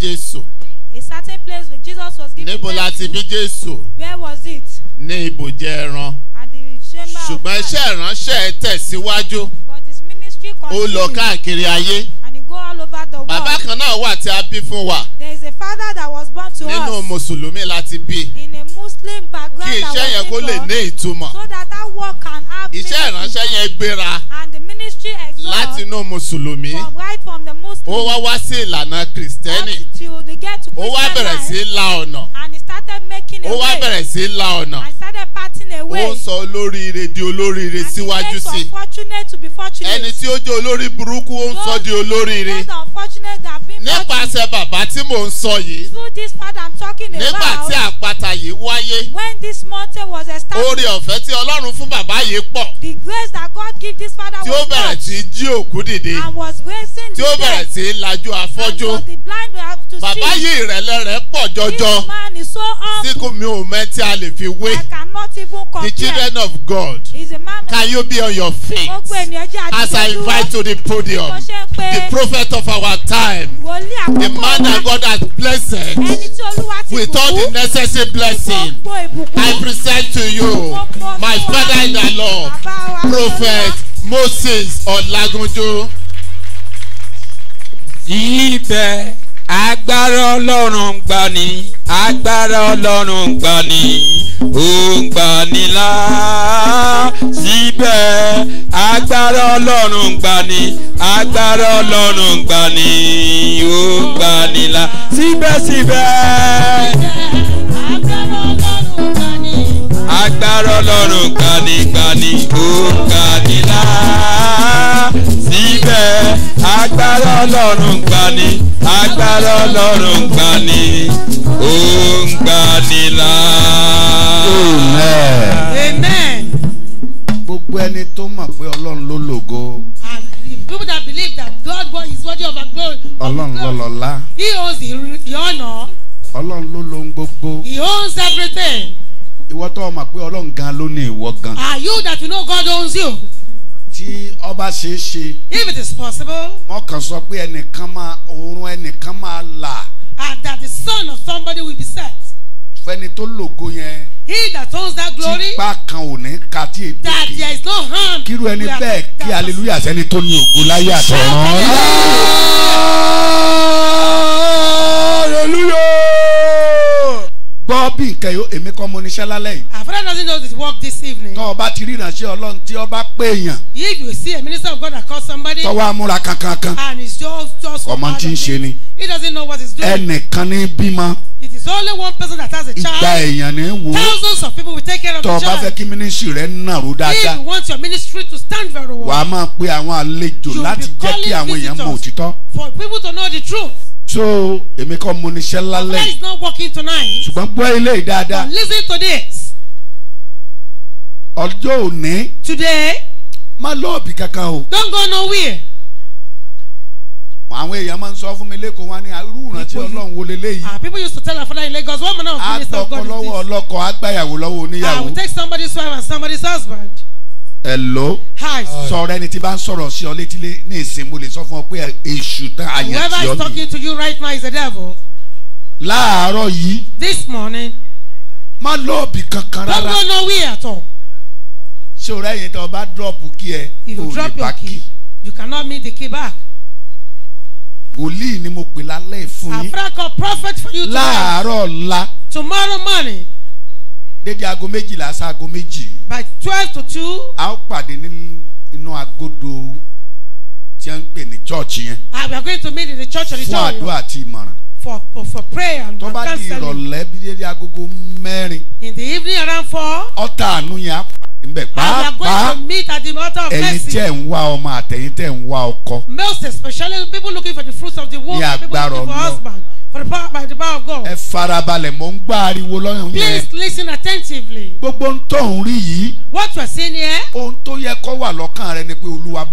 Jésù. A certain place where Jesus was given birth to. Níbo la bí Jésù? Where was it? Ní ibùjẹ ẹran. At the chamber of God. Ṣùgbọ́n iṣẹ́ ìránṣẹ́ tẹ̀síwájú. But his ministry continued. Ó lọ káàkiri ayé. And he go all over the world. Bàbá kan náà wà tí a bí fún wa. There is a father that was born to us. Nínú Mùsùlùmí la ti bí. In a Muslim background that was born. Kí iṣẹ́ yẹn kó lè ní ìtumọ̀. So that that work can have meaning. Iṣẹ́ ìránṣẹ́ yẹn gbéra. And the law. láti inú mùsùlùmí. from right from ó wá wá sí ìlànà kìrìsìtẹ́nì. christian life. ó wá bẹ̀rẹ̀ sí la ọ̀nà. and he started making a way. ó wá bẹ̀rẹ̀ sí la ọ̀nà. ó sọ olóríire di olóríire síwájú sí. ẹni tí ó jẹ́ olórí burúkú ó ń sọ di olóríire nípasẹ̀ bàbá tí mò ń sọ yìí. through this part I'm talking about. nígbà tí àpáta yìí wáyé. when this mountain was established. oore ọ̀fẹ́ tí Ọlọ́run fún bàbá yìí pọ̀. the grace that God give this father was much. tí ó bẹ̀rẹ̀ sí jí òkú dìde. and was raising the dead. tí ó bẹ̀rẹ̀ sí lajú afọ́jú. and was the blind man to see. bàbá yìí ìrẹ̀lẹ̀ rẹ̀ pọ̀ jọjọ. this man is so humble. síkú mi ò mẹ́ tí a lè fi wé. I cannot even compare. the children of God. is a man of God. can you be on your feet. gbogbo ènìyàn jẹ́ àdìsẹ́ dúró. as I invite to the podium. the prophet of our time. The man that God has blessed with all the necessary blessing, I present to you my father in the Lord, Prophet Moses Olagunjo. Ibẹ̀ agbára ọlọ́run gbani agbára ọlọ́run gbani ó ń gbani là síbẹ̀ agbára ọlọ́run gbani agbára ọlọ́run gbani ó ń gbani là síbẹ̀síbẹ̀. agbára ọlọ́run gbani agbára ọlọ́run gbanigbani ó gbanilá síbẹ̀ agbára ọlọ́run gbani agbára ọlọ́run gbani ó gbanilá. amen. amen. gbogbo ẹni tó mọ̀ pé ọlọ́run ló lògo. people that believe that God is worthy of our glory. ọlọ́run lọ́lọ́lá. he owns the honor. ọlọ́run ló lo ohun gbogbo. he owns everything ìwọ tó o pé ọlọ́run gan ló ní ìwọ gan. are you that you know God owns you. tí ọba ṣe é ṣe. if it is possible. wọn kàn sọ pé ẹnìkan máa oorun ẹnìkan máa là. and that the son of somebody will be set. fẹni tó lògo yẹn. he that owns that glory. tipa kan ò ní ka tí èdè. that there is no harm. kíru ẹni bẹ́ẹ̀ kí hallelujah sẹ́ni tó ní ògo láyé àtọ̀run. hallelujah gbọ́ bí nǹkan yóò èmi kọ́ mo níṣẹ́ lálẹ́ yìí. our father doesn't know his work this evening. tọ́ ọba ti rí ìránṣẹ́ ọlọ́run tí ọba pé èèyàn. if you see a minister of God that call somebody. tọ́wọ́ amúra kankan kan. and he's just just. ọmọ tí ń ṣe he doesn't know what he's doing. ẹnìkan ní bímọ. it is only one person that has a child. ìgbà èèyàn ní wo. thousands of people will take care of the child. tọ́ba fẹ́ kí ministry rẹ̀ nàró dáadáa. if you want your ministry to stand very well. wàá máa pe àwọn àlejò láti jẹ́ kí àwọn èèyàn mọ òtítọ́. for people to know the truth so èmi kọ́ mo níṣẹ́ ńlá lẹ́yìn. the is not working tonight. ṣùgbọ́n gbọ́ ilé yìí dáadáa. but lis ten to this. ọjọ́ òní. today. má lọ́ọ̀bì kankan o. don't go nowhere. àwọn èèyàn máa ń sọ fún mi lẹ́kọ̀ọ́ wọn ni irú ìrántí ọlọ́run wo leléyìí. ah people used to tell our father in Lagos one man of minister of God is this. àtọkọ lọ́wọ́ ọlọ́kọ àgbàyàwó lọ́wọ́ oníyàwó. I will take somebody's wife and somebody's husband. Hello. Hi. Sọ̀rọ̀ ẹni tí bá ń sọ̀rọ̀ sí ọ létí ní ìsìn mo lè sọ fún ọ pé èṣù tán àyàn tí ọ nìyí. Whoever is talking to you right now is the devil. Láàárọ̀ yìí. This morning. Má lọ òbí kankan rárá. Don't go nowhere at all. Ṣé o rẹ́ yẹn tó bá drop kí ẹ? If you drop your key, you cannot meet the key back wòlíì ni mo pè lálẹ́ fún yín. I pray prophet for you tonight. láàárọ̀ ọ̀la. tomorrow morning dédé aago méjìlá sí aago méjì. by twelve to two. a ó pàdé nínú agodo tí a ń pè ní church yẹn. ah we are going to meet in the church auditorium. fún àdúrà àti ìmọ̀ràn. for for for prayer and for counseling. tó bá di ìrọ̀lẹ́ bí dédé agogo mẹ́rin. in the evening around four. ọ̀tá àánú yẹn á pàdé ń bẹ̀ pàápàá ẹ̀yin tẹ̀ ń wá ọmọ àtẹ̀yìn tẹ̀ ń wá ọkọ. most especially people looking for the fruits of the womb. ní agbára ọlọ́run For the power by the power of God. Ẹ farabalẹ̀ mò ń gbọ́ ariwo lọ́yàn yẹn. Please listen attentively. Gbogbo ohun tó ń rí yìí. What you are seeing here. Ohun tó yẹ kó wà lọ́kàn rẹ ni pé Olúwa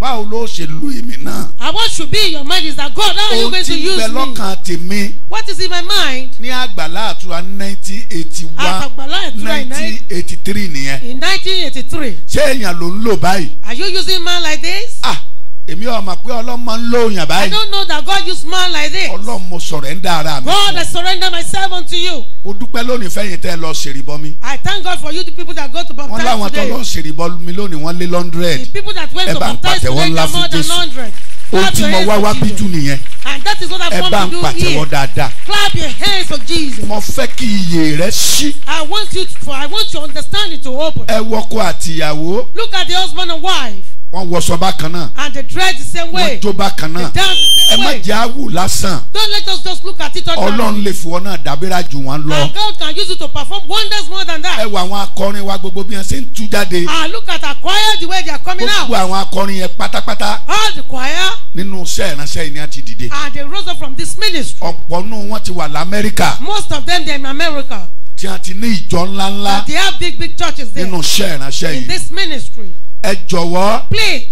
báwo ló ṣe lu èmi náà. And what should be in your mind is that God how are you going to use me? Ohun tí bẹ lọ́kàn tèmi. What is in my mind? Ní àgbàlá àtúrà nineteen eighty one. Àgbàlá àtúrà nineteen eighty three nìyẹn. In nineteen eighty three. Ṣé èèyàn ló ń lò báyìí? Are you using man like this? Ah èmi ò mọ̀ pé ọlọ́mọ ń lo òyìn báyìí. I don't know that God use man like this. ọlọ́run mo surrender ara mi. God I surrender myself unto you. mo dúpẹ́ lónìí fẹ́yìn tẹ́ ẹ lọ ṣèrìbọ mi. I thank God for you the people that go to baptize today. wọ́n láwọn tó lọ ṣèrìbọ mi lónìí wọ́n lé hundred. the people that went to baptize today were more than hundred. ohun tí mo wá wá bí nìyẹn. and that is what I want to do here. ẹ bá ń pàtẹ́wọ́ dáadáa. clap your hands for Jesus. mo fẹ́ kí iye rẹ ṣí. I want you to, I want your understanding to open. ẹ wọkọ àtìyàwó. look at the husband and wife wọ́n wọṣọ bákan náà. and they dress the same way. wọ́n jó bákan náà. they dance the same way. ẹ má jẹ́ àwù lásán. don't let us just look at it all. ọlọ́run lè fi wọn náà dábìrà jù wọn lọ. and God can use it to perform wonders more than that. ẹ wo àwọn akọrin wa gbogbo bí wọn ṣe ń tú jáde. ah look at our choir the way they are coming out. gbogbo àwọn akọrin yẹn pátápátá. all the choir. nínú iṣẹ́ ìránṣẹ́ yìí ni a ti dìde. and they rose up from this ministry. ọ̀pọ̀ nù wọn ti wà lamẹ́ríkà. most of them they are in America. tí a ti ní ìjọ ńláńlá. they have big big churches there. nínú iṣẹ́ ìránṣẹ́ in this ministry ẹ jọ̀wọ́. please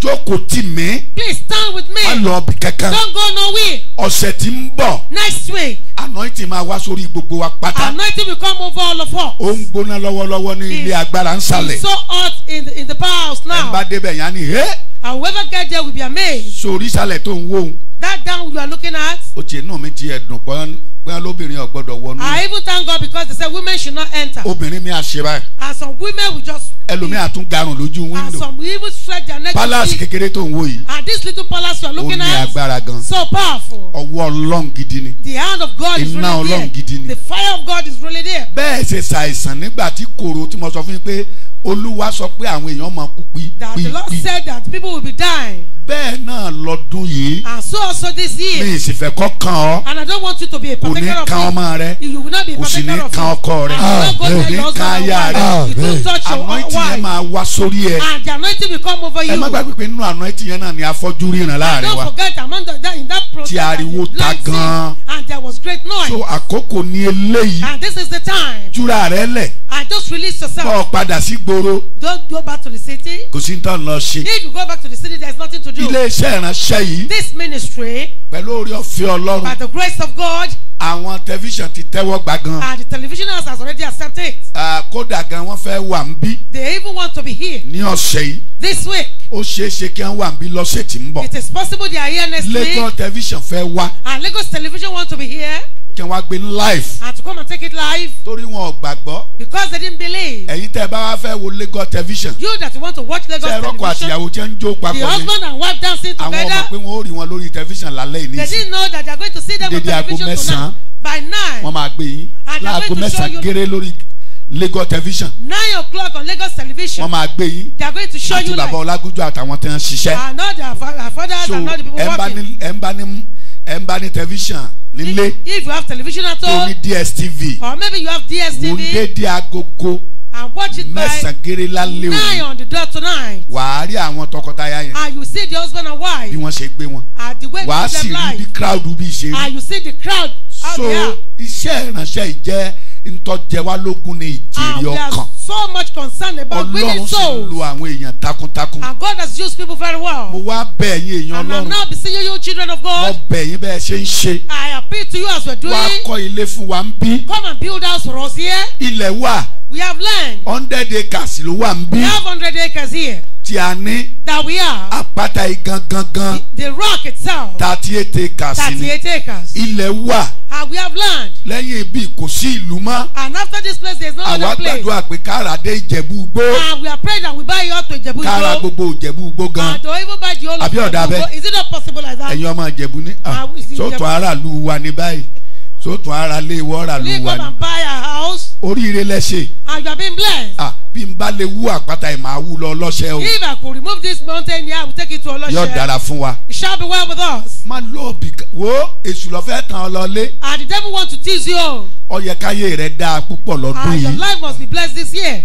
jókòó tì mí. please stand with me. má lọ bí kankan. don't go nowhere. ọ̀sẹ̀ tí ń bọ̀. next week. anointing máa wá sórí gbogbo wa pátá. anointing will come over all of us. ó ń gbóná lọ́wọ́lọ́wọ́ ní ilé agbára ń sálẹ̀. so hot in the, in the power house now. ẹ̀ bá débẹ̀ yẹn á and whoever get there will be amazed. sori sálẹ̀ tó ń wó. that down you are looking at. o tiẹ̀ náà mi ti ẹ̀dùn pọ́n pé alóbìnrin ò wọnú. I even thank God because they say women should not enter. obìnrin mi àṣẹ and some women will just. ẹlòmíì àtún lójú window. and some even stretch their neck. palace kékeré tó ń wò yìí. and this little palace you are looking at. ó ní agbára gan. so powerful. ọwọ́ ọlọ́run gidi ni. the hand of God is really there. iná ọlọ́run gidi ni. the fire of God is really there. bẹ́ẹ̀ ṣe ṣàìsàn nígbà tí kòrò tí mo sọ fún yín pé olúwa sọ pé àwọn èèyàn máa kú pi that the Lord said that people will be dying. bẹ́ẹ̀ náà lọ́dún yìí. and so also this year. mi sì fẹ́ kọ́ kan ọ. and I don't want you to be a partaker of me. kò ní kan ọmọ rẹ. you will not be a partaker of me. kò sì ní kan ọkọ rẹ. and you no go there your husband and wife. you don't touch your wife. anointing yẹn máa wá sórí ẹ. and the anointing will come over you. ẹ má gbàgbé pé nínú anointing yẹn náà ni afọ́jú ríran láàrin wa. don't forget among the in that process. ti ariwo ta gan. and there was great noise. so àkókò ni eléyìí. and this is the time. jura rẹ lẹ. and just release yourself. kọ́ padà sígbó ìgboro. don't go back to the city. kò sí tán lọ ṣe. if you go back to the city there is nothing to do. ilé ìránṣẹ́ yìí. this ministry. pẹ̀lú orí ọ̀fẹ́ ọlọ́run. by the grace of God. àwọn tẹlifíṣàn ti tẹ́wọ́ gbà gan. and the television house has already accepted kódà gan wọ́n fẹ́ wà ń bí. they even want to be here. ní ọ̀sẹ̀ yìí. this week. ó ṣeé ṣe kí wọ́n wà ń bí lọ́sẹ̀ tí ń bọ̀. it is possible they are here next week. Lagos television fẹ́ wá. and Lagos television want to be here kí wọ́n á gbé life. and to come and take it live. torí wọn ò gbàgbọ́. because they didn't believe. ẹ̀yin tẹ́ ẹ bá wá fẹ́ wo Lagos television. you that you want to watch Lagos television. sẹ́rọ̀kọ̀ àtìyàwó tí ń jó papọ̀ ni. the husband and wife dancing together. àwọn ọmọ pé wọn ó rí wọn lórí television lálẹ́ yìí nísìnyí. they didn't know that they are going to see them on television tonight. dédé aago mẹ́sàn-án by nine. wọ́n máa gbé yín. and they are going to show you. láago mẹ́sàn-án géré lórí Lagos television. nine o'clock on Lagos television. wọ́n máa gbé yín. they are going to show you like. àti bàbá Ọlágúnjú àtàwọn tí wọ́n ń ṣiṣẹ́. and all their fathers and all the people working. so ẹ̀ ń bá ní ẹ ń bá ní tẹlifíṣàn nílé. if you have television at all. oní dstv. or maybe you have dstv. wò ń dédé agogo. and watch it by mẹ́sàn-án géré òní. nine on the dot tonight. wàá rí àwọn tọkọtaya yẹn. and you see the husband and wife. bí wọ́n ṣe gbé wọn. and the way they live their life. wàá sì rí the crowd bí ṣe rí. and you see the crowd. so iṣẹ́ ìránṣẹ́ yìí jẹ́ ntọ́jẹ̀wá lógún ni ìjèrè ọkàn. so much concerned about winning souls. ọlọ́run sì lu àwọn èèyàn takuntakun. and God has used people very well. mo wá bẹ̀ ẹ̀yin èèyàn ọlọ́run. and I'm now seeing you children of God. mo bẹ̀ ẹ̀yin bẹ́ẹ̀ ṣe ń ṣe. I appeal to you as we're are doing. wàá kọ́ ilé fún wa ń bí. come and build house for us here. ilẹ̀ wà. we have land. hundred acres ló wà ń bí. we have hundred acres here tí a ní. that we are àpáta igan gangan. the rock itself. thirty eight acres ni. thirty eight acres. ilẹ̀ wà. and we have land. lẹ́yìn ibi kò sí ìlú mọ́. and after this place there is no other place. àwa gbàdúrà pé kára dé ìjẹ̀bú gbó. and we are praying that we buy your to ìjẹ̀bú gbó. kára gbogbo ìjẹ̀bú gbó gan. and to even buy the whole ìjẹ̀bú gbó is it not possible like that. ẹ̀yin ọmọ ìjẹ̀bú ní. sóòtú aráàlú wa ní báyìí sóòtú aráàlú wa ní báyìí. we go and buy a house. oríire lẹ and you are being blessed. ah bí n bá lè wú àpáta ẹ̀ máa wú lọ ọlọ́ṣẹ́ o. if I could remove this mountain here I would take it to ọlọ́ṣẹ́. yóò dára fún wa. it shall be well with us. má lọ òbí wo èṣù lọ fẹ́ tàn ọ lọ and the devil want to tease you. ọyẹ káyé rẹ dáa púpọ̀ lọ́dún yìí. and your life must be blessed this year.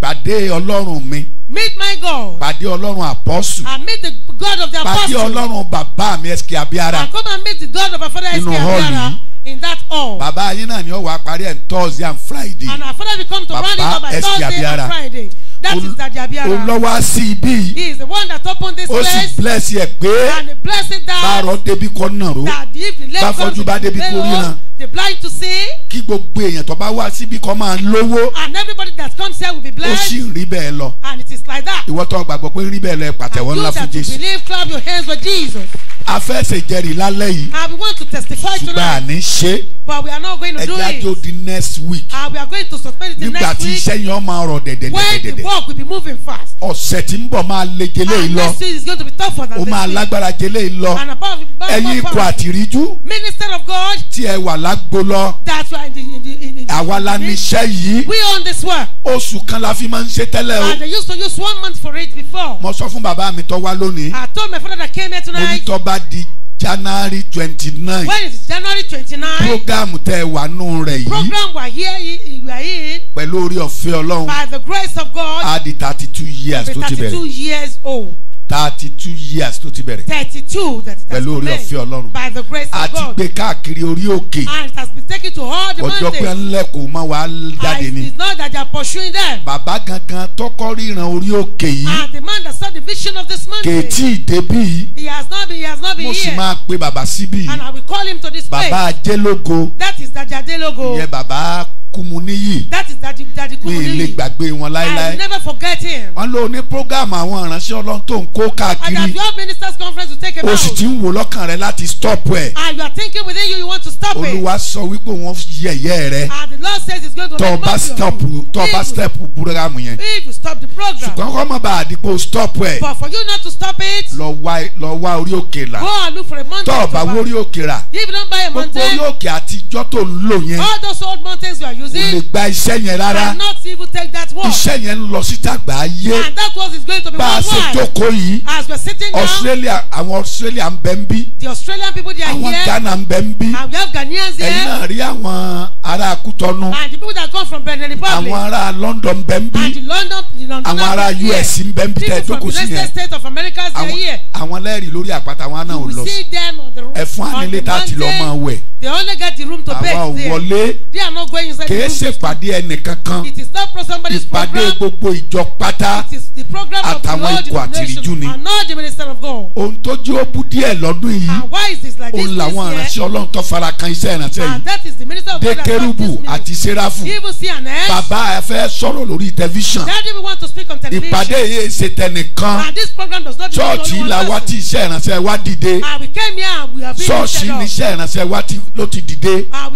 pàdé ọlọ́run mi. Meet my God. Pàdé Ọlọ́run àpọ́sù. And meet the God of the apostle. Pàdé Ọlọ́run bàbá mi Ẹ̀sìkì Abíára. And come and meet the God of our father Ẹ̀sìkì Abíára. Inú hall yìí in that all. bàbá yín náà ni ó wàá parí ẹ̀ thursday and friday. and our father will come to Baba round it up by thursday and friday. that Ol, is Dadiabiara. olọ́wọ́ sí ibí. he is the one that opened this place. ó sì bless yẹ pé. and he bless that. bá a débi kọ́ nàró. that if the late comes to the late house. bá fọjú bá débi kórìíran the blind to see. kí gbogbo èèyàn tó bá wá síbi kan máa lówó. and everybody that comes here will be blessed. ó sì rí bẹ́ẹ̀ lọ. and it is like that. ìwọ tó gbàgbọ́ pé rí bẹ́ẹ̀ lọ pàtẹ́wọ́ ńlá fún Jésù. and you that believe clap your hands for Jesus. a fẹ́ ṣe jẹ́rìí lálẹ́ yìí. and we want to testify tonight. ṣùgbọ́n àní ṣe. but we are not going to do it. ẹja jó di next week. and we are going to suspend it the next week. nígbà tí iṣẹ́ yẹn máa rọ̀ dẹ̀dẹ̀dẹ̀dẹ̀. when the work will be moving fast. ọ̀sẹ̀ tí ń bọ̀ máa le jele yìí lọ. and next week is going to be tougher than this week. ó máa lágbára jele yìí lọ. and above above power. ẹ̀yin ikọ̀ àtìríjú. minister of God. tí ẹ wà lá gbó lọ. that's why in the in the in the. àwa la ní yìí. we own this work. oṣù kan la fi máa ń ṣe tẹ́lẹ̀ o. and I used to use one month for it before. mo sọ fún bàbá mi tó wá lónìí. I told my father that came here tonight. mo ní tó bá di january twenty nine. when is january twenty nine. programu tẹ wà nù rẹ yìí. program wà here ìgbà yìí. pẹ̀lú orí ọ̀fẹ́ ọlọ́run. by the grace of God. a di thirty two years tó ti bẹ̀rẹ̀. thirty two years old thirty two years tó ti bẹ̀rẹ̀. thirty two that it has pẹ̀lú orí by the grace of God. àti pé káàkiri orí òkè. and it has been taken to all the mountains. ọjọ́ pé ńlẹ́kùn máa wá jáde ni. and it is not that they are pursuing them. bàbá gangan tọkọ ríran orí òkè yìí. and the man that saw the vision of this mountain. kèétí ìdébí. he has not been he has not been here. mo sì máa pe bàbá síbí. and I will call him to this place. bàbá ajé lógo. that is Dajadelogo. ìyẹn bàbá Kúmúníyì. that is daddy daddy Kúmúníyì. mi lè gbàgbé wọn láéláé. I will never forget him. wọ́n ló ní programu àwọn ìránṣẹ́ ọlọ́run tó ń kó káàkiri. and at your ministers conference to take him out. o sì ti ń wò lọ́kàn rẹ láti stop ẹ̀. and you are thinking within you you want to stop it. Olúwa sọ wípé wọ́n yẹ̀yẹ́ rẹ. and the Lord says it's going to make money stop tó bá step programu yẹn. if you stop the program. ṣùgbọ́n kọ́ mọ̀ bá àdìpọ̀ stop ẹ̀. but for you not to stop it. lọ wá lọ wá orí òkè rà. go and look for a mountain to buy. tọ́ọ̀ bá wórí òkè rà. if you don't buy a mountain. gbogbo orí òkè àtijọ́ tó ń lò yẹn. all those old mountains you are use it. lè gba iṣẹ́ yẹn rárá. and not even take that work. iṣẹ́ yẹn lọ síta gbà and that work is going to be worldwide. bá a ṣe jókòó yìí. as we are sitting down. Australia àwọn Australia ń bẹ ń bí. the Australian people they are àwọn here. àwọn Ghana ń bẹ ń bí. and we have Ghanaians here. ẹ̀yin náà rí àwọn ará Kútọ́nù. and the people that come from Benin Republic. àwọn ará London ń ń bí. and the London the London. àwọn ará US ń bẹ ń bí people from the United States of America they are here. àwọn lẹ́rìí lórí àpáta wọn náà lọ you will see them on the roof. ẹ̀fọn ànílétà ti lọ́ máa wẹ̀ they only get the room to bed there. àwa wọlé they are not going inside the room. ṣe ìpàdé ẹnìkankan it is not for somebody's program ìpàdé gbogbo ìjọ pátá it is the program of the lord in the nation the minister of God. ohun tó jí ó bú díẹ̀ lọ́dún yìí and why is this like this òun làwọn aránṣẹ́ ọlọ́run tó fara kan iṣẹ́ ìránṣẹ́ yìí and that is the minister of God àti serafu even see an end. bàbá fẹ́ sọ̀rọ̀ lórí tẹlifíṣàn. daddy want to speak on television. ìpàdé yìí ṣe tẹnìkan. and this program does not belong to one person. chọ́ọ̀chì la ti iṣẹ́ ìránṣẹ́ wá dìde. we came here we have been in ṣọ́ọ̀ṣì ni iṣẹ́ ìránṣẹ́ wá ti ló ti dìde ah,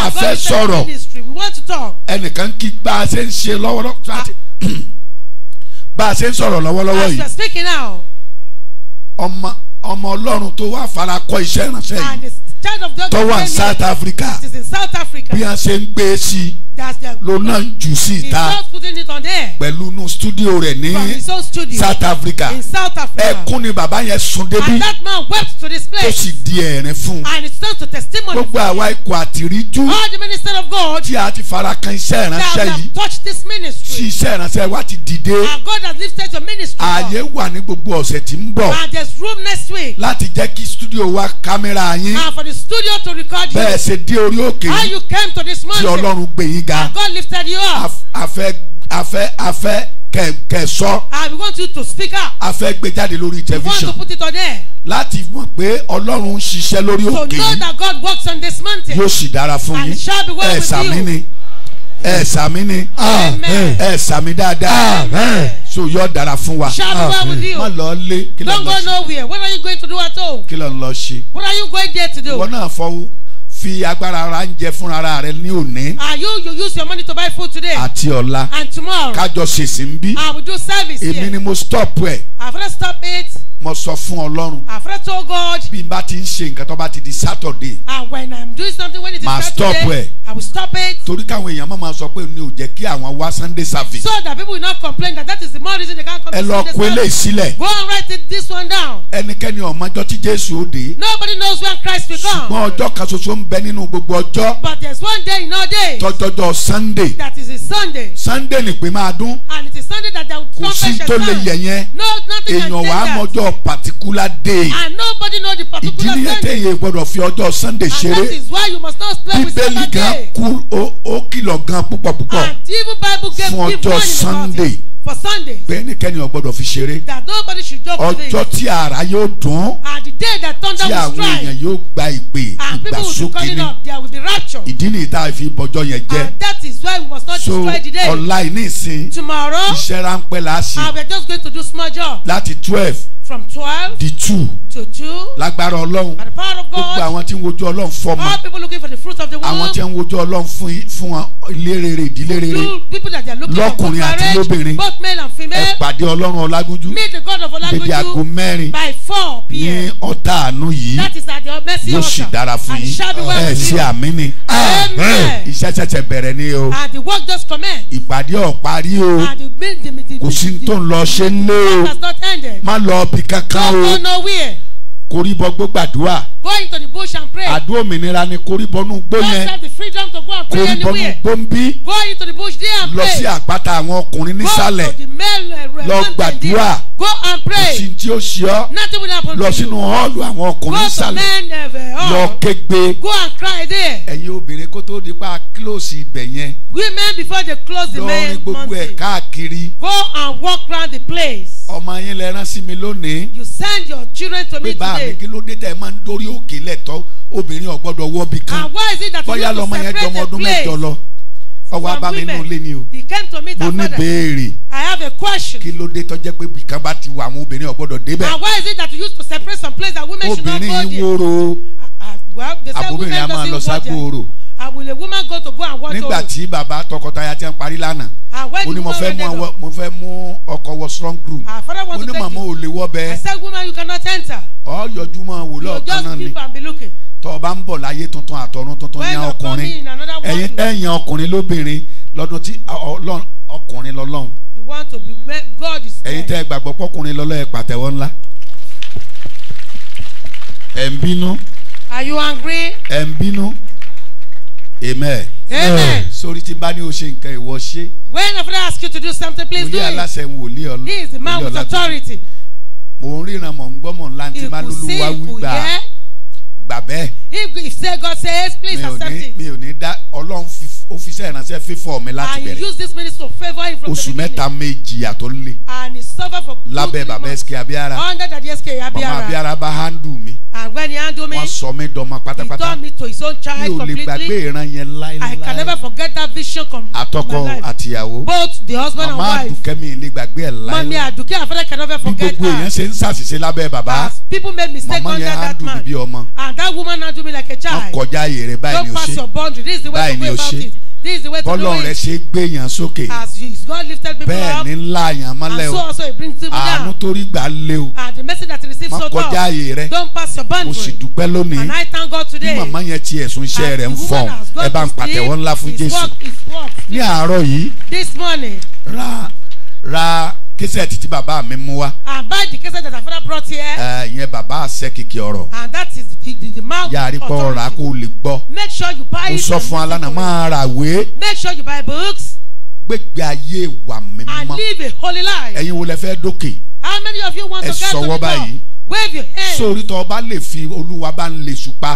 a fẹ́ sọ̀rọ̀ ẹnìkan kí bá a ṣe ń ṣe lọ́wọ́lọ́wọ́ bá a ṣe ń sọ̀rọ̀ lọ́wọ́lọ́wọ́ yìí ọmọ ọmọ ọlọ́run tó wà fara kọ́ iṣẹ́ ìránṣẹ́ yìí tó wà South Africa bí a ṣe ń gbé sí i ló náà jù sí ìta pẹ̀lú studio rẹ̀ ní South Africa ẹkún ni bàbá yẹn sun débi tó sì di ẹ̀rín fún un gbogbo àwa ikọ̀ àtìríjú tí a ti fara kan iṣẹ́ ìránṣẹ́ yìí tí iṣẹ́ ìránṣẹ́ wa ti dìde ààyè wà ní gbogbo ọ̀sẹ̀ tí ń bọ̀ láti jẹ́ kí studio wa kámẹ́rà yín bẹ́ẹ̀ ṣe dé orí òkè yìí tí Ọlọ́run gbé yín ga. God lifted you up. Àfẹ́ àfẹ́ àfẹ́ kẹ kẹ sọ. I ah, want you to speak up. A fẹ́ lórí television. We want to put it on there. Láti mọ̀ pé Ọlọ́run ń ṣiṣẹ́ lórí òkè yìí. know that God works on this mountain. Yóò sì dára fún yín. And it shall be well with you. Ẹ sàmí ni ẹ sàmí ni ẹ sàmí dáadáa so yóò dára fún wa má lọ lé kí ló ń lọ ṣe kí ló ń lọ ṣe wọn náà fọwọ́ fi agbára ra ń jẹ fúnra rẹ ní òní. ah you you use your money to buy food today. àti ọ̀la and tomorrow. kájọ ṣèṣì bí. ah we do service here. èmi ni mo stop ẹ. I've already stopped it mo sọ fún ọlọ́run. I pray to God. bí n bá ti ń ṣe nǹkan tó bá ti di Saturday. and when I'm doing something when it is Saturday. máa stop ẹ. I will stop it. torí káwọn èèyàn máa ma sọ pé ní o jẹ́ kí àwọn wá Sunday service. so that people will not complain that that is the more reason they can't come to Sunday service. ẹ lọ kó eléyìí go and write it, this one down. ẹnikẹ́ni ọmọjọ́ tí Jésù ó dé. nobody knows when Christ will come. ṣùgbọ́n ọjọ́ kan ṣoṣo ń bẹ nínú gbogbo ọjọ́. but there is one day in all days. tọ́jọ́jọ́ Sunday. that is a Sunday. Sunday nìpè máa dún. and it is Sunday that they will come no patient time. kò sí tó lè yẹ yẹn. no nothing can change that. èèyàn wàá mọjọ́ ọjọ́ particular day. and nobody know the particular day. ìdí nìyẹn tẹ̀yẹ gbọ́dọ̀ fi ọjọ́ Sunday ṣeré. and that is why you must not play with Sunday. bíbélì gan kú ó kìlọ̀ gan púpọ̀ púpọ̀. and even bible gave fún ọjọ́ Sunday. for Sunday. bẹ́ẹ̀ ni kẹ́ni ò gbọ́dọ̀ fi ṣeré. that nobody should joke with it. ọjọ́ tí ara yóò dùn. and the day that thunder will strike. tí àwọn èèyàn yóò gba ìpè ìgbàsókè ni. ìdí nìyí tá a fi bọjọ́ yẹn jẹ́. and that is why we must not so, destroy the day. so ọ̀la ìnísìn. tomorrow. iṣẹ́ ráńpẹ́ la we are just going to do small job. láti twelve from twelve. di two. to two. lágbára ọlọ́run. by the power of God. gbogbo àwọn tí ń wojú ọlọ́run fọmọ. all people looking for the fruit of the womb. àwọn tí ń wojú ọlọ́run fún fún wọn ilé rere ìdílé people that they are looking for good marriage. lọkùnrin àti lóbìnrin. both male and female. ẹ ọlọ́run ọlágúnjú. meet the God of ọlágúnjú. bèbí aago mẹ́rin. by four pm. ní ọ̀tá àánú yìí. that is at the mercy altar. yóò sì dára fún yín. and shall be well with you. ẹ ṣe àmì ni. amen. iṣẹ́ ṣẹ̀ṣẹ̀ bẹ̀rẹ̀ ni o. and the work just commence. ìpàdé ọ̀ o. and the main the meeting. kò sí ní tó ń lọ ṣe ń lé o. that has not ended. má lọ bí síbi kankan o kò rí bọ́ gbó gbàdúrà go into the bush and pray. àdó òmìnira ni korí bọnú gbó yẹn. don't have the freedom to go and pray anywhere. bọnú gbó ń bí. go into the bush there and pray. lọ sí àpáta àwọn ọkùnrin nísàlẹ̀. go the male uh, lọ gbàdúrà. go and pray. òsì tí ó ṣe ọ́. nothing will happen lọ sínú họ́ọ̀lù àwọn ọkùnrin nísàlẹ̀. go to men uh, hall. lọ kégbe. go and cry there. ẹ̀yin obìnrin kó tó di pa close ibẹ̀ yẹn. women before they close the men gbogbo ẹ̀ káàkiri. go and walk round the place. ọmọ yín lẹ sí mi lónìí. you send your children to me today. kí ló dé tẹ̀ máa ń dórí òkè lẹ́tọ́ obìnrin ò gbọ́dọ̀ wọ́ bí kan bóyá lọmọ yẹn jọ ọmọ ọdún mẹ́jọ lọ ọwọ́ abámi inú ilé ni o mo ní béèrè kí ló dé tó jẹ́ pé bìkan bá ti wà àwọn obìnrin ò débẹ̀ obìnrin yìí wóró àbúrò yẹn a máa lọ ságbóoro nígbà tí bàbá tọkọtaya ti ń parí lánàá ah, ó ní mo fẹ́ mú mo fẹ́ mú ọkọ wọ strong room ah, ó ní màmá ò lè wọ bẹ́ẹ̀ ọ yọjú mọ́ wò lọ́ọ̀kan náà ni tọ́ ọ bá ń bọ̀ láyé tuntun àtọ̀run tuntun yan ọkùnrin ẹ̀yin ẹ̀yin ọkùnrin lóbìnrin lọ́dún tí ọkùnrin lọ́lọ́run ẹ̀yin tẹ́ ẹ gbàgbọ́ pọ́kùnrin lọ́lọ́ ẹ pàtẹ́wọ́ ńlá ẹ̀ ń bínú. Are you angry? ẹ̀ ń bínú amen. amen. sori tí n bá ní o ṣe nǹkan ìwọ ṣe. when I ask you to do something please do it. wòlíì aláṣẹ ń wòlíì ọlọ́run. he is a man with authority. mo ń ríran mọ̀ ń gbọ́ mọ̀ ńlá tí máa lólúwa wí gbà gbà bẹ́ẹ̀. if God says please accept it. mi ò ní dá ọlọ́run ó fi iṣẹ́ ìránṣẹ́ fífọ̀ mi láti bẹ̀rẹ̀. and he used this ministry to favour him from oṣù mẹ́ta méjì àtó lé. and he suffered for two three months. lábẹ́ bàbá ẹ̀sìkè abíára. under daddy ẹ̀sìkè abíára. mama abíára bá handle mi. àgbẹ̀ni handle mi. wọ́n sọ mi dọ́mọ pátápátá. he turned me to his own child completely. mi ò lè gbàgbé ìran yẹn láéláé. I can never forget that vision completely. àtọkọ àtìyàwó. both the husband mama and wife. mama àdùkẹ́ mi lè gbàgbé ẹ̀ láéláé. mami àdùkẹ́ àfẹ́lẹ́ can never forget that. gbogbo èèyàn ṣe ń ṣàṣìṣe lábẹ́ bàbá. as people made mistake under that man. mama yẹn handle mi bí ọmọ. and that woman handle me like a child. wọ́n kọjá ayè rẹ̀ báyìí ni o ṣe. don't pass your boundary this is the way báyìí ni o ṣe bọ́lọ́run rẹ ṣe gbéyàn sókè bẹ́ẹ̀ ni ńlá yàn mọ́lẹ̀ o àánú torí gbà lé o má kọjá ààyè rẹ mo sì dúpẹ́ lónìí bí màmá yẹn ti ẹ̀sùn iṣẹ́ rẹ̀ ń fọ̀n ẹ bá ń pàtẹ́wọ́ ńlá fún Jésù ní àárọ̀ yìí ra ra kẹsẹ̀tì tí bàbá mi mú wa. and buy the cassette that my father brought here. ẹ ìyẹn bàbá àṣẹ kìkì ọ̀rọ̀. and that is the the, the mouth of the yàrá ìpọ̀ ọ̀rà kó lè gbọ́. make sure you buy it. mo sọ fún alánà máa ra ìwé. make sure you buy books. gbégbé ayé wà mí mọ́. and live a holy life. ẹ̀yin wo lẹ fẹ́ dókè. how many of you want to get to the top. ẹ sọwọ́ báyìí. wave your hand. sórí tọ́ ọba lè fi olúwa bá ń lè ṣùpá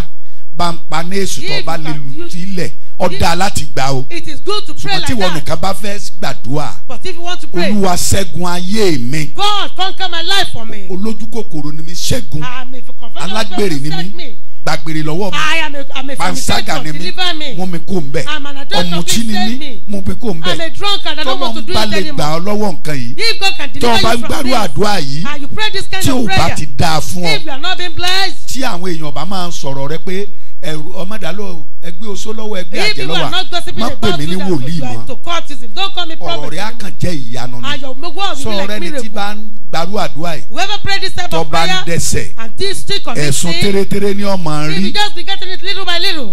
bá ń pa ní èṣù tọ́ ọba lè lù sílẹ̀ ọ̀dà láti gbà o ṣùgbọ́n tí ìwọ nìkan bá fẹ́ gbàdúrà olúwa ṣẹ́gun ayé mi olójú kòkòrò ni mi ṣẹ́gun alágbèrè ni mi gbàgbèrè lọ́wọ́ mi panṣágà ni mi mú mi kó n bẹ̀ ọ̀mùtí ni mi mú mi kó n bẹ̀ tọ́mọ ń bá lè gbà ọ́ lọ́wọ́ nǹkan yìí tọ́ ọ bá ń gbàrú àdúrà yìí tí ò bá ti dáa fún ọ tí àwọn èèyàn bá máa ń sọ̀rọ̀ rẹ pé ẹ̀rù ọmọdàlóhùn ẹgbẹ́ oṣó lọ́wọ́ ẹgbẹ́ àjẹ́ lọ́wọ́ má pè mí ní wòlíì mọ́ ọ̀rọ̀ rẹ̀ á kàn jẹ́ ìyanu ni sọ̀rọ̀ ẹni tí bá ń gbarú àdúrà yìí tó bá ń dẹsẹ̀ ẹ̀sùn tẹ́rẹ́tẹ́rẹ́ ní ọmọ rí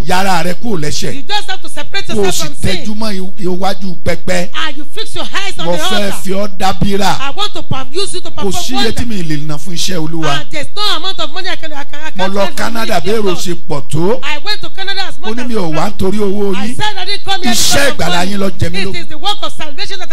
yàrá rẹ̀ kò lẹ́sẹ̀ kò sì tẹ́jú mọ́ iwájú pẹpẹ ah, mo fẹ́ fi ọ́ dábìrà kò sí etí mi lè ná fún iṣẹ́ olúwa ah, mo lọ Canada bẹ́ẹ̀ rò ṣe pọ̀ tó ó ní ní mi ò wá nítorí owó yín iṣẹ́ ìgbàlá yín lọ jẹ mí lógún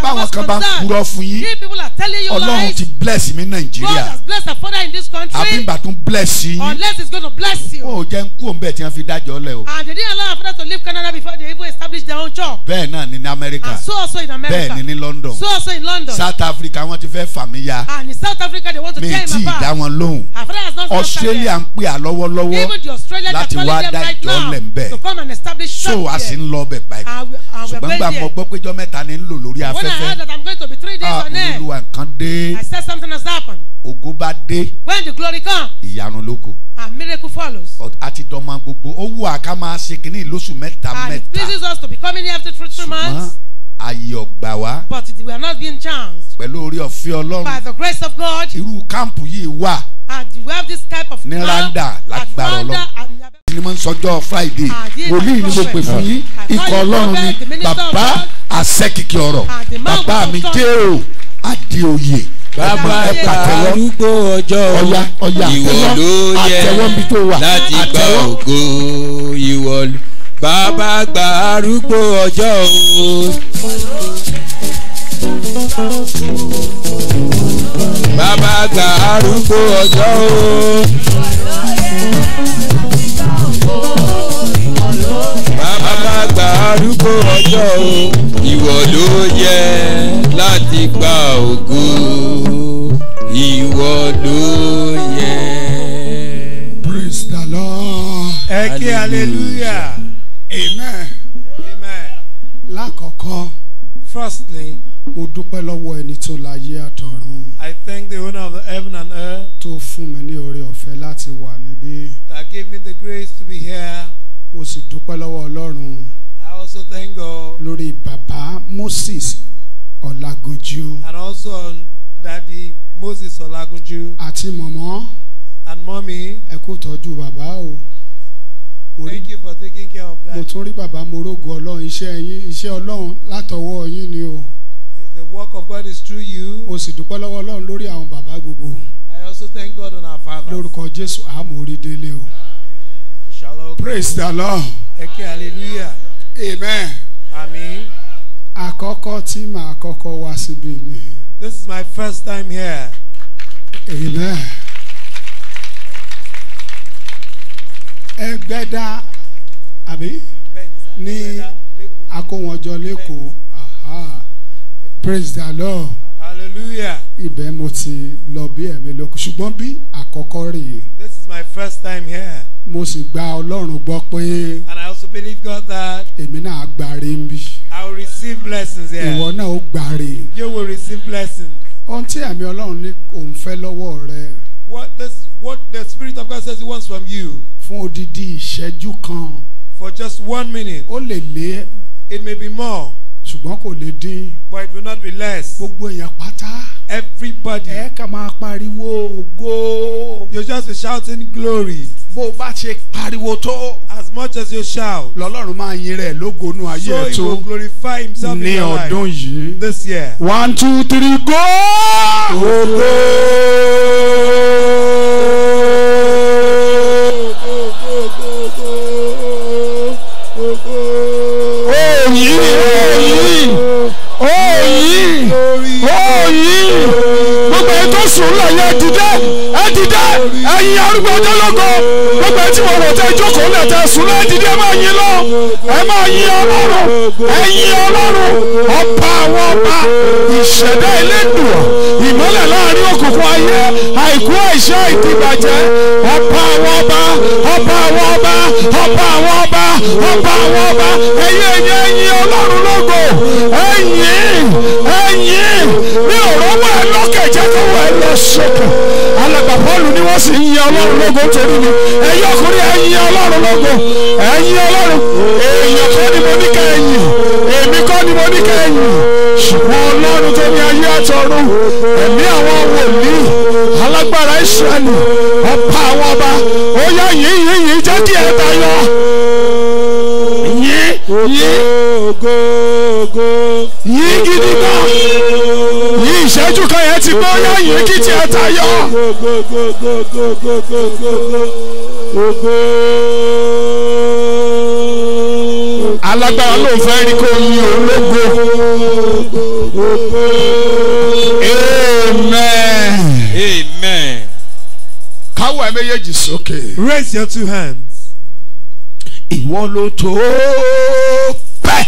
báwọn kan bá ń purọ́ fún yín ọlọ́run ti bless mi nàìjíríà àbí ìgbà tó ń bless yín wọn ò jẹ́ ń kú òun bẹ́ẹ̀ tí wọ́n fi dájọ́ lẹ̀ o. and they didn't allow our father to leave Canada before they even established their own church. bẹ́ẹ̀ náà ni ní America. and in America. bẹ́ẹ̀ ni ní London. so also in London. South Africa wọ́n ti fẹ́ fà ya. and in South Africa they want to tear him apart. mi ti dá wọn lóhùn. our father has not Australia ń pè á lọ́wọ́lọ́wọ́ láti wá dá ìjọ́ lẹ̀ ń bẹ́ẹ̀ down and establish church so a sì ń lọ bẹ̀ báyìí ṣùgbọ́n gbà mọ́ gbọ́ pé jọ́ mẹ́ta ni ń lò lórí afẹ́fẹ́ when I heard that I'm going to be three days ah, on air olúwa nǹkan dé I said something has happened Ogo bá dé when the glory come, ìyanu ló kù a miracle follows àti dọ́mọ gbogbo ó wù wá ká máa ṣe kínní lóṣù mẹ́ta mẹ́ta and it pleases us to be coming here after three months ayé ọgbà wá. but we are not being chanced. pẹ̀lú orí ọ̀fẹ́ ọlọ́run. by the grace of God. irú kámpù yìí wà. and we have this type of camp. ní randa lágbára ọlọ́run ni mo ń sọjọ́ friday wòlíì ni mo pè fún yín ikọ̀ ọlọ́run ni bàbá àṣẹ́kìkì ọ̀rọ̀ bàbá mi jẹ́ o adéoyè bàbá ẹ̀ka arúgbó ọjọ́ ọ̀ya ọ̀ya ìwọ ló yẹ láti gba ògo ìwọ ló bàbá gba arúgbó ọjọ́ o. bàbá gba arúgbó ọjọ́ o. bàbá gba arúgbó ọjọ́ o. ìwọ ló yẹ láti gba ògo ìwọ ló yẹ. praise the lord. ẹ kí hallelujah. Firstly, o dúpẹ́ lọ́wọ́ ẹni tó láyé àtọ̀run. I thank the owner of the heaven and earth. Tó fún mi ní oore ọ̀fẹ́ láti wà níbí. That gave me the grace to be here. Mo sì dúpẹ́ lọ́wọ́ Ọlọ́run. I also thank God. Lórí bàbá Moses Ọlágunjú. And also Daddy Moses Ọlágunjú. Àti mọ̀mọ́. And mommy. Ẹ kú tọ́jú bàbá o rí mo tún rí bàbá mo rógo ọlọ́run iṣẹ́ yín iṣẹ́ ọlọ́run látọwọ́ yín ni o. the work of God is through you. mo sì dúpẹ́ lọ́wọ́ ọlọ́run lórí àwọn bàbá gbogbo. I also thank God on our fathers. lórúkọ Jésù àmórí délé o. praise the Lord. amen. àkọ́kọ́ tí màá kọ́kọ́ wá síbí ni. this is my first time here. amen. ẹgbẹ́dá àbí ní akówọnjọ lẹ́kọ̀ọ́ praise the lord hallelujah ibẹ̀ mo ti lọ bí ẹ̀mí lóko ṣùgbọ́n bí àkọ́kọ́ rèé this is my first time here mo sì gba ọlọ́run gbọ́ pé and I also believe God that èmi náà gbàre ń bí I will receive blessings here ìwọ náà ó gbàre you will receive blessings ohun tí ẹ̀mí ọlọ́run ní òun fẹ́ lọ́wọ́ rẹ. What this? what the Spirit of God says He wants from you. Fún odidi ìṣẹ́jú kan. For just one minute. Ó lè lé. It may be more. Ṣùgbọ́n kò lè dín. But it will not be less. Gbogbo èèyàn pátá. Everybody. Ẹ kà máa pariwo ògo. You're just shouting glory bó o bá ṣe pariwo tó. as much as you shout. lọ́lọ́run máa yin rẹ̀ lógo inú ayé ẹ̀ tó. so he will glorify himself in your life. ní ọdún yìí. this year. one two three go. ògo. òyìn òyìn òyì òyì gbogbo èyí tó sùn láyé ẹ dìde ẹ dìde ẹ̀yin arúgbó ọjọ́ lógo gbogbo èyí tí wọ́n rò tẹ́ jókòó lẹ̀ tẹ́ sùn lẹ́ dìde máa yìn lọ ẹ máa yìn ọlọ́run ẹ yìn ọlọ́run ọba àwọn ọba ìṣẹ̀dá ẹlẹ́dùn ìmọ́lẹ̀ láàrin òkùnkùn ayé àìkú àìṣẹ́ ìdìbàjẹ́ ọba àwọn ọba ọba àwọn ọba ọba àwọn ọba ọba àwọn ọba ẹ̀yin ẹ̀yin ẹ̀yin ọlọ́run lógo ẹ̀yin ẹ̀yìn ẹ̀yìn ní òróró ẹ lókè jẹ́ kó wọ ẹ lọ sókè alàgbà Pọ́ọ̀lù ni wọ́n sì ń yin Ọlọ́run lógo torí mi ẹ̀yin ọkùnrin ẹ̀yin Ọlọ́run lógo ẹ̀yin Ọlọ́run èèyàn kọ́ ni mo ní ká ẹ̀yìn èmi kọ́ ni mo ní ká ẹ̀yìn ṣùgbọ́n Ọlọ́run tó ní ayé àtọ̀run ẹ̀mí àwọn wòlíì alágbára Ísírẹ́lì ọ̀pá àwọn ọba ó yá yìnyín yìí jẹ́ kí ẹ tayọ yín yín yín gidi gan yín ìṣẹ́jú kan yẹn ti gbọ́ yá yín kí tiẹ̀ tayọ. alágbára ló ń fẹ́ rí kó yín ológo amen amen káwọ́ ẹ méjèèjì sókè. raise your two hands ìwọ ló tó pẹ́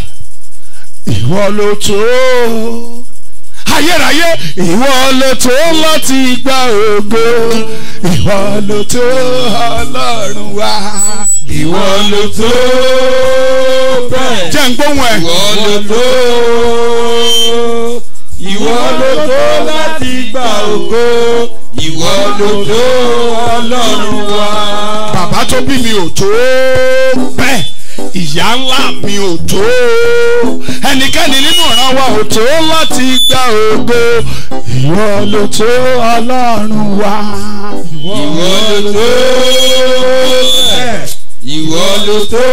ìwọ ló tó ayérayé ìwọ ló tó láti gba ògo ìwọ ló tó ọlọ́run wa ìwọ ló tó pẹ́ jẹ́ ń gbóhùn ẹ̀ ìwọ ló tó pẹ́ ìwọ ló tó láti gba ògo ìwọ ló tó ọlọ́run wa. bàbá tó bí mi ò tó bẹ́ẹ̀ ìyá ńlá mi ò tó ẹnikẹ́ni nínú ọ̀ràn wa ò tó láti gba ògo ìwọ ló tó ọlọ́run wa. ìwọ ló tó ìwọ ló tó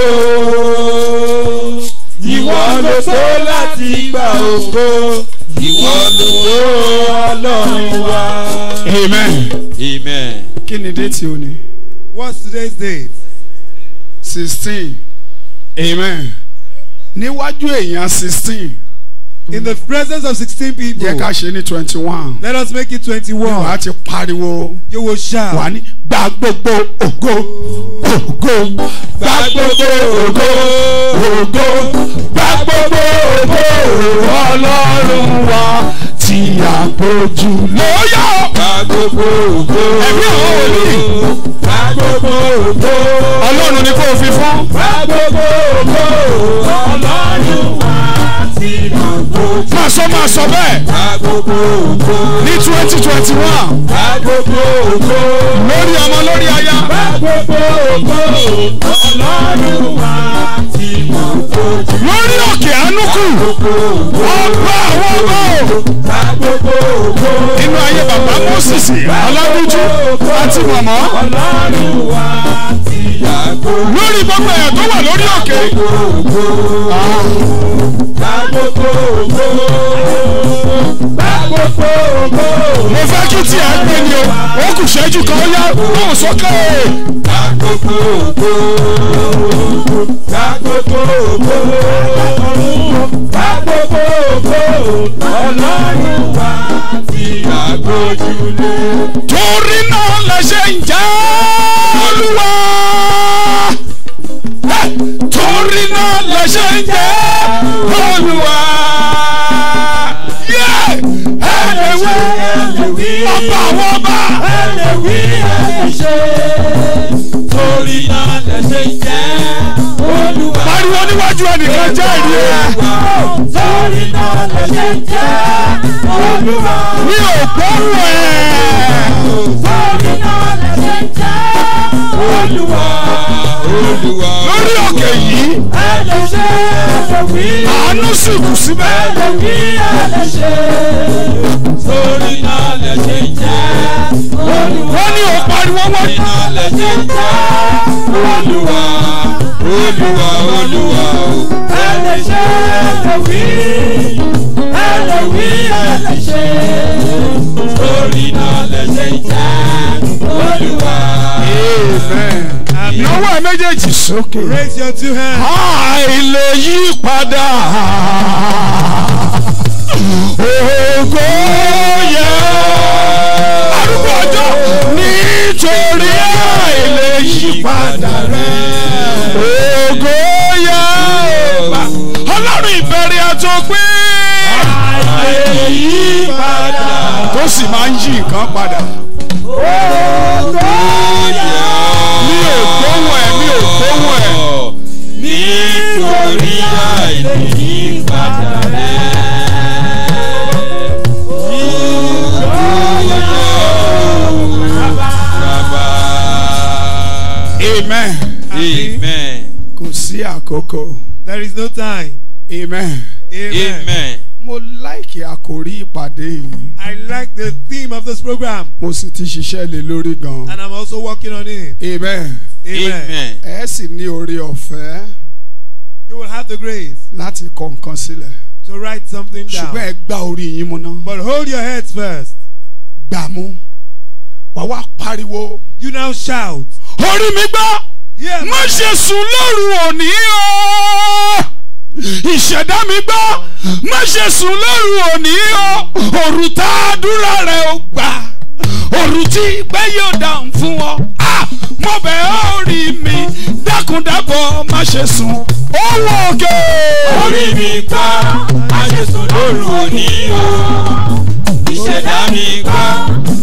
ìwọ ló tó láti gba ògo ìwọ lógo ọlọ́run wa. amen. amen. kí ni déètì òní. what's today's date. sixteen. amen. níwájú èèyàn sixteen in the presence of sixteen people. yẹ ká ṣe ní twenty one. let us make it twenty one. yóò wá ti pariwo. yóò wo ṣá. wà ní gba gbogbo ògo ògo gba gbogbo ògo ògo gba gbogbo ògo ọlọ́run wa tí a gbójú gba gbogbo ògo ẹ̀mí àwọn olùyìn. gba gbogbo ògo ọlọ́run ni kò fi fún. gba gbogbo ògo ọlọ́run wa máa sọ máa sọ bẹ́ẹ̀ ní twenty twenty one lórí ọmọ lórí aya. lórí òkè ànúkù ọba àwọn ọba o nínú ayé bàbá moses ọlọ́dúnjú àti màmá lórí gbogbo ẹ̀ tó wà lórí òkè gbàgbókò ògbó gbàgbókò ògbó. mo fẹ́ kí tí ẹ gbé ni o ó kù ṣẹ́jú kan yá bóun sókè. gbàgbókò torí náà lẹ ṣe ń jẹ́ olúwa torí náà lọ ṣe ń jẹ́ olúwa. Ẹlẹ́wí ẹlẹ́wí ọba àwọn ọba ẹlẹ́wí ẹlẹ́ṣẹ̀ torí náà lẹ ṣe ń jẹ́ olúwa. Pariwo níwájú ẹnìkan jẹ́ ìlú ẹ̀. Torí náà lẹ ṣe ń jẹ́ olúwa. Mi ò gbọ́rọ̀ ẹ̀. Torí náà lẹ ṣe ń jẹ́ olúwa olúwa ẹ lè ṣe ẹ lè wí. àánú sì kù síbẹ̀. ẹ lè wí ẹ lè ṣe. sórí náà lè jẹ́. olùwà ó ní pariwo wọ́n. sórí náà lè jẹ́. olùwà olùwà olùwà o. ẹ lè ṣe sórí náà lè jẹ́. olùwà. amen náwó ẹ méjèèjì sókè àìlè yí padà ògo yẹ arúgbó ọjọ́ nítorí àìlè yí padà rẹ ògo yẹ ọlọ́run ìbẹ̀rẹ̀ àtọ́gbẹ́ àìlè yí padà tó sì máa ń yí nǹkan padà ògo yẹ kóhùn ẹ̀ mi ò kóhùn ẹ̀. nítorí àìní padà rẹ̀. Amen. Amen. Kò sí àkókò. There is no time. Amen. Amen. Amen mo àkórí ìpàdé yìí. I like the theme of this program. mo sì ti ṣiṣẹ́ lé lórí gan. and I'm also working on it. amen. amen. ẹ sì ní oore ọ̀fẹ́. you will have the grace. láti kọ nǹkan sílẹ̀. to write something down. ṣùgbọ́n ẹ gbá orí yín mu ná. but hold your heads first. gbàmú wà wá pariwo. you now shout. orí mi gbọ́. mo ṣe sùn lóru òní o ìṣẹ̀dá mi gbọ́ má ṣe sùn lóru òní o òru tá a dúró rẹ̀ ó gbà òru tí pẹ́ yóò dáhùn fún ọ mo bẹ̀ ọ́ rí mi dákúndàbọ̀ má ṣe sùn ó òkè. orí mi pa má ṣe sùn lóru òní o ìṣẹ̀dá mi kọ́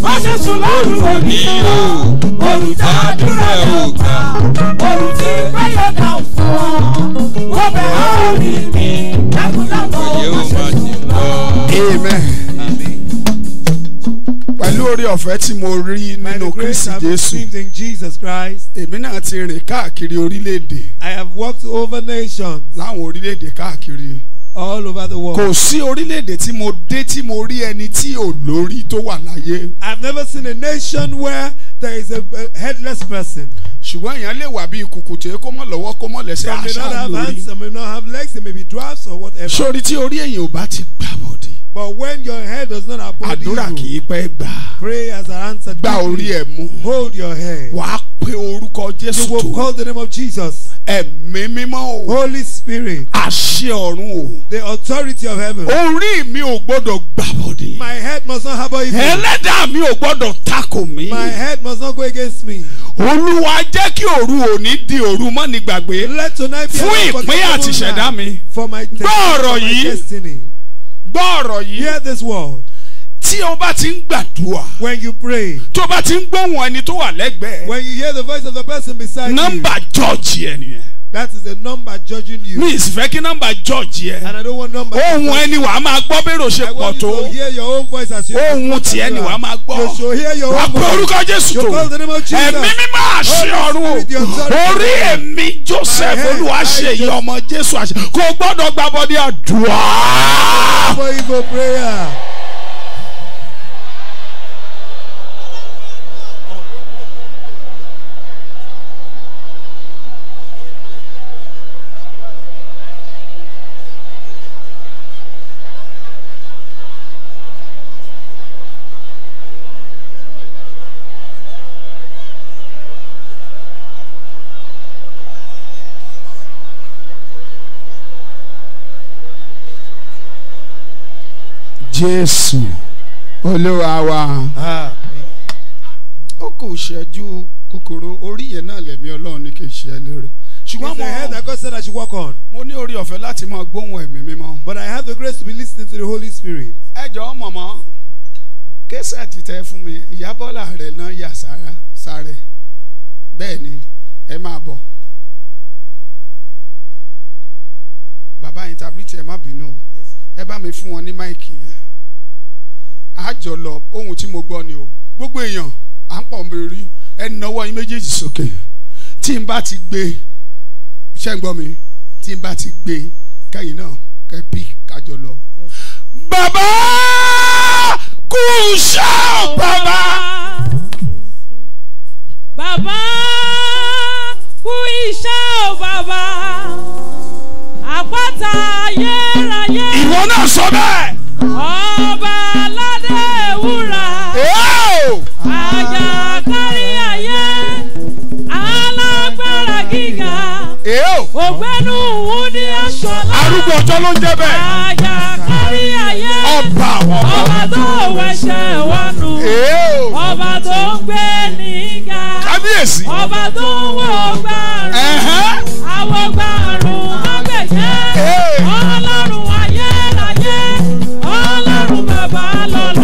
má ṣe sùn lóru òní o olùdádúrà ò gbà olùtí báyọ̀dá ò fọ́ wọ́n bẹ̀ ọ́ rí mi lákùlákọ̀ ó má ṣe sùn lọ. amen pẹ̀lú orí ọ̀fẹ́ tí mo rí nínú Kristi Jésù èmi náà ti rìn káàkiri orílẹ̀-èdè. I have walked over nations. láwọn orílẹ̀-èdè káàkiri all over the world. kò sí orílẹ̀-èdè tí mo dé tí mo rí ẹni tí ò lórí tó wà láyé. I've never seen a nation where there is a, headless person. ṣùgbọ́n èèyàn lè wà bíi kùkùté kó mọ̀ lọ́wọ́ kó mọ̀ lẹ́sẹ̀ àṣà lórí. some may not have hands some may not have legs they may be dwarfs or whatever. sórí tí orí èèyàn ò bá ti gbà bọ̀dì. But when your head does not abode you, àdúrà kì í pẹ́ gbà. Prayers are answered. Gba orí ẹ̀ mú. Hold your head. Wàá pe orúkọ Jésù tó. You will call the name of Jesus ẹ̀mí mímọ́ o. holy spirit. àṣẹ ọ̀run o. the authority of heaven. orí mi ò gbọ́dọ̀ gbàbọ̀dé. my head must not harbour evil. ẹlẹ́dàá mi ò gbọ́dọ̀ takò mí. my head must not go against me. olúwa jẹ́ kí òru òní di òru mọ́ ní gbàgbé. let tonight be our first fún ìpín àtìṣẹ̀dá mi. for my destiny. gbọ́ ọ̀rọ̀ yìí. gbọ́ ọ̀rọ̀ yìí. hear this word tí o bá ti ń gbàdúrà. when you pray. tó o bá ti ń gbóhùn ẹni tó wà lẹ́gbẹ̀ẹ́. when you hear the voice of the person beside number you. number judge yẹn nìyẹn. That is the number judging you. Mi ìsìfẹ́ kí nọ́mbà judge yẹ. And I don't want number. Ohun ẹni wàá máa gbọ́ bẹ́rò ṣe pọ̀ tó. I want you to hear your own voice as you listen Ohun ti ẹni wàá máa gbọ́. You should hear your own voice. Wà á orúkọ Jésù tó. Ẹ̀mí mímọ́ àṣẹ ọ̀run. Orí èmi Joseph Olúwa ṣe yìí ọmọ Jésù àṣẹ. Kò gbọ́dọ̀ gbàbọ́dé àdúrà. For evil prayer. jésù olúwa wa. ó kò ṣẹ́jú kòkòrò orí yẹn náà lẹ̀mí ọlọ́run ní kì í ṣe ẹlẹ́rìí ṣùgbọ́n mo heard that God said I should work on. mo ní orí ọ̀fẹ́ láti máa gbóhùn ẹ̀mí mímọ́. but I have the grace to be listening to the Holy Spirit. ẹ jọ̀ọ́ mọ̀mọ́ késà ti tẹ fún mi ìyábọ́là rẹ̀ náà yà sáré bẹ́ẹ̀ ni ẹ máa bọ̀ bàbá yìí tàbí tí ẹ má bínú ẹ bá mi fún wọn ní máìkì yẹn àjọ lọ ohun tí mo gbọ́ ni o gbogbo èèyàn à ń pọ̀ mi rí ẹ nawọ́ yín méjèèjì sókè tí n bá ti gbé iṣẹ́ ń gbọ́ mi tí n bá ti gbé kẹ́yìn náà kẹ́ pí kájọ lọ. bàbá kú iṣẹ́ bàbá. bàbá kú iṣẹ́ bàbá àpáta ayérayé. ìwọ náà sọ bẹ́ẹ̀. ọba kárí ayé alágbára gíga ògbẹ́nu òun ní aṣọ́lá arúgbó ọjọ́ ló ń jẹ́ bẹ́ẹ̀ àyà kárí ayé ọba ọba tó wẹṣẹ̀ wánu ọba tó ń gbé níga kábíyèsí ọba tó ń wọ ọgbà rún àwọn mọ́gbẹ̀jẹ́ ọlọ́run ayérayé ọlọ́run bàbá lọ́lọ́.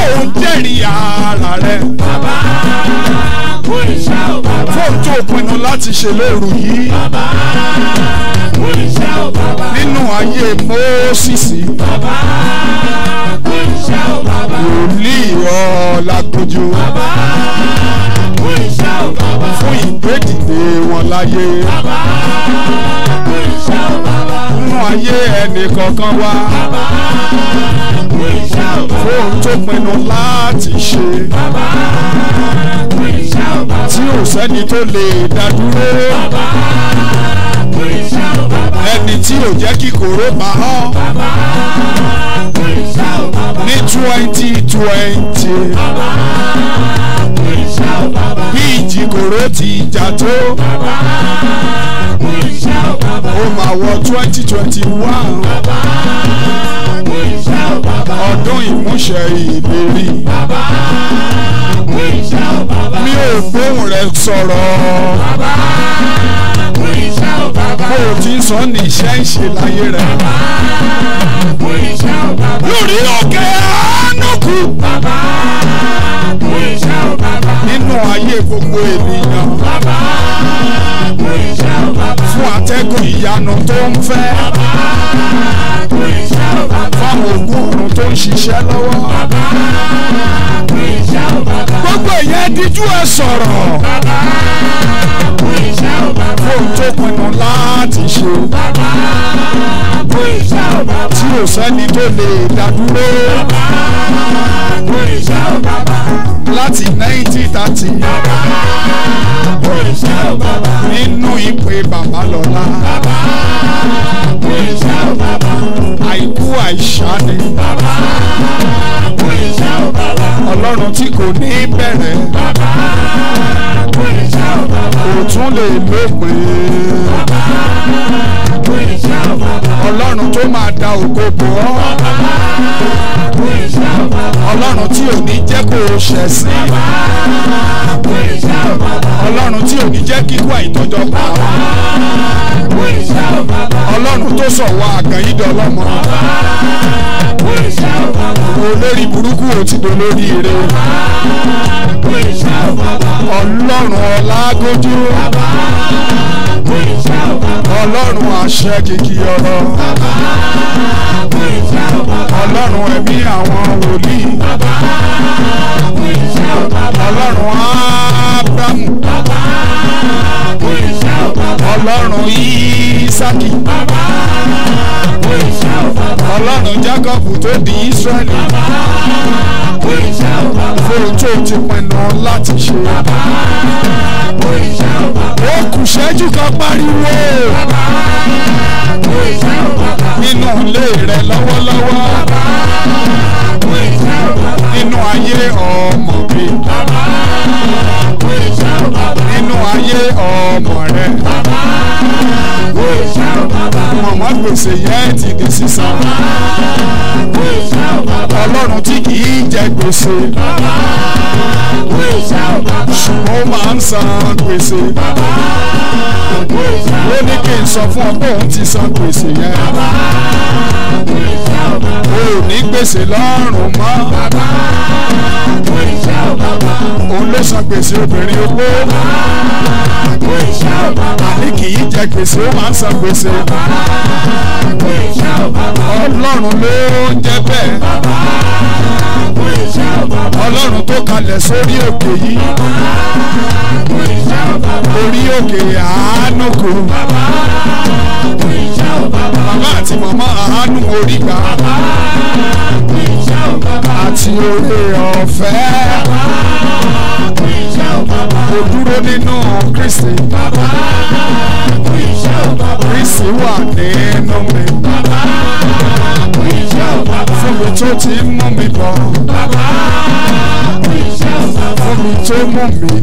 òun jẹ́rìí ara rẹ̀. bàbá kú iṣẹ́ o bàbá. fóun tó pinnu láti ṣe lóru yìí. bàbá kú iṣẹ́ o bàbá. nínú ayé Mósìsì. bàbá kú iṣẹ́ o bàbá. wòlíì Ọlágbójú. bàbá kú iṣẹ́ o bàbá. fún ìgbédìde wọn láyé. bàbá kú iṣẹ́ o bàbá. nínú ayé ẹnì kọ̀ọ̀kan wa. bàbá kú iṣẹ́ o bàbá. fóun tó pinnu láti ṣe. Bàbá kò iṣẹ́ ò bàbá. Tí ò sẹ́ni tó lè dádúró. Bàbá kò iṣẹ́ ò bàbá. Ẹni tí ò jẹ́ kí kòró pa ọ́. Bàbá kò iṣẹ́ ò bàbá. Ní twenty twenty. Bàbá kò iṣẹ́ ò bàbá. Bí ìjì kòró ti jà tó. Bàbá kò iṣẹ́ ò bàbá. Ó máa wọ twenty twenty one. Bàbá kò iṣẹ́ ò bàbá. Ọdún ìmúṣẹ ìlú orí. Bàbá kú iṣẹ́ o bàbá. Mi ò gbóhùn rẹ sọ̀rọ̀. Bàbá kú iṣẹ́ o bàbá. Mo ò ti sọ ní iṣẹ́ ń ṣe láyé rẹ. Bàbá kú iṣẹ́ o bàbá. Lórí òkè àánú kú. Bàbá kú iṣẹ́ o bàbá. nínú ayé gbogbo ènìyàn. bàbá kú iṣẹ́ o bàbá. fún atẹ́gùn ìyanu tó ń fẹ́. bàbá kú iṣẹ́ o bàbá. fáwọn ògùn òun tó ń ṣiṣẹ́ lọ́wọ́. bàbá kú iṣẹ́ o bàbá. gbogbo ìyẹn díjú ẹ sọ̀rọ̀. bàbá kú iṣẹ́ o bàbá. fóun tó pinnu láti ṣe. bàbá kú iṣẹ́ o bàbá. tí ò sẹ́ni tó lè dá dúró. bàbá kú iṣẹ́ o bàbá láti nineteen thirty. bàbá kú iṣẹ́ o bàbá. nínú ìpè bàbá lọ́la. bàbá kú iṣẹ́ o bàbá. àìkú àìṣá ni. bàbá kú iṣẹ́ o bàbá. ọlọ́run tí kò ní bẹ̀rẹ̀. bàbá kú iṣẹ́ o bàbá. kò tún lè lópin. bàbá kú iṣẹ́ o bàbá. ọlọ́run tó máa da ògo bò ọ́. bàbá kú iṣẹ́ o bàbá. ọlọ́run tí ò ní jẹ́ kó o ṣe foolishness. ọlọ́run tí ò ní jẹ́ kíkú àìtọ́jọ́ pa. ọlọ́run tó sọ̀wọ́ àgànyídọ̀ ọlọ́mọ. olórí burúkú ò ti dolórí ire. ọlọ́run ọlágójú. ọlọ́run àṣẹ kìkì ọ̀rọ̀. ọlọ́run ẹ̀mí àwọn wòlíì kú iṣẹ́ o bàbá. ọlọ́run ábúrámù. bàbá kú iṣẹ́ o bàbá. ọlọ́run ísákì. bàbá kú iṣẹ́ o bàbá. ọlọ́run jákọ́bù tó di ísírẹ́lì. bàbá kú iṣẹ́ o bàbá. fóun tó ti pinnu láti ṣe. bàbá kú iṣẹ́ o bàbá. ó kù ṣẹ́jú kan pariwo. bàbá ilé rẹ̀ lọ́wọ́lọ́wọ́ nínú ayé ọmọ mi. Bàbá kú iṣẹ́ o bàbá. Nínú ayé ọmọ rẹ̀. Bàbá kú iṣẹ́ o bàbá. Mọ̀mọ́ gbèsè yẹn ti di sísan. Bàbá kú iṣẹ́ o bàbá ọlọ́run tí kì í jẹ gbèsè ṣùgbọ́n ó máa ń san gbèsè ó ní kí n sọ fún ọ pé òun ti san gbèsè yẹn o ò ní gbèsè lọ́rùn mọ́ òun ló san gbèsè obìnrin ogbó àní kì í jẹ gbèsè ó máa ń san gbèsè ọlọ́run ló ń jẹ bẹ́ẹ̀ bàbá kú iṣẹ́ o bàbá. ọlọ́run tó kalẹ̀ sórí òkè yìí. bàbá kú iṣẹ́ o bàbá. orí òkè àánú kù. bàbá kú iṣẹ́ o bàbá. bàbá àti màmá àánú orí gbà. bàbá kú iṣẹ́ o bàbá. àti oore ọ̀fẹ́. bàbá kú iṣẹ́ o bàbá. mo dúró nínú Kristi. bàbá kú iṣẹ́ bàbá. Kristi wà nínú mi. bàbá fún mi tó ti mú mi bọ̀ fún mi tó mú mi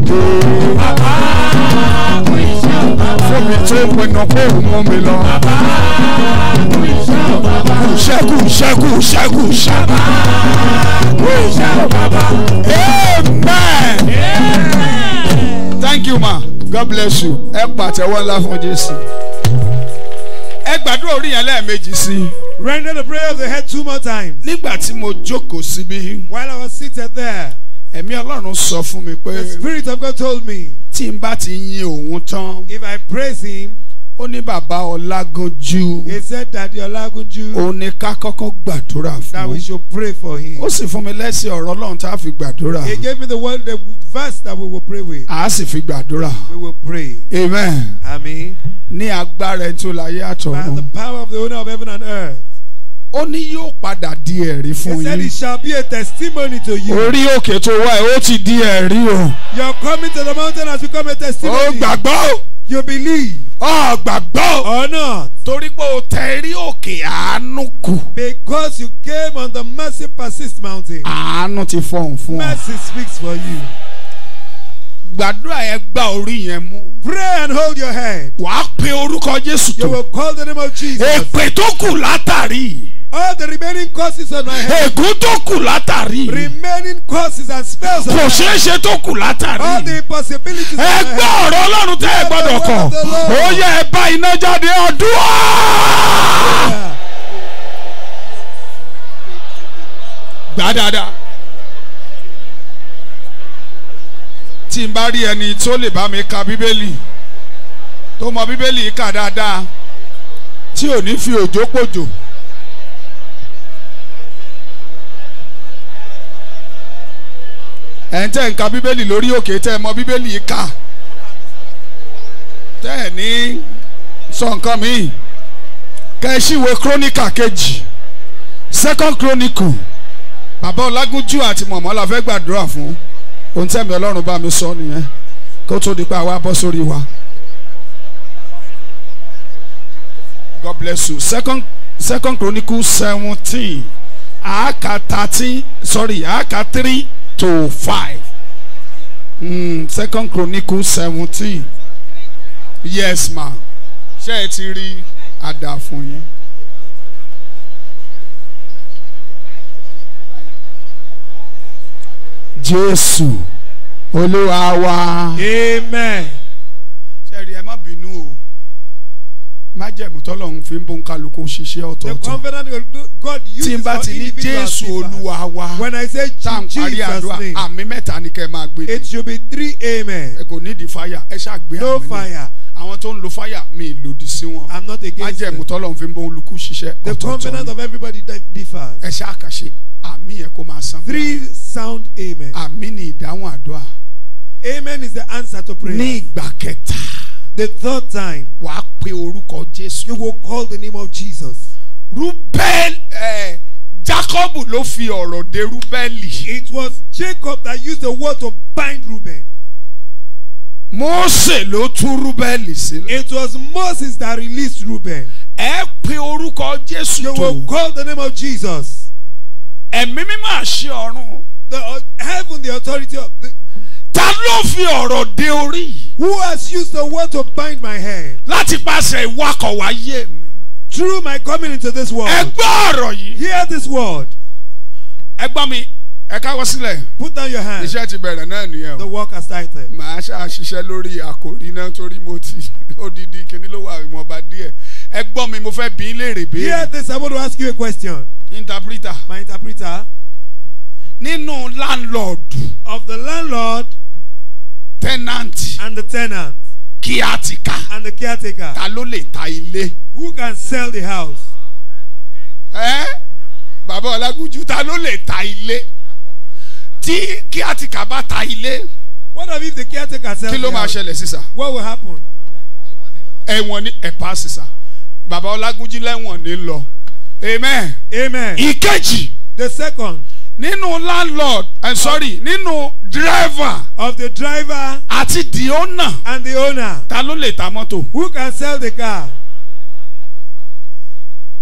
dé fún mi tó pinnu pé òun mú mi lọ. Ṣẹ́kù ṣẹ́kù ṣẹ́kù ṣẹ́kù. Amen. Thank you ma. God bless you. Ẹ pàtẹ́wọ́ ńlá fún Jésù gbàdúrà orí yẹn lẹ́ẹ̀mejì sí render the prayer of the head two more times. nígbà tí mo jókòó síbí. while I was seated there. Ẹ̀mí Ọlọ́run sọ fún mi pé. The spirit of God told me. Tí n bá ti yin òun tán. If I praise him ó ní bàbá Ọlágúnjú. he said Daddy Ọlágúnjú. òun ni ká kọ́kọ́ gbàdúrà fún. that we should pray for him. ó sì fún mi lẹ́sìn ọ̀rọ̀ Ọlọ́run tá a fi gbàdúrà. he gave me the word the verse that we will pray with. a sì fi gbàdúrà. we will pray. amen. àmín. ní agbára ẹni tó láyé àtọ̀run. by the power of the owner of heaven and earth ó ní yóò padà di ẹ̀rí fún yín. he said it shall be a testimony to you. orí òkè tó wá ẹ̀ ó ti di ẹ̀rí o. your coming to the mountain as you come a testimony. ó gbàgbọ́ you believe. Ọ gbàgbọ́. Ọ̀nà. Torí pé o tẹrí òkè àánú kù. Because you came on the mercy persist mountain. Àánú ti fọhùn fún ọ. Mercy speaks for you. Gbàdúrà yẹn gba orí yẹn mú. Pray and hold your head. Wàá pe orúkọ Jésù tó. You will call the name of Jesus. Èpè tó kù látàrí all the remaining causes on my head. ègún tó kù látàrí. remaining causes and spells. kò ṣeé ṣe tó kù látàrí. all the possibilities on my head. ẹ gbọ́ ọ̀rọ̀ ọlọ́run tẹ́ ẹ gbọ́dọ̀ kọ̀ ó yẹ ẹ bá iná jáde ọdún. gbà dáadáa. tí n bá rí ẹni tó lè bá mi ka bíbélì tó mọ bíbélì kà dáadáa tí ò ní fi òjò pòjò. ẹ̀ ń tẹ̀ ń ka bíbélì lórí òkè tẹ́ ẹ mọ bíbélì yìí kà tẹ́ ẹ ní sọ nǹkan míì kẹ́síwèé kírónìkà kejì second chronicle bàbá ọlágúnjú àti mọ̀mọ́ la fẹ́ gbàdúrà fún ohun tẹ̀mí ọlọ́run bá mi sọ nìyẹn kó tó di pé àwa bọ́ sórí wa. God bless you second second chronicle seventeen àáka thirteen sorry àáka three to five mm, second Chronicles seventeen yes ma'am. ṣé ẹ ti rí àdá fún yín. jésù olúwa wa. amen. májẹ̀mú tọ́lọ́run fi ń bó ń kálukú ṣiṣẹ́ ọ̀tọ̀ọ̀tọ̀ tí n bá ti ní jésù olúwa wa tá n parí àdúrà àmì mẹ́ta ni kẹ́ ẹ máa gbé ni ẹ kò nídìí fáyà ẹ ṣàgbé àmì ni àwọn tó ń lo fáyà mi lòdì sí wọn májẹ̀mú tọ́lọ́run fi ń bó ń lukú ṣiṣẹ́ ọ̀tọ̀ọ̀tọ̀ ẹ ṣàkàṣe àmì yẹn kó máa san bí àmì ni ìdáhùn àdúrà ní ìgbà kẹta the third time. wà á pe orúkọ Jésù. you will call the name of Jesus. Rúbẹ́l ẹ̀ eh, Jacob ló fi ọ̀rọ̀ de Rúbẹ́lì. it was Jacob that used the word to bind Ruben. Mósè ló tú Rúbẹ́lì sílẹ̀. it was Moses that released Ruben. ẹ pe orúkọ Jésù tó. you will call the name of Jesus. Ẹ̀mí mímọ́ àṣẹ ọ̀run. the uh, heaven the authority of the ta ló fi ọ̀rọ̀ dé orí yìí. who has used the word to bind my head. láti pàṣẹ ìwakọ̀wá yé mi. through my coming into this world. ẹ ọ̀rọ̀ yìí. hear this word. ẹ mi ẹ káwọ́ sílẹ̀. put down your hand. iṣẹ́ ti bẹ̀rẹ̀ náà nìyẹn o. the work has started. màá ṣàṣiṣẹ́ lórí àkòrí náà torí mo ti odidi kíní ló wà ìwọ̀nba díẹ̀ ẹ mi mo fẹ́ bí léèrè béèrè. hear this I want to ask you a question. interpreter. my interpreter. nínú landlord. of the landlord tenant. and the tenant. caretaker. and the caretaker. ta ló lè ta ilé. who can sell the house. Eh? bàbá ọlágúnjú ta ló lè ta ilé tí caretaker bá ta ilé. what if the caretaker sell the house. kí ló máa ṣẹlẹ̀ sísà. what will happen. ẹ̀wọ̀n ni ẹ̀pá sísà bàbá ọlágúnjú lẹ́wọ̀n ni lọ amen. amen. ìkejì. the second nínú landlord I'm sorry nínú driver. of the driver. àti the owner. and the owner. ta ló lè ta mọ́tò. who can sell the car.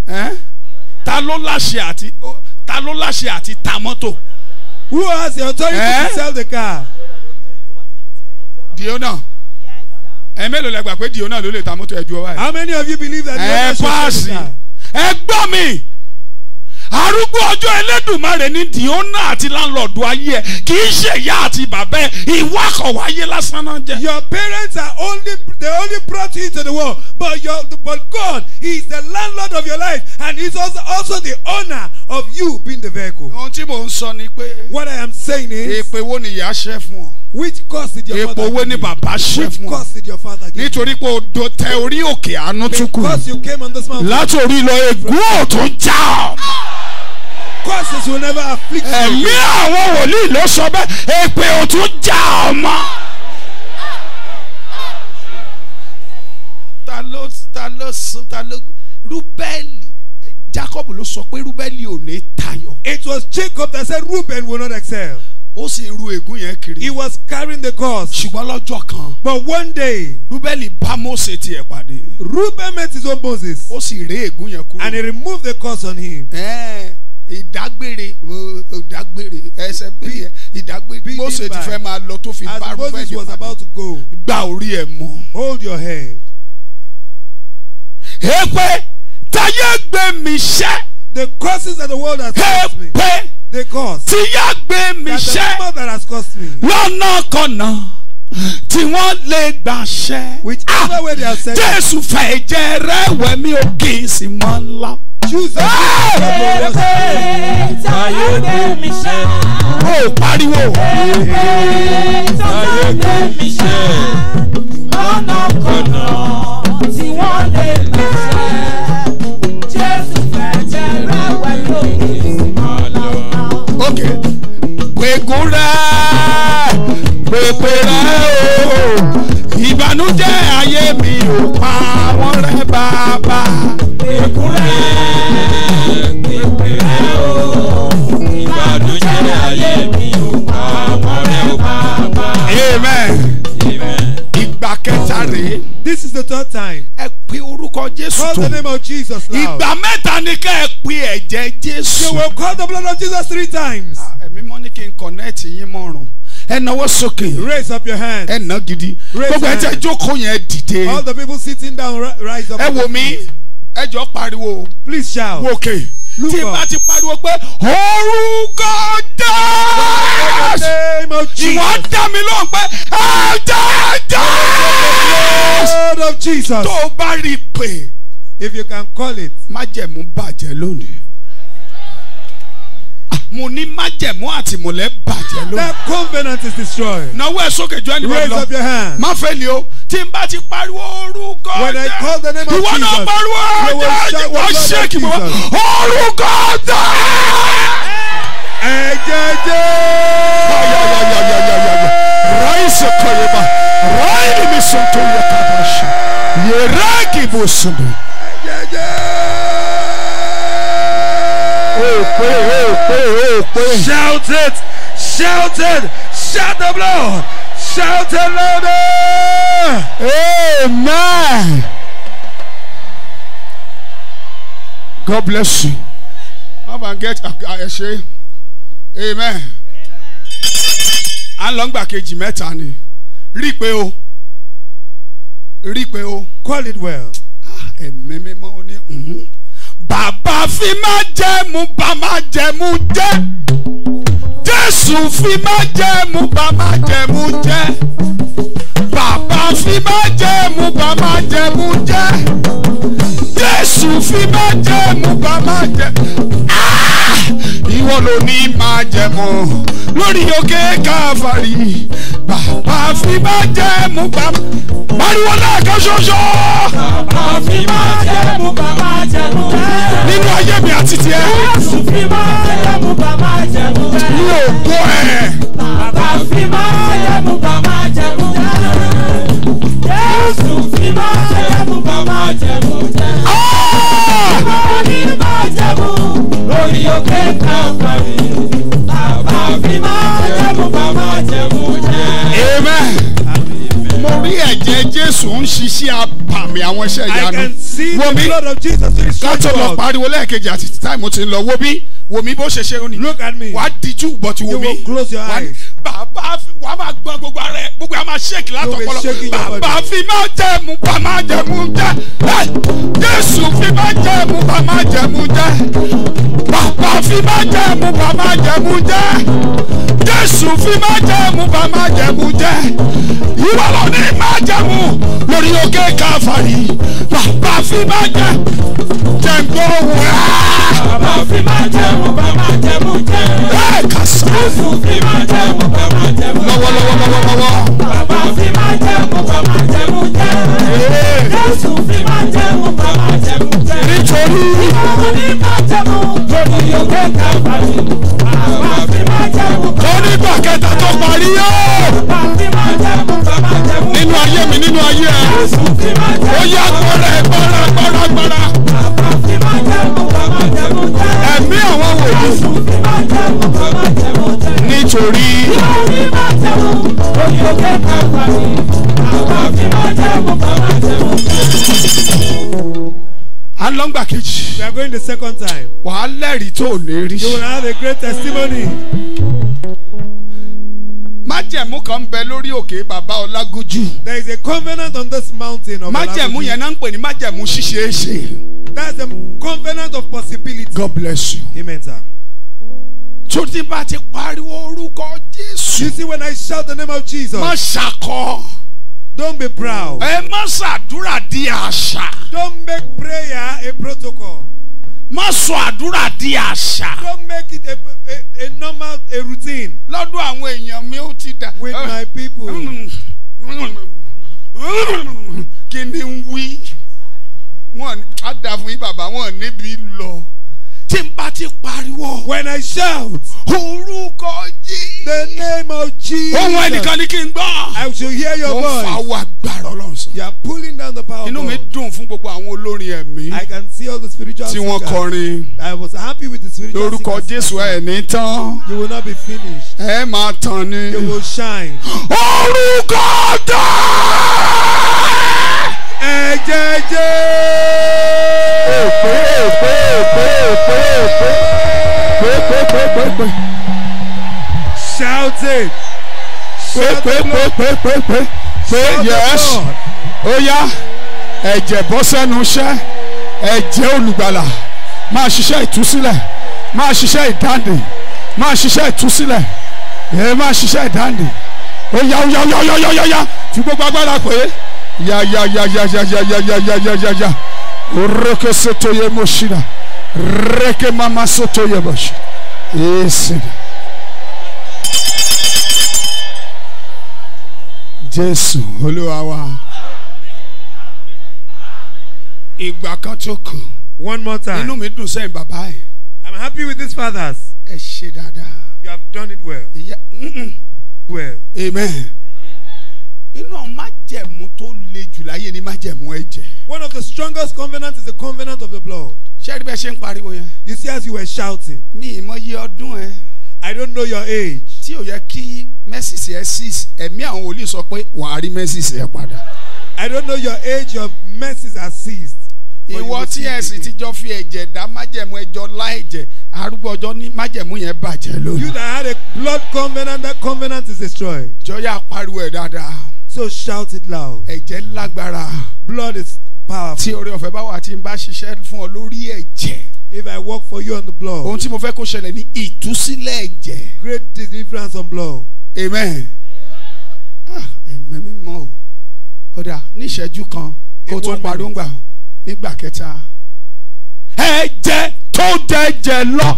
Eh? ta ló láṣẹ àti ta ló láṣẹ àti ta mọ́tò. who has the authority eh? to sell the car. the owner ẹ mélòó lẹ gbà pé the owner ló lè ta mọ́tò ẹ ju ọwọ́ ẹ. how many of you believe that the owner should sell the car. ẹ paasi ẹ gbọ́ mi arúgbó ọjọ́ Ẹlẹ́dùmarè ní dìónà àti láńlọ́ọ̀dù ayé ẹ̀ kì í ṣe ìyá àti bàbá ẹ̀ ìwà akọ̀wé ayé lásán náà jẹ́. your parents are only they only brought you into the world but your but God is the landlord of your life and he is also, also the owner of you being the vehicle. ohun tí mò ń sọ ni pé. what I am saying is. èpè wo ni ìyá ṣe fún ọ. Which cause did your father give you? Èpò wo ni bàbá ṣe fún ọ? Which cause did your father give you? Nítorí pé o do tẹ orí òkè àánú tún Because you came on this mountain. Látòrí lọ ègún ò já ọ curses will never afflict you. ẹ̀mí àwọn wòlíì ló sọ bẹ́ẹ̀ èpè ò tún ọmọ. ta ló ta ló ta ló rúbẹ́ẹ̀lì Jacob ló sọ pé rúbẹ́ẹ̀lì ò ní tayọ. it was Jacob that said Reuben will not excel. ó sì ru ègún yẹn kiri. he was carrying the cross, ṣùgbọ́n lọ́jọ́ kan. but one day. rúbẹ́lì bá Mósè tiẹ̀ pàdé. Reuben met his own Moses. ó sì ré ègún yẹn kúrò. and he removed the cross on him. Eh ìdágbére ìdágbére ẹsẹ bíi ìdágbére Mósè ti fẹ́ máa lọ tó fi bá rúbẹ́ yìí gba orí ẹ̀ mọ́. hold your head. èpè táyé gbé mi ṣẹ́. the causes that the world has caused me. èpè tíyá gbé mi ṣẹ́. that the woman that has caused me. lọ́nà kọ̀nà tí wọ́n lè gbàṣẹ́. which ah! other way they have said. Jésù fẹ̀jẹ̀ rẹ̀ wẹ̀mí ògì sí mọ́ ńlá. Jesus. Táyé mi ṣe. Ó pariwo. Táyé gbé mi ṣe. Lọ́nà kọ̀nà tí wọ́n lè mi ṣe. Ok, gbẹ̀gùn rẹ̀, pèpè rẹ̀ o, ìbànújẹ́ ayé mi ò pa wọ́n rẹ́ bàbá. Gbẹ̀gùn amen. amen. Ìgbà kẹta rèé. This is the third time. Ẹ pe orúkọ Jésù tó. Call the name of Jesus now. Ìgbà mẹ́ta ni ká ẹ pe ẹ̀jẹ̀ Jésù. You will call the blood of Jesus three times. Ah, ẹ̀mí mọ́ ní kí n connect yín mọ́rùn ẹ nawọ́ sókè. raise up your hands. ẹ nà gidi. raise your hands. gbogbo ẹ jókòó yẹn dìde. all the people sitting down rise up. ẹ wò mí ẹ jọ pariwo. please shout. wòkè. Okay tí n bá ti pariwo pé orúkọ jésù wọ́n dá mi lóhùn pé ẹ̀jẹ̀ jésù tó o bá rí i pè. if you can call it. májẹ̀mú bàjẹ́ lónìí mo ní májẹ̀mú àtìmọ́lẹ̀ bàjẹ́ lónìí. that covenant is destroyed. nawọ́ ẹ sókè jọ ẹni bá lọ. raise up your hand. má fẹ́ lè o tí n bá ti pariwo orúkọ jẹ. when I call the name of Jesus. ìwọ náà pariwo jẹ ìwọ ṣéèkì mọ́ orúkọ jẹ. ẹ̀jẹ̀ jẹ́. raise koyeba raise mi sọ̀tún yẹ kábàṣà yẹ rẹ́gì bó sọ̀tún. ẹ̀jẹ̀ jẹ́. Shout it! Shout it! Shout the blood! Shout it louder! Amen! God bless you. Come and get a ṣe. Amen. À ń lọ gbà kejì mẹ́ta ni. Rí pé Call it well. Ah, ẹ̀mí mímọ́ ó ní bàbá fi má jẹ́mu bà má jẹ́mu jẹ́ jésù fi má jẹ́mu bà má jẹ́mu jẹ́ bàbá fi má jẹ́ mú bá má jẹ́ jẹ́ Jésù fi má jẹ́ mú bá má jẹ́ ìwọ ló ní máa jẹ́ mọ́ lórí òkè káfàrí bàbá fi má jẹ́ mú bá pariwo lẹ́ẹ̀kan ṣoṣo. bàbá fi má jẹ́ mú bá má jẹ́ mú jẹ́. nínú ayé mi àti tiẹ̀. Jésù fi má jẹ́ bá má jẹ́ jẹ́. mi ò ẹ̀. bàbá fi má jẹ́ bá má jẹ́ jẹ́. Jésù ti máa jẹ̀mú kan máa jẹ̀mú jẹ́. Bàbá mi máa jẹ̀mú lórí òkè Kàfàrí. Bàbá mi máa jẹ̀mú kan máa jẹ̀mú jẹ́. Amen mo rí ẹ̀jẹ̀ jésù ń ṣiṣẹ́ àpàmì àwọn iṣẹ́ ìyanu wo mi ká tó lọ pariwo lẹ́ẹ̀kejì àti táìmù ti ń lọ wo bí wo mi bó ṣe ṣe ó ní wà á dijú but wo mi bàbá wà á máa gbọ́n gbogbo ara ẹ gbogbo ẹ máa ṣèkì látọpọlọ bàbá fi máa jẹ mú pa máa jẹ mú jẹ jésù fi máa jẹ mú pa máa jẹ mú jẹ bàbá fi máa jẹ mú pa máa jẹ mú jẹ jésù fi máa jẹ mú pa máa jẹ mú jẹ ìwà lọ́dẹ ní májẹ̀mú lórí òkè káfàrí bàbá fi májẹ̀ jẹ́ gbòòwò rẹ̀. bàbá fi májẹ̀mú bá májẹ̀mú jẹ́. ẹ kàṣà. jésù fi májẹ̀mú bá májẹ̀mú jẹ́. lọ́wọ́lọ́wọ́lọ́wọ́. bàbá fi májẹ̀mú bá májẹ̀mú jẹ́. jésù fi májẹ̀mú bá májẹ̀mú jẹ́. nítorí. ìwọ ni májẹ̀mú lórí òkè káfàrí bàbá fi májẹ̀mú bá májẹ̀mú jẹ́. onígbà kẹta tó parí yóò. ó yá gbọ́ra gbọ́ra gbọ́ra gbọ́ra. àwọn wòlíì nítorí. a kejì. we are going the second time. wàá lẹ́rìí tó lè rí. you will have a great testimony májẹ̀mú kan bẹ lórí òkè bàbá ọlágójú. there is a covenant on this mountain of ọlágójú. májẹ̀mú yẹn náà ń pè ní májẹ̀mú ṣíṣeéṣe. that's the covenant of possibility. God bless you. amen sir. Tóti bá ti pariwo orúkọ Jésù. You see when I shout the name of Jesus. Má ṣàkọ. Don't be proud. Ẹ má ṣàdúrà di àṣà. Don't make prayer a protocol má sọ àdúrà di àṣà. don't make it a, a, a normal a routine. lọ́dọ̀ àwọn èèyàn mi ó ti dà. with uh, my people. kí ni wí wọn á dà fún yín bàbá wọn níbi lọ tí n bá ti pariwo. when I shout. orúkọ yìí. the name of Jesus. ohun ẹnìkan ni kí n gbọ́. I shall hear your voice. wọ́n fa àwọn agbára ọlọ́run you are pulling down the power. inú mi dùn fún gbogbo àwọn olórin ẹ̀mí. I can see all the spiritual singers. tí wọ́n kọrin. I was happy with the spiritual singers. lórúkọ Jésù ẹ̀ tán. you will not be finished. ẹ máa tàn ni. you will shine. orúkọ tó ẹ̀jẹ̀ jẹ́. èpè èpè èpè èpè èpè èpè èpè èpè èpè. shout it. èpè èpè èpè èpè èpè pé yes Oya, yá ẹ̀jẹ̀ bọ́ sẹ́nu iṣẹ́ ẹ̀jẹ̀ olùgbàlà máa ṣiṣẹ́ ìtúsílẹ̀ máa ṣiṣẹ́ ìdáǹdè máa ṣiṣẹ́ ìtúsílẹ̀ èyí máa ṣiṣẹ́ ìdáǹdè ó yá ó yá ó yá ó yá ó yá ó yá fi gbogbo agbára pé yá yá yá yá yá yá yá yá yá yá yá yá oreke soto ye moshina reke mama soto ye moshina yéésì jésù olúwa wa ìgbà kan tó kù one more time inú mi dùn sẹ́yìn bàbá yìí I'm happy with these fathers ẹ ṣe dáadáa you have done it well. Yeah. Mm -mm well. amen. iná májẹ̀mú tó le jù láyé ni májẹ̀mú ẹ̀jẹ̀. one of the strongest covenants is the covenant of the blood. ṣé bẹ́ẹ̀ ṣe ń pariwo yẹn. you see as you were shouting. mi ìmọye ọdún ẹ. I don't know your age. tí ò yẹ kí mẹ́sìsì ẹ six ẹ̀mí àwọn wòlíì sọ pé wàá rí mẹ́sìsì ẹ padà. I don't know your age your mercy are ceased ìwọ tí ẹ sì fi ẹ̀jẹ̀ dá májẹ̀mú ẹjọ́ láìjẹ̀ arúgbó ọjọ́ ní májẹ̀mú yẹn bàjẹ́ lónìí. you that had a blood covenant that covenant is destroyed. jọ̀yà pariwo ẹ̀ dáadáa. so shout it loud. ẹ̀jẹ̀ lágbára. blood is powerful. tí oore ọ̀fẹ́ bá wà tí n bá ṣiṣẹ́ fún ọ lórí ẹ̀jẹ̀. if I work for you on the blood. ohun tí mo fẹ́ kó ṣẹlẹ̀ ní ìtúsílẹ̀ ẹ̀jẹ̀. great deliverance on blood. amen. Ah, ẹ̀mẹ́ mímọ́ o. ọ̀dà ní ìṣẹ́jú kan kó tó parí ń gbà nígbà kẹta ẹ̀jẹ̀ tó jẹjẹ lọ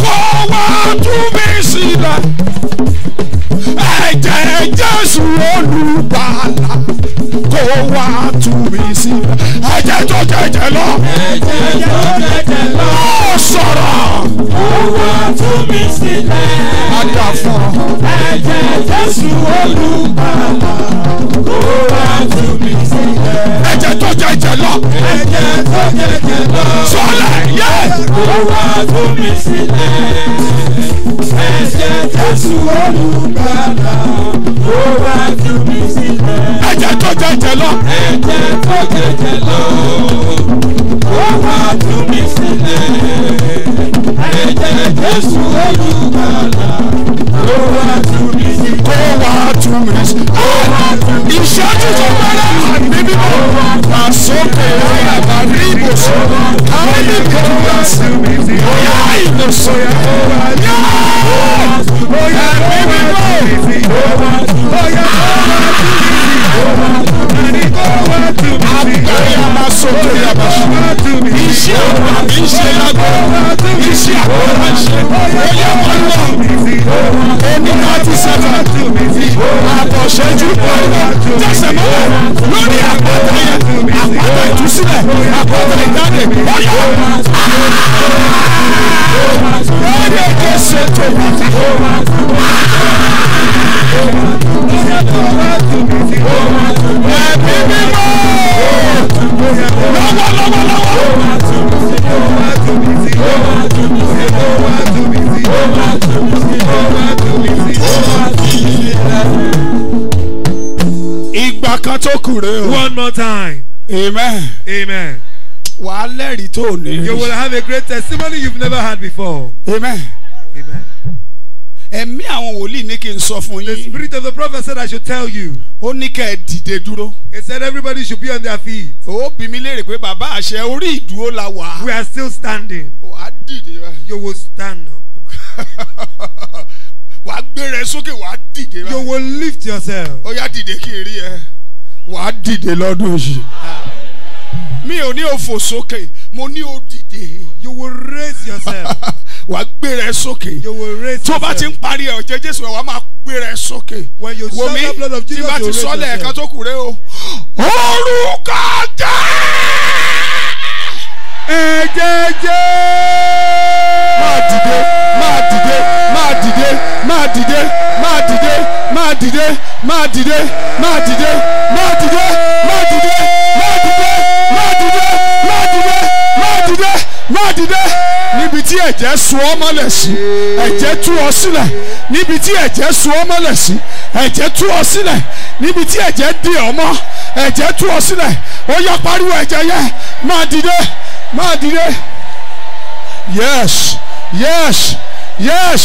kó wá tú mi sílẹ̀ ẹ̀jẹ̀ Jésù olùgbàlà kó wá tú mi sílẹ̀ ẹ̀jẹ̀ tó jẹjẹ lọ ẹ̀jẹ̀ tó jẹjẹ lọ ó sọ̀rọ̀ kó wá tú mi sílẹ̀ ẹ̀jẹ̀ Jésù olùgbàlà. fún mi sílẹ̀. Ẹ̀jẹ̀ Jésù olùgbàlà ó wá fún mi sílẹ̀. Ẹ̀jẹ̀ tó jẹ̀jẹ̀ lọ. Ẹ̀jẹ̀ tó jẹ̀jẹ̀ lọ. Ó wá fún mi Ẹ̀jẹ̀ Jésù olùgbàlà. Amen. Amen. Wàá lẹ́rìí tó o ní. You will have a great testimony you've never had before. Amen. Amen. Ẹ̀mí àwọn wòlíì ní kí n sọ fún yín. The spirit of the prophet said I should tell you. Ó ní kẹ́ ẹ dìde dúró. He said everybody should be on their feet. Ó bí mi léèrè pé bàbá àṣẹ orí ìdúró la wà. We are still standing. Wàá dìde báyìí. You will stand up. Wàá gbéra ẹ sókè wàá dìde báyìí. You will lift yourself. Ó yá dìde kí n rí ẹ wàá dìde lọ́dún yìí. mi ò ní òfò sókè mo ní o dìde. you will raise yourself. wàá gbéra ẹ sókè. you will raise yourself. tó bá ti ń parí ẹ ọ̀jẹ̀ Jésù wàá máa gbéra ẹ sókè. when you shout the blood of Jesus you raise yourself. wòmí tí bá ti sọ́lẹ̀ ẹ̀ka tó kù rẹ o. orúkọ jẹ́ ẹ̀jẹ̀ jẹ́. máa dìde máa dìde máa dìde máa dìde máa dìde máa dìde máa dìde máa dìde máa dìde máa dìde máa dìde máa dìde máa dìde máa dìde wá dìde níbi tí ẹ̀jẹ̀ sun ọ́ mọ́lẹ̀ sí ẹ̀jẹ̀ tú ọ sílẹ̀ níbi tí ẹ̀jẹ̀ sun ọ́ mọ́lẹ̀ sí ẹ̀jẹ̀ tú ọ sílẹ̀ níbi tí ẹ̀jẹ̀ dì ọ́ mọ́ ẹ̀jẹ̀ tú ọ sílẹ̀ ó yá pariwo ẹ̀jẹ̀ yẹ máa dìde máa dìde yes yes yes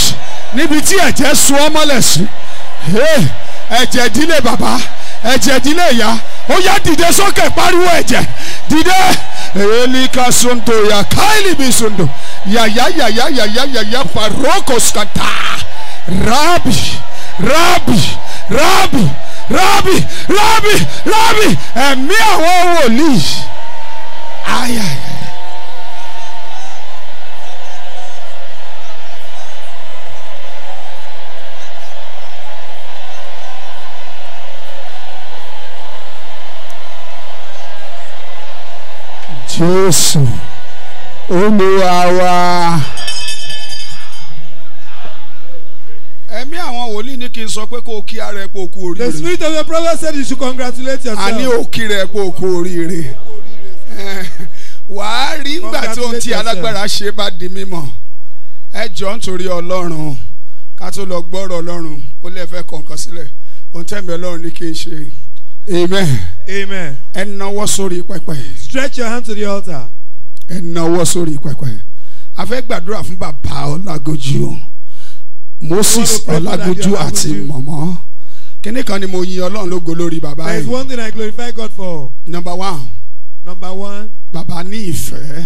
níbi tí ẹ̀jẹ̀ sun ọ́ mọ́lẹ̀ sí ẹ̀jẹ̀ dílé bàbá ẹ̀jẹ̀ ìdílé ìyá ó yá dìde sókè pariwo ẹ̀jẹ̀ dìde elika sundo ya kaili bi sundo ya ya ya ya ya ya ya ya parokos kata rabi rabi rabi rabi rabi rabi ẹ̀mí àwọn wòlíì ayayaya. jésù olúwa wa. ẹ̀mí àwọn wòlíì ní kí n sọ pé kó o kí ara ẹ̀ pé o kú oríire. the spirit of the prophet said you should congratulate yourself. a ní o kí rẹ̀ pé o kú oríire. wàá rí nígbà tí ohun tí alágbára ṣe bá di mímọ̀ ẹ jọ nítorí ọlọ́run ká tó lọ gbọ́rọ̀ ọlọ́run ó lè fẹ́ kọ̀ọ̀kan sílẹ̀ ohun tẹ̀mí ọlọ́run ní kí n ṣe. Amen. Amen. Ẹ nawọ́ sórí pẹpẹ. Stretch your hand to the altar. Ẹ nawọ́ sórí pẹpẹ. A fẹ́ gbàdúrà fún bàbá Ọlágójú. Moses Ọlágójú àti mọ̀mọ́. Kíní kan ni mo yin Ọlọ́run lógo lórí bàbá yìí. There is one thing I glorify God for. Number one. Number one. Bàbá ní ìfẹ́.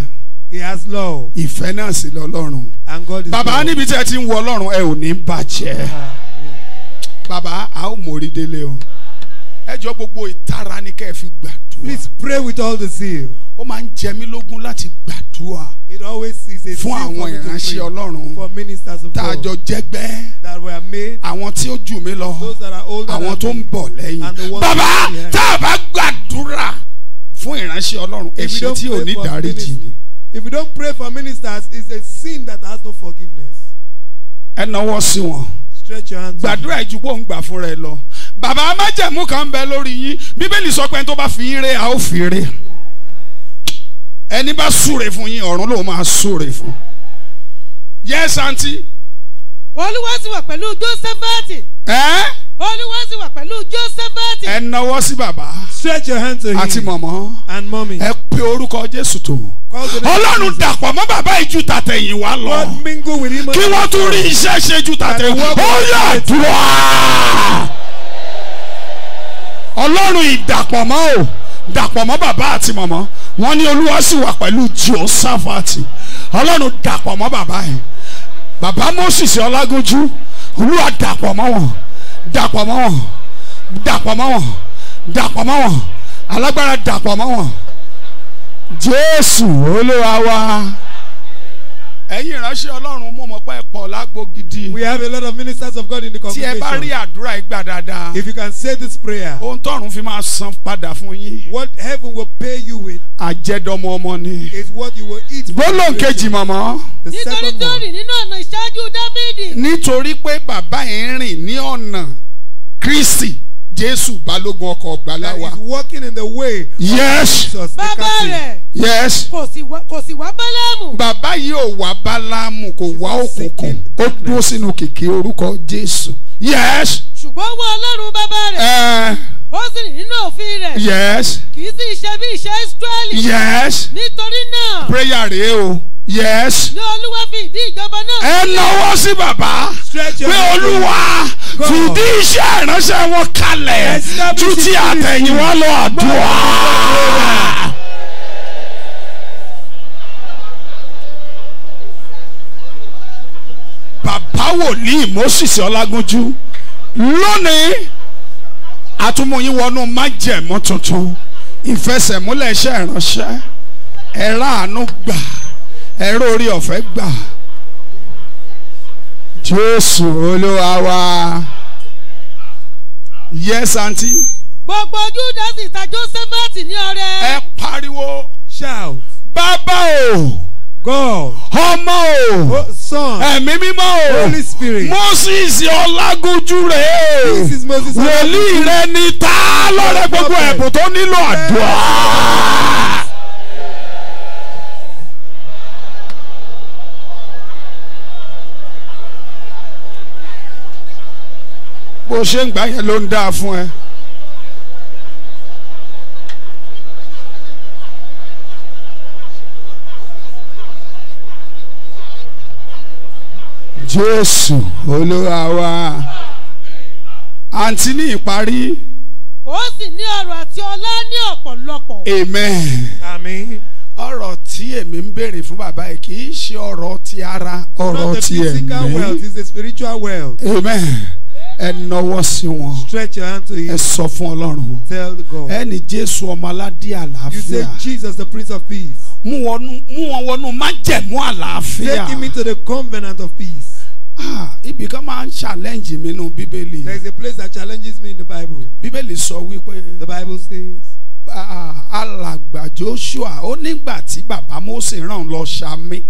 He has love. Ìfẹ́ náà sì lọ Ọlọ́run. And God is bàbá love. Bàbá níbi tí ẹ ti ń wo Ọlọ́run ẹ ò ní bàjẹ́. Bàbá a ó mórí délé o ẹ gbogbo ìtara ni kẹ́ ẹ fi gbàdúrà. please pray with all the zeal. ó máa ń jẹ mí lógún láti gbàdúrà. it always is a fún àwọn ìránṣẹ́ Ọlọ́run for ministers of God. tá a jọ jẹ́gbẹ́. that were made. àwọn tí ó jù mí lọ. those that are older than me. àwọn tó ń bọ̀ lẹ́yìn. bàbá tá a bá gbàdúrà fún ìránṣẹ́ Ọlọ́run ẹ̀ṣẹ̀ tí ò ní dáríjì ni. if you don't pray for ministers it's a sin that has no forgiveness. ẹ náwó sí wọn. stretch your hands. gbàdúrà ìjùpọ̀ ń gbà fúnra ẹ lọ bàbá májẹ̀mú kan bẹ lórí yín bíbélì sọ pé ẹni tó bá fi yín ré a ó fi ré ẹni bá súre fún yín ọ̀run ló máa súre fún yes aunty. olúwa sì wà pẹ̀lú jósẹ́fẹ́tì. ẹ́. olúwa sì wà pẹ̀lú jósẹ́fẹ́tì. ẹ nawọ́ sí bàbá. stretch your hand to him. àti mọ̀mọ́. and mommy. ẹ pe orúkọ jésù tó. ọlọ́run dàpọ̀ mọ́ bàbá ìjù tàtẹ̀yìn wá lọ. God mingle with him. kí wọ́n tún rí iṣẹ́ ṣe ju tàtẹ̀yìn wá. ó yà dúró ọlọ́run ìdàpọ̀ mọ́ o dàpọ̀ mọ́ bàbá àti mọ̀mọ́ wọ́n ní olúwa sì wà pẹ̀lú Jèhóṣáfátì ọlọ́run dàpọ̀ mọ́ bàbá yẹn bàbá Mósìsì Ọlágúnjú olúwa dàpọ̀ mọ́ wọn dàpọ̀ mọ́ wọn dàpọ̀ mọ́ wọn dàpọ̀ mọ́ wọn alágbára dàpọ̀ mọ́ wọn Jésù olúwa wa ẹ̀yin ìránṣẹ́ ọlọ́run mo mọ̀ pé ẹ̀pọ̀ lágbo we have a lot of ministers of God in the congregation. tí ẹ bá rí àdúrà ìgbà dáadáa. if you can say this prayer. ohun tọ̀run fi máa san padà fún yín. what heaven will pay you with. àjẹdọmọ ọmọ ni. is what you will eat. bólóhùn kejì màmá. the second one. nítorí tó rìn nínú ọ̀nà ìṣáájú Dáfídì. nítorí pé bàbá yẹn rìn ní ọ̀nà Kristi. Jésù balógun ọkọ̀ ọ̀gbàlà wa. that is walking in the way. yes bàbá rẹ̀. yes kò sì wá bálámù. bàbá yìí ò wá bálámù kò wá òkùnkùn ó dúró sínú kìkì orúkọ Jésù. yes. ṣùgbọ́n wọ Ọlọ́run bàbá rẹ̀. Eh. ó sì nínú òfin rẹ̀. yes. kì í sì ṣe bí ìṣe Ísírẹ́lì. yes. nítorí náà. prayer rèé o yes. ní olúwa fi ìdí ìjọba náà. ẹ náwó sí bàbá pé olúwa fìdí iṣẹ́ ìránṣẹ́ wọn kalẹ̀ títí àtẹ̀yìnwá lọ àdúrà. bàbá wòlíì moses ọlágúnjú lónìí àtúmọ̀yìn wọnú májẹ̀mú tuntun ìfẹsẹ̀múlẹ̀ iṣẹ́ ìránṣẹ́ ẹ̀ráàánú gbà ẹ̀rọ orí ọ̀fẹ́ gbà Jésù Olúwa wa yes aunty. gbogbo Judas sì ta Josephat ní ọrẹ. ẹ pariwo. shout. bàbá o. God. ọmọ o. son. ẹ̀mí mímọ́ o. Holy Spirit. Moses Ọlágúnjú rẹ̀ o. this is Moses Ọlágúnjú. wòlíì rẹ ni tá lọ́rẹ́ gbogbo ẹ̀bùn tó nílò àdúrà. bó ṣe ń gbà yẹn ló ń dáa fún ẹ. Jésù Olúwa wa àǹtí ní ìparí. ó sì ní ọrọ̀ àti ọlá ní ọ̀pọ̀lọpọ̀. amen. àmín. ọrọ̀ tí èmi ń béèrè fún bàbá yìí kì í ṣe ọrọ̀ ti ara ọrọ̀ ti ẹ̀mí. not the physical wealth is the spiritual wealth. amen ẹ nọwọ́ sí wọn ẹ sọ fún ọlọ́run ẹni jésù ọmọ aládé àlàáfíà mú wọn wọnú májẹ̀mú àlàáfíà. take me to the covenant of peace. Ah, ibi kan máa ń challenge mi nínú bíbélì. there is a place that challenges me in the bible. bíbélì sọ wípé. the bible says. alàgbà joshua ó nígbà tí bàbá mose ràn lọ ṣámí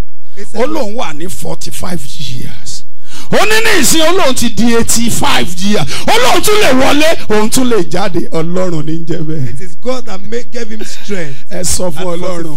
ó lóun wà ní forty five years ó ìsìn olóhùn ti di eighty five years olóhùn tún lè wọlé òun tún lè jáde ọlọ́run ní jẹ́ bẹ́ẹ̀. it is God that make, gave him strength. ẹ sọ fún ọlọ́run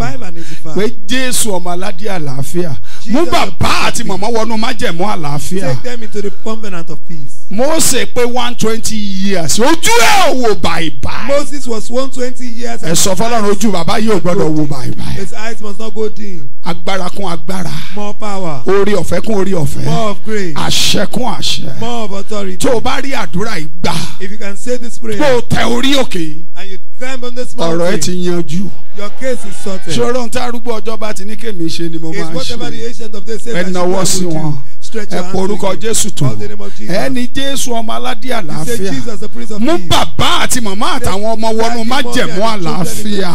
pé jésù ọmọ aládé àlàáfíà mú bàbá àti màmá wọnú májẹ̀mú àlàáfíà. take them into the covenant of peace. Mósè pé one twenty years ojú ẹ̀ wò bàìbàì. Moses was one twenty years. ẹ sọ fọlọ́run ojú bàbá yìí ò gbọ́dọ̀ wò bàìbàì. his eyes must not go dim. agbára kún agbára. more power. orí ọ̀fẹ́ kún orí ọ̀fẹ́. more of grace. àṣẹ kún àṣẹ. more of authority. tó o bá rí àdúrà yìí if you can say this prayer. kó o tẹ orí òkè. and you climb on this mountain. ọ̀rọ̀ ẹ ti yanjú your case is sorted. ṣòro ń tá arúgbó ọjọ́ bá ti ní kèmí ṣe ni mo máa ṣe ẹ náwó sí wọn ẹ pọ orúkọ jésù tó ẹni jésù ọmọ aládé àlàáfíà mú bàbá àti màmá àtàwọn ọmọ wọnú májẹ̀mú àlàáfíà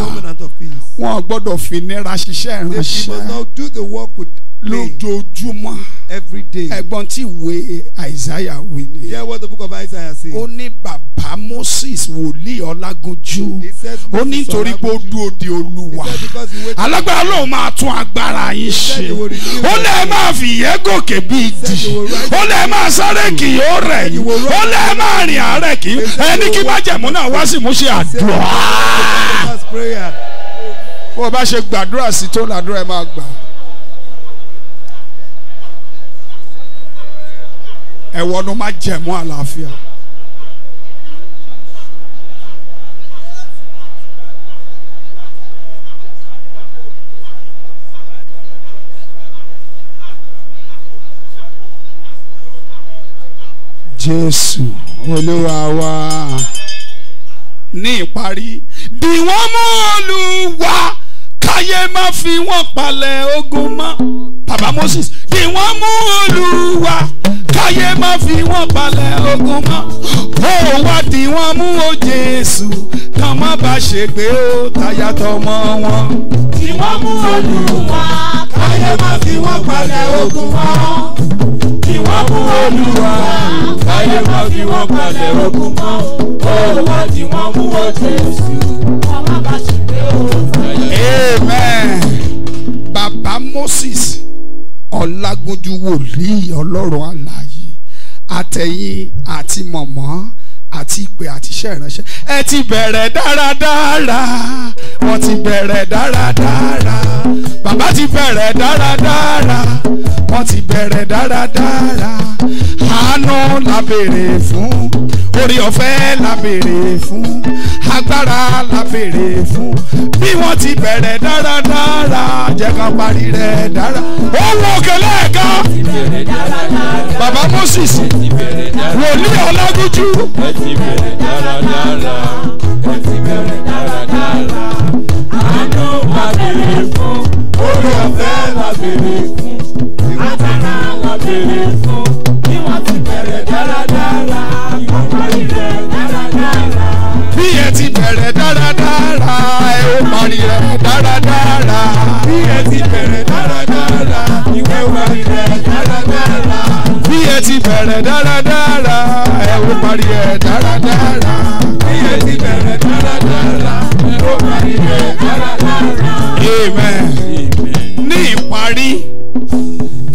wọn gbọ́dọ̀ fi nira ṣiṣẹ́ ìránṣẹ́ lójoojúmọ́ every day. ẹ̀gbọ́n tí ìwé àìsáyà wí ni. hear what the book of Isaiah says. ó ní bàbá Moses wòlíì Ọlágúnjú. ó ní nítorí pé ó dúró de olúwa. alágbára lòun máa tún agbára yín ṣe. ó lè máa fi ìyẹ́ gòkè bí idì. ó lè máa sáré kì í ó rẹ̀ yín. ó lè máa rìn àárẹ̀ kì í. ẹni kí májẹ̀mú náà wá sí mú ṣe àdúrà. bó o bá ṣe gbàdúrà sí tó làdúrà ẹ máa gbà. ẹ wọnú má jẹ̀mú àlàáfíà. Jésù olúwa wa. ní ìparí bí wọ́n mú Olúwa káyé má fi wọ́n palẹ̀ ogun mọ́ bàbá Moses kí wọ́n mú Olúwa káyé má fi wọ́n palẹ̀ ogun mọ́ ó wá tí wọ́n mú o Jésù kàn má bàa ṣègbé o táyà tọmọ wọn. kí wọ́n mú Olúwa káyé má fi wọ́n palẹ̀ ogun mọ́ kí wọ́n mú Olúwa káyé má fi wọ́n palẹ̀ ogun mọ́ ó wá tí wọ́n mú o Jésù kàn má bàa ṣègbé amen Baba Moses Ọlágúnjú wòlíì Ọlọ́run àlàyé àtẹ̀yìn àti mọ̀mọ́ àti ìpè àti iṣẹ́ ìránṣẹ́ ẹ ti bẹ̀rẹ̀ dáradára wọ́n ti bẹ̀rẹ̀ dáradára bàbá ti bẹ̀rẹ̀ dáradára wọ́n ti bẹ̀rẹ̀ dáradára àánú la béèrè fún orí ọ̀fẹ́ la béèrè fún agbára la béèrè fún bí wọ́n ti bẹ̀rẹ̀ dáradára jẹ́ ká parí rẹ̀ dára owó òkè lẹ́ẹ̀kan bàbá moses wòlíì ọlágúnjú ti bẹ̀rẹ̀ dáradára ẹ ti bẹ̀rẹ̀ dáradára. àánú la béèrè fún orí ọ̀fẹ́ la béèrè fún ìwọ́tara la béèrè fún bí wọ́n ti bẹ̀rẹ̀ dáradára ìwọ́tara ilẹ̀ dáradára bẹ̀rẹ̀ dáradára ẹ ó parí ẹ̀ dáradára. iye ti bẹ̀rẹ̀ dáradára ẹ ó parí ẹ̀ dáradára. amen. ní ìparí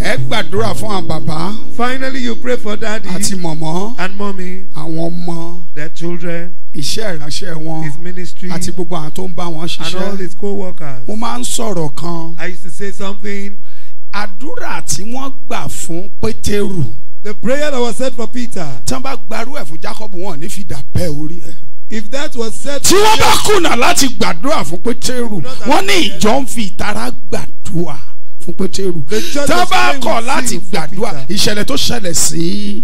ẹ gbàdúrà fún àwọn bàbá. finally you pray for daddy. àti mọ̀mọ́. and mommy àwọn ọmọ. their children iṣẹ́ ìránṣẹ́ wọn his ministry àti gbogbo àwọn tó ń bá wọn ṣiṣẹ́ and all his co-workers. mo máa ń sọ̀rọ̀ kan. I used to say something. àdúrà tí wọ́n gbà fún Pétérù The prayer that was said for Peter. Tí bá gbarú ẹ̀ fún Jacob wọn ní fi dà orí ẹ̀. If that was said. Tí wọ́n bá kùnà láti gbàdúrà fún Pétérù, wọ́n ní ìjọ ń fi ìtara gbàdúrà fún Pétérù. Tí bá kọ̀ láti gbàdúrà, ìṣẹ̀lẹ̀ tó ṣẹlẹ̀ sí i,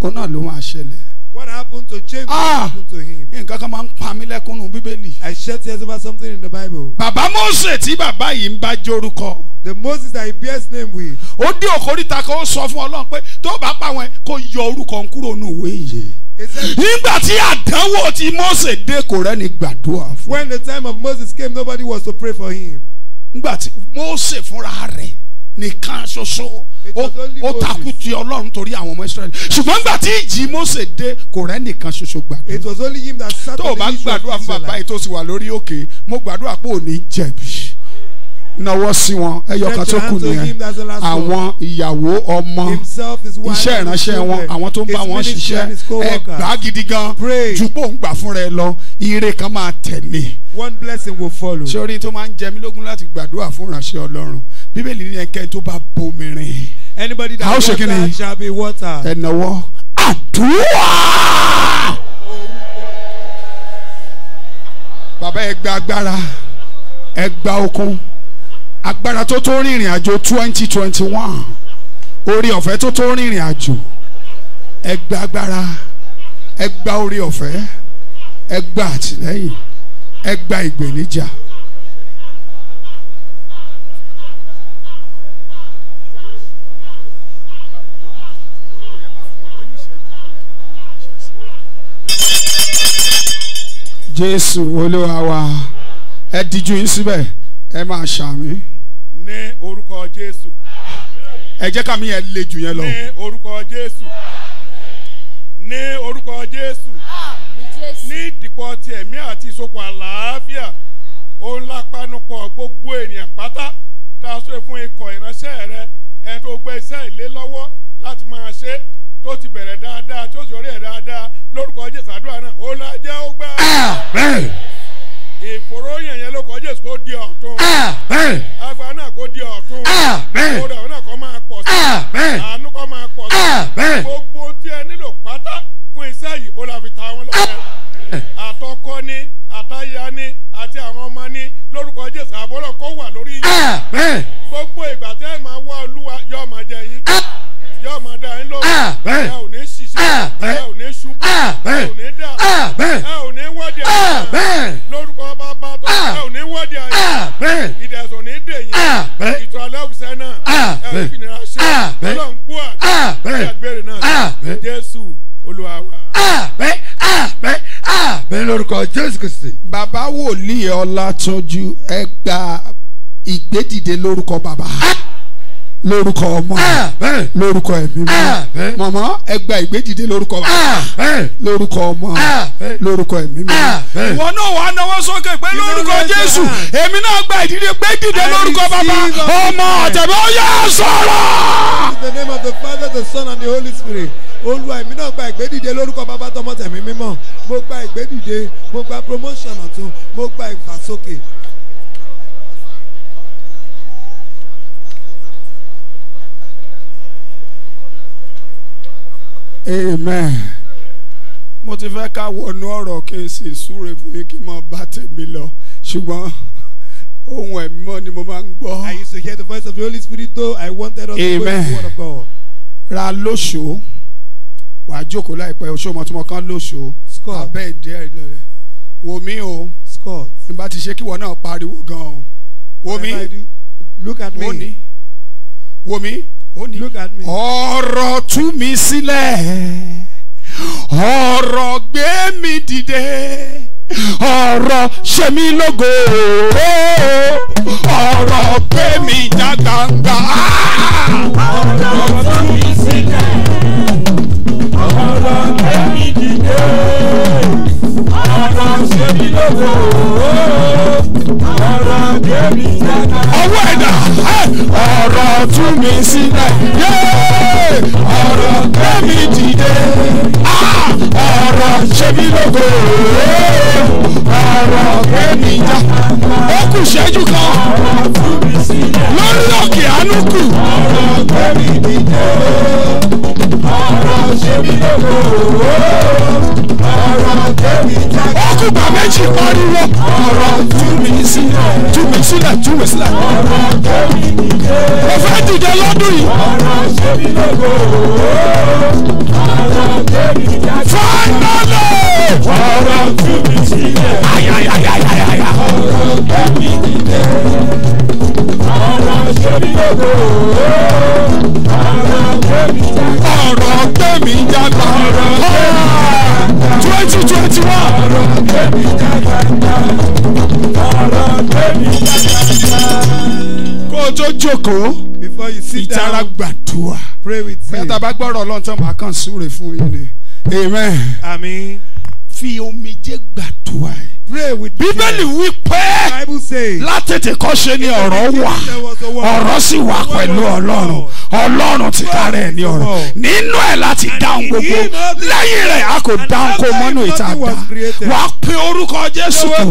òun náà ló máa ṣẹlẹ̀. What happened to James? Ah, happened to him. Nǹkan kan máa ń pa mí lẹ́kún Bíbélì. I shed tears over something in the Bible. Bàbá Mósè tí bàbá yìí ń bá jórúkọ. The Moses that he bears name with. Ó dé òkòríta kan ó sọ fún Ọlọ́run pé tó bá pa wọn kó yọ orúkọ ń kúrò nù ìwé yìí. Nígbà tí àdánwò ti Mósè dé kò rẹ́ni gbàdúrà fún. When the time of Moses came nobody was to pray for him. Nígbà tí Mósè fúnra rẹ̀ nìkan ṣoṣo ó takú ti ọlọ́run torí àwọn ọmọ israẹli ṣùgbọ́n nígbà tí ìjì Mósè dé kò rẹ́ nìkan ṣoṣo gbàdúrà tó o bá gbàdúrà fún bàbá yìí tó sì wà lórí òkè mo gbàdúrà pé ò ní jẹ̀bi nawọ́ sí wọn ẹyọ kan tó kù nìyẹn àwọn ìyàwó ọmọ iṣẹ́ ìránṣẹ́ wọn àwọn tó ń bá wọn ṣiṣẹ́ ẹ gidi gan ju pò ń gbà fúnra ẹ lọ ire kan máa tẹ̀lé. one tó máa ń jẹ mí lógún láti gbàdúrà fún ìránṣẹ́ ọlọ́run bíbélì ní ẹnikẹ́ni tó bá bomi rìn. anybody that water kini? shall be water. ẹ̀nàwọ́ àdúrà. bàbá ẹ gba agbára ẹ gba okun agbára tó tó rìnrìn àjò twenty twenty one orí ọ̀fẹ́ tó tó rìnrìn àjò ẹ gba agbára ẹ gba orí ọ̀fẹ́ ẹ gba àtìlẹ́yìn ẹ gba ìgbèníjà. jésù olúwa wa ẹ díjú yín síbẹ̀ ẹ máa ṣàmì. ní orúkọ jésù. ẹ jẹ́ ká mi yẹn le jù yẹn lọ. ní orúkọ jésù. ní orúkọ jésù. ní ìdìpọ̀ ti ẹ̀mí àti ìsopọ̀ àlàáfíà òun lápánupọ̀ gbogbo ènìyàn pátá tá a sọ fún ikọ̀ ìránṣẹ́ rẹ ẹni tó gbé iṣẹ́ ìlé lọ́wọ́ láti máa ṣe é tó ti bẹ̀rẹ̀ dáadáa tó sì orí ẹ̀ dáadáa lórúkọ Jésù àdúrà náà ó la jẹ́ ó gbà. ìfòròyìn yẹn ló kọ Jésù kó di ọ̀tun. agbára náà kó di ọ̀tun. orí ọ̀rọ̀ náà kó máa pọ̀ sí. àánú kó máa pọ̀ sí. gbogbo tí ẹ nílò pátá fún iṣẹ́ yìí ó la fi ta wọn lọ́wọ́. àtọkọ ni àtayá ni àti àwọn ọmọ ni lórúkọ Jésù àbọ̀lọ̀ kó wà lórí yìí. gbogbo ìgbà ẹ ò ní ṣiṣẹ́ ẹ ò ní ṣubú ẹ ò ní dà ẹ ò ní wọ́dẹ̀ àìsàn lórúkọ bàbá tó ẹ ò ní wọ́dẹ̀ àìsàn ìdẹ̀sùn ní dèyìn ìtọ́ alẹ́ òfìsẹ́ náà ẹ ò fi nira ṣe ọlọ́run gbọ́ àti ẹgbẹ́rẹ́ náà jésù olúwa wa. àbẹ́ àbẹ́ àbẹ́ lórúkọ jésù kristi. bàbá wòlíì ọlátúnjú ẹ gba ìgbédìde lórúkọ bàbá. Ah lórúkọ ọmọ ah, eh. lórúkọ ẹ̀mí mọ́ ah, eh. màmá ẹgbà ìgbédìde lórúkọ bàbá ah, eh. lórúkọ ọmọ lórúkọ ẹ̀mí mọ́. ìwọ náà wàá náwó sókè pé lórúkọ jésù èmi náà gba ìdílé gbédìde lórúkọ bàbá ọmọ àtẹ̀bẹ́ ó sọ̀rọ̀. in the name of the father the son and the holy spirit olúwa èmi náà gba ìgbédìde lórúkọ bàbá tọmọ tẹ̀mí mímọ́ mo gba ìgbédìde mo gba promotion ọ̀tún mo gba ìfàsókè amen. mo ti fẹ́ ká wọnú ọ̀rọ̀ kí n sì súre fún yín kí n máa bá tèmi lọ ṣùgbọ́n ohun ẹ̀mí mọ́ ni mo máa ń gbọ́. I used to hear the voice of the Holy Spirit though I wanted us amen. to go to the word of God. ra lóṣù wàá jókòó láìpẹ́ oṣù mọ̀túnmọ̀ kan lóṣù abẹ́ ìdí ẹ̀rí lọ́rẹ̀ wò mí o nígbà tí ṣe kí wọ́n náà pariwo gan-an wò mí wò ní wò mí ọ̀rọ̀ tú mi sílẹ̀ ọ̀rọ̀ gbé mi dìde ọ̀rọ̀ ṣe mí lógo ọ̀rọ̀ gbé mi já ọ̀rọ̀ tú mi sílẹ̀ ọ̀rọ̀ tẹ́mi dìde ọ̀rọ̀ tẹ́mi lóko ọ̀rọ̀ tẹ́mi dáná. ọwọ́ ẹ̀dá ọ̀rọ̀ tún mi sílẹ̀ ọ̀rọ̀ tẹ́mi dìde ọ̀rọ̀ tẹ́mi lóko ọ̀rọ̀ tẹ́mi dáná. ó kù ṣẹ́jú kan lórí òkè àánú kù. ọ̀rọ̀ tẹ́mi dìde ọ̀rọ̀ ṣe mí lóko ọ̀rọ̀ tẹ̀mí jáde. ó kú gbà méjì pariwo. ọ̀rọ̀ tú mi sílẹ̀. tú mi sílẹ̀ tú mi sílẹ̀. ọ̀rọ̀ tẹ̀mí dìde. mo fẹ́ dìde lọ́dún yìí. ọ̀rọ̀ ṣe mí lóko ọ̀rọ̀ tẹ̀mí jáde. fáńdọ́lẹ̀. ọ̀rọ̀ tú mi sílẹ̀. ọ̀rọ̀ tẹ̀mí dìde ọ̀rọ̀ tẹ̀mí jágbá. twenty twenty one. ọ̀rọ̀ tẹ̀mí jágbá. ọ̀rọ̀ tẹ̀mí jágbá. kó o tó jókòó before you sit down. ìtara gbàdúrà. pray with me. bẹ́ẹ̀ tàbá gbọ́rọ̀ ọlọ́run tán màá kàn súre fún yín ni. amen. fi omijé gbàdúrà yìí bíbélì wí pé látètè kọ́ ṣe ni ọ̀rọ̀ wà ọ̀rọ̀ sì wà pẹ̀lú ọlọ́run ọlọ́run ti dára ẹ̀ ní ọ̀rọ̀ nínú ẹ̀ láti dáhùn gbogbo lẹ́yìn rẹ̀ a kò dáhùn kó mọ́nú ìta dá wà á pe orúkọ jésù kù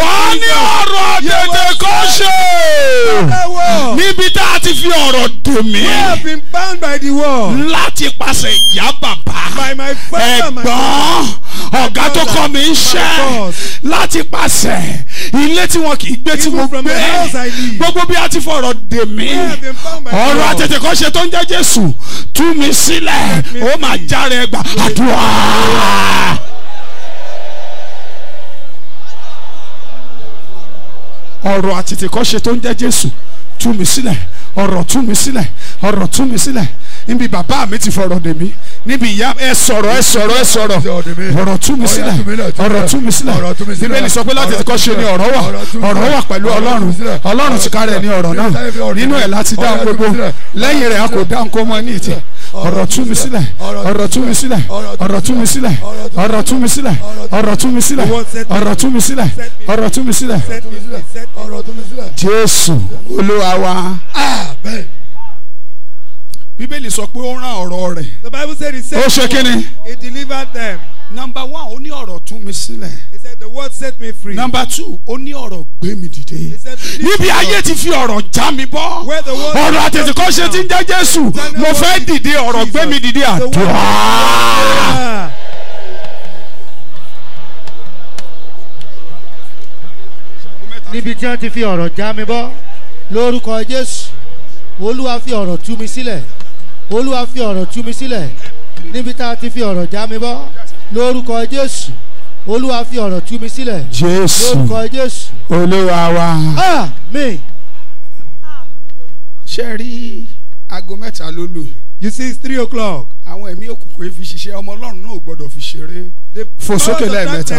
wà á ní ọ̀rọ̀ tètè kọ́ ṣe níbi tá a ti fi ọ̀rọ̀ dùn mí láti pàṣẹ ìyá bàbá ẹ̀gbọ́n ọ̀gá tó kọ́ mi ń ṣe láti pàṣẹ ilé tí wọn kì í gbé tí mo gbé gbogbo bí a ti fọ̀rọ̀ dè mí ọ̀rọ̀ àtètèkọ́ṣe tó ń jẹ́ Jésù tú mi sílẹ̀ ó máa járe ẹgbà àdúrà. ọ̀rọ̀ àtètèkọ́ṣe tó ń jẹ́ Jésù tú mi sílẹ̀ ọ̀rọ̀ tú mi sílẹ̀ ọ̀rọ̀ tú mi sílẹ̀ níbi bàbá mi ti fọ̀rọ̀ dè mí níbi ìyá ẹ sọ̀rọ̀ ẹ sọ̀rọ̀ ẹ sọ̀rọ̀ ọ̀rọ̀ tú mi sílẹ̀ ọ̀rọ̀ tú mi sílẹ̀ bíbélì sọ pé láti kọ́ ṣe ni ọ̀rọ̀ wà ọ̀rọ̀ wà pẹ̀lú ọlọ́run ọlọ́run ti kárẹ̀ ní ọ̀rọ̀ náà nínú ẹ̀ láti dáhùn gbogbo lẹ́yìn rẹ̀ a kò dáhùn kó mọ́ ní ìtì ọ̀rọ̀ tú mi sílẹ̀ ọ̀rọ̀ tú mi sílẹ̀ ọ̀rọ̀ tú mi sílẹ̀ ọ̀rọ̀ tú mi sílẹ̀ ọ̀rọ̀ tú mi sílẹ̀ ọ̀rọ̀ tú mi sílẹ̀ ọ̀rọ̀ tú mi sílẹ̀ Jésù Olúwa wa. Amen bíbélì sọ pé ó rán ọ̀rọ̀ rẹ̀. the bible said he said. ó ṣe kí he delivered them number one ó ní ọ̀rọ̀ tún mi sílẹ̀. he said the word set me free. number two ó ní ọ̀rọ̀ gbé mi dìde. he said the word níbi ayé ti fi ọ̀rọ̀ já mi bọ́. where the word ọ̀rọ̀ àtètèkọ́ ṣe ti ń jẹ́ Jésù mo fẹ́ dìde ọ̀rọ̀ gbé mi dìde àdúrà. níbi tí wọ́n ti fi ọ̀rọ̀ já mi bọ́ lórúkọ Jésù Olúwa fi ọ̀rọ̀ tú mi sílẹ̀ Olúwa fi ọ̀rọ̀ tú mi sílẹ̀ níbi tá a ti fi ọ̀rọ̀ já mi bọ́ lórúkọ jésù olúwa fi ọ̀rọ̀ tú mi sílẹ̀ jésù lórúkọ jésù olúwa wa. àmín. ṣe rí aago mẹ́ta ló lù. you see it's three o'clock. àwọn ẹ̀mí òkùnkùn fi ṣiṣẹ́ ọmọ ọlọ́run náà ò gbọ́dọ̀ fi ṣeré. fò sókè lẹ́ẹ̀mẹ́ta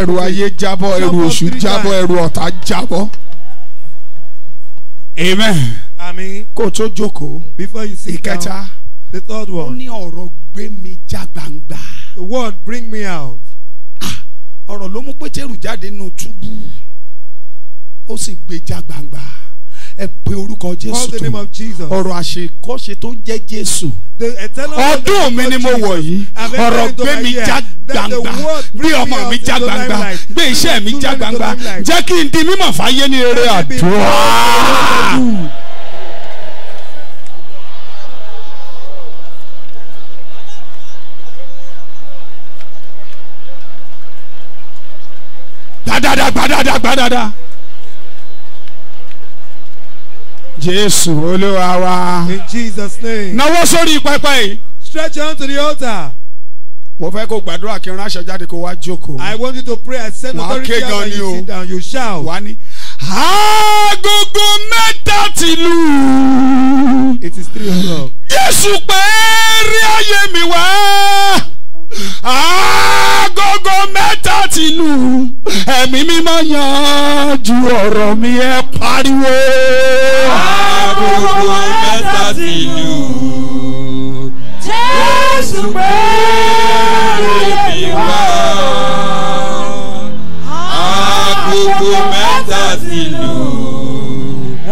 ẹrù ayé jábọ́ ẹrù oṣù jábọ́ ẹrù ọ̀tá jábọ́. amen. àmín. kó o tó jókòó. before you sit down. ìkẹta. the third one. ó ní ọ̀rọ̀ gbé mi já gbangba. the word bring me out. Ah, ọ̀rọ̀ ló mú pétérù jáde nínú túbú ó sì gbé já gbangba ẹ pe orúkọ jésù tó ọ̀rọ̀ àṣekọ́ṣe tó ń jẹ́ jésù ọdún mi ni mo wọ̀ yìí ọ̀rọ̀ gbé mi já gbangba gbé ọmọ mi já gbangba gbé iṣẹ́ mi já gbangba jẹ́ kí n di mímọ̀ fáyé ní eré àdúrà. gbadada gbadada gbadada. Jésù Olúwa wa. In Jesus name. Nawọ́ sórí pẹpẹ yìí. Stretch your to the altar. Mo fẹ́ kó gbàdúrà kí ránṣẹ́ jáde kó wá jókòó. I want you to pray and send authority out when you sit down you shout. Wà ní. Agogo mẹ́ta ti It is three o'clock. Jésù pé rí ayé mi wá agogo mẹ́ta tìlù ẹ̀mí mímọ́ yanjú ọ̀rọ̀ mi ẹ pariwo. agogo mẹ́ta tìlù jésù pé èmi wá. agogo mẹ́ta tìlù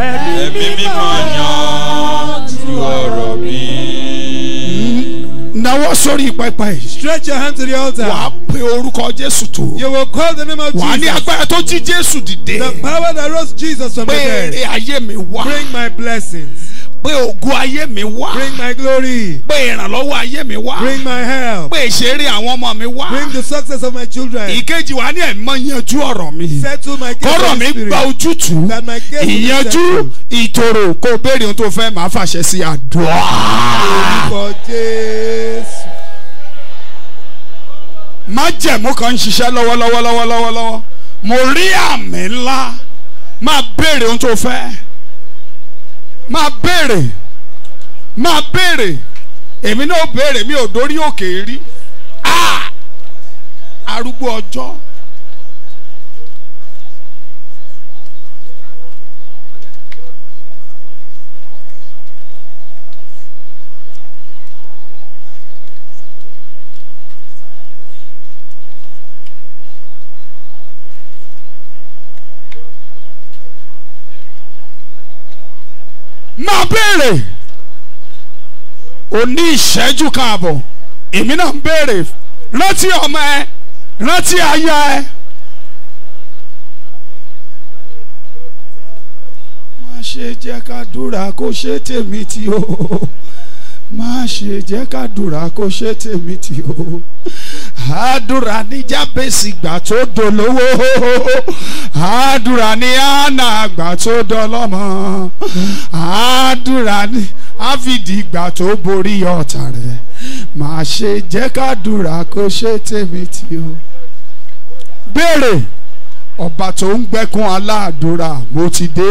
ẹ̀mí mímọ́ yanjú ọ̀rọ̀. Nawọ́ sórí pẹpẹ yìí. Stretch your hand to the altar. Wàá pe orúkọ Jésù tó. You will call the name of Jesus. Wàá ní agbára tó jí Jésù dìde. The power that rose Jesus from the dead. Pé èrè ayé mi wá. Bring my blessings pé ògo ayé mi wá. bring my glory. pé ìrànlọ́wọ́ ayé mi wá. bring my help. pé ìṣeré àwọn ọmọ mi wá. bring the success of my children. ìkejì wa ní ẹ̀mọ́ yanjú ọ̀rọ̀ mi. settle my case kọ́rọ̀ mi gba ojútùú. that my case will be settled. ìyanjú ìtòrò kó o béèrè ohun tó fẹ́ máa fàṣẹ sí àdúrà. orúkọ jésù. májẹ̀mú kan ń ṣiṣẹ́ lọ́wọ́lọ́wọ́ lọ́wọ́lọ́wọ́ mo rí àmì ńlá máa béèrè ohun tó fẹ́ máa béèrè máa béèrè èmi náà béèrè mi ò dórí òkè rí ah! arúgbó ọjọ́. náà béèrè o ní ìṣẹ́jú kan àbọ̀ èmi náà ń béèrè rántí ọmọ ẹ rántí aya ẹ. má ṣe jẹ́ ká dúra kó ṣe tèmi tí o má ṣe jẹ́ kádùrà kó ṣe tèmi tì o àdúrà ní jábèsì gbà tó dolówó àdúrà ní àánà gbà tó dọlọ́mọ àdúrà ní áfìdì gbà tó borí ọ̀tá rẹ̀ má ṣe jẹ́ kádùrà kó ṣe tèmi tì o béèrè ọba tó ń gbẹ́kún aláàdúrà mo ti dé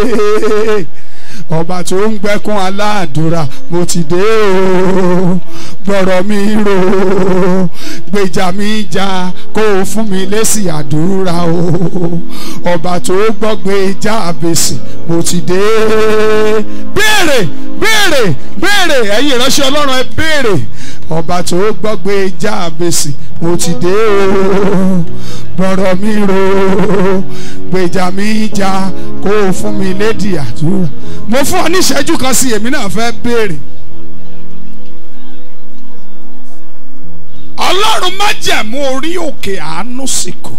ọba tó ń gbẹ́kún aládùúrà mo ti dé o gbọ́rọ̀ mi rò gbèjà mi jà kó o fún mi lésì àdúrà o ọba tó gbọ́gbé já àbèsì mo ti dé béèrè béèrè béèrè ẹ̀yin ìránṣẹ́ ọlọ́run ẹ béèrè ọba tó gbọ́gbé jáàbèsì mo ti dé o bọ̀rọ̀ mi ro gbèjà mi jà kó o fún mi lédi àdúrà mo fún ọ ní ìṣẹ́jú kan sí èmi náà fẹ́ béèrè. ọlọ́run má jẹ̀mú orí òkè àánú sìkò.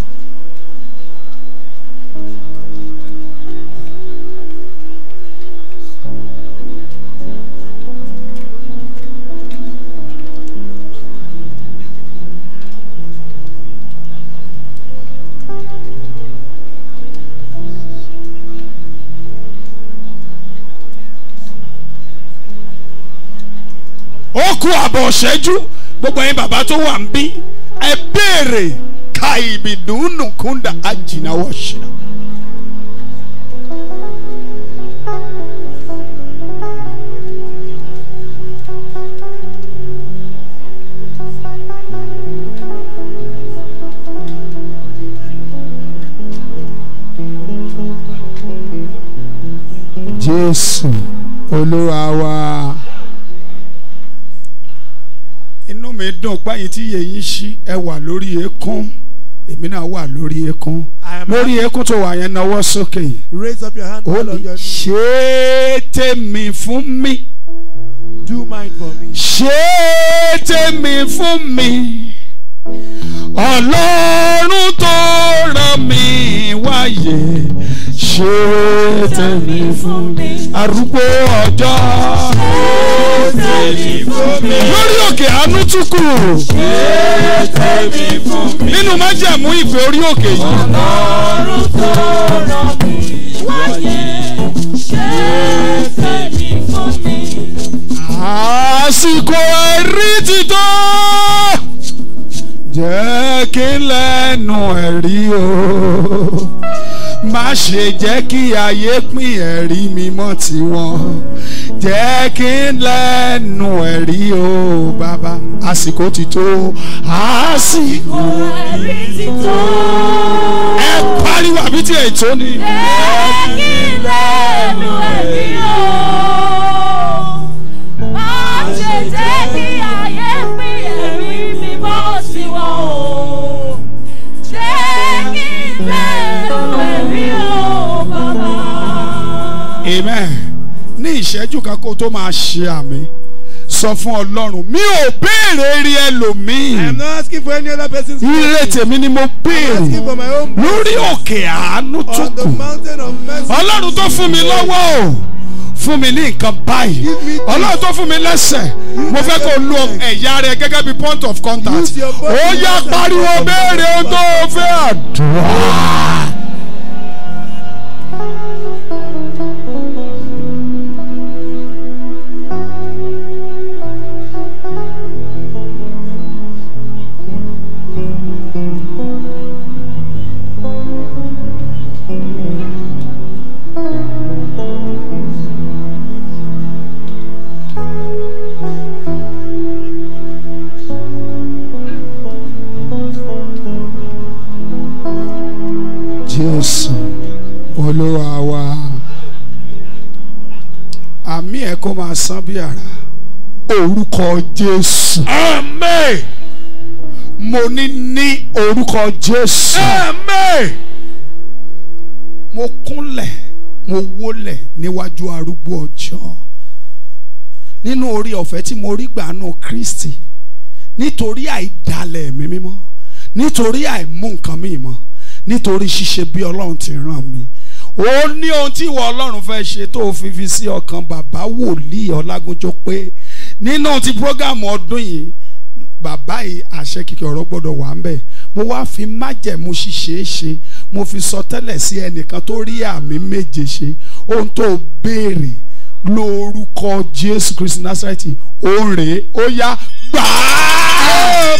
ó kú àbọ̀ ṣẹ́jú gbogbo ẹ̀yin bàbá tó wà ń bí ẹ béèrè ka ibi dùnún wọ̀ṣìnà. Jésù Olúwa wa. mi dùn pẹ́yìn tí yẹ̀yìn ṣí ẹ wà lórí eékún èmi náà wà lórí eékún lórí eékún tó wà yẹn nawọ́ sókè raise up your hand ó ní ṣe é tèmi fún mi do mine for me ọlọ́run tó rán mi wáyé ṣe tẹ̀lé fún mi arúgbó ọjọ́ tẹ̀lé fún mi lórí òkè àánú tún kù ṣe tẹ̀lé fún mi nínú májẹ̀mú ìfè orí òkè yìí ọlọ́run tó rán mi wáyé ṣe tẹ̀lé fún mi. àsìkò ẹ̀rí ti tó jẹ́ kí n lẹ́nu ẹ̀rí o má ṣe jẹ́ kí ayé pín ẹ̀rí mímọ́ tiwọn jẹ́ kí n lẹ́nu ẹ̀rí o bàbá àsìkò ti tó àsìkò ẹ̀rí ti tó. ẹ pariwo àbí tí èyí tó ni. jẹ́ kí n lẹ́nu ẹ̀rí o má ṣe jẹ́ kí ayé pín. amen ní ìṣẹ́jú kan kó tó máa ṣe àmì sọ fún ọlọ́run mi ò béèrè rí ẹlòmíì. I am not asking for any other person's blessing. ire tèmi ni mo béèrè lórí òkè àánú tó kù ọlọ́run tó fún mi lọ́wọ́ o fún mi ní nǹkan báyìí ọlọ́run tó fún mi lẹ́sẹ̀ mo fẹ́ kó lo ẹ̀yà rẹ gẹ́gẹ́ bí point of contact ó yá pariwo béèrè ohun tó fẹ́ àdúrà. kó máa sán bí àrá orúkọ Jésù. Amen. Mo ní ní orúkọ Jésù. Amen. Mo kúnlẹ̀ mo wólẹ̀ níwájú arúgbó ọjọ́ nínú orí ọ̀fẹ́ tí mo rí gbàánú Kristi nítorí àìdálẹ̀ mi mímọ́ nítorí àìmú nǹkan mi mọ́ nítorí ṣíṣe bí Ọlọ́run ti ràn mí ó ní ohun tí ìwọ ọlọ́run fẹ́ ṣe tó fi fi sí ọkàn bàbá wòlíì ọlágúnjọ pé nínú ti prógámù ọdún yìí bàbá yìí àṣẹ kìkì ọ̀rọ̀ gbọ́dọ̀ wà ń bẹ̀ mo wá fi májẹ̀mú ṣiṣẹ́ ṣe mo fi sọ tẹ́lẹ̀ sí ẹnìkan tó rí àmì méje ṣe ohun tó béèrè lórúkọ jésù kristi nasareti òòrè ó yá gbàá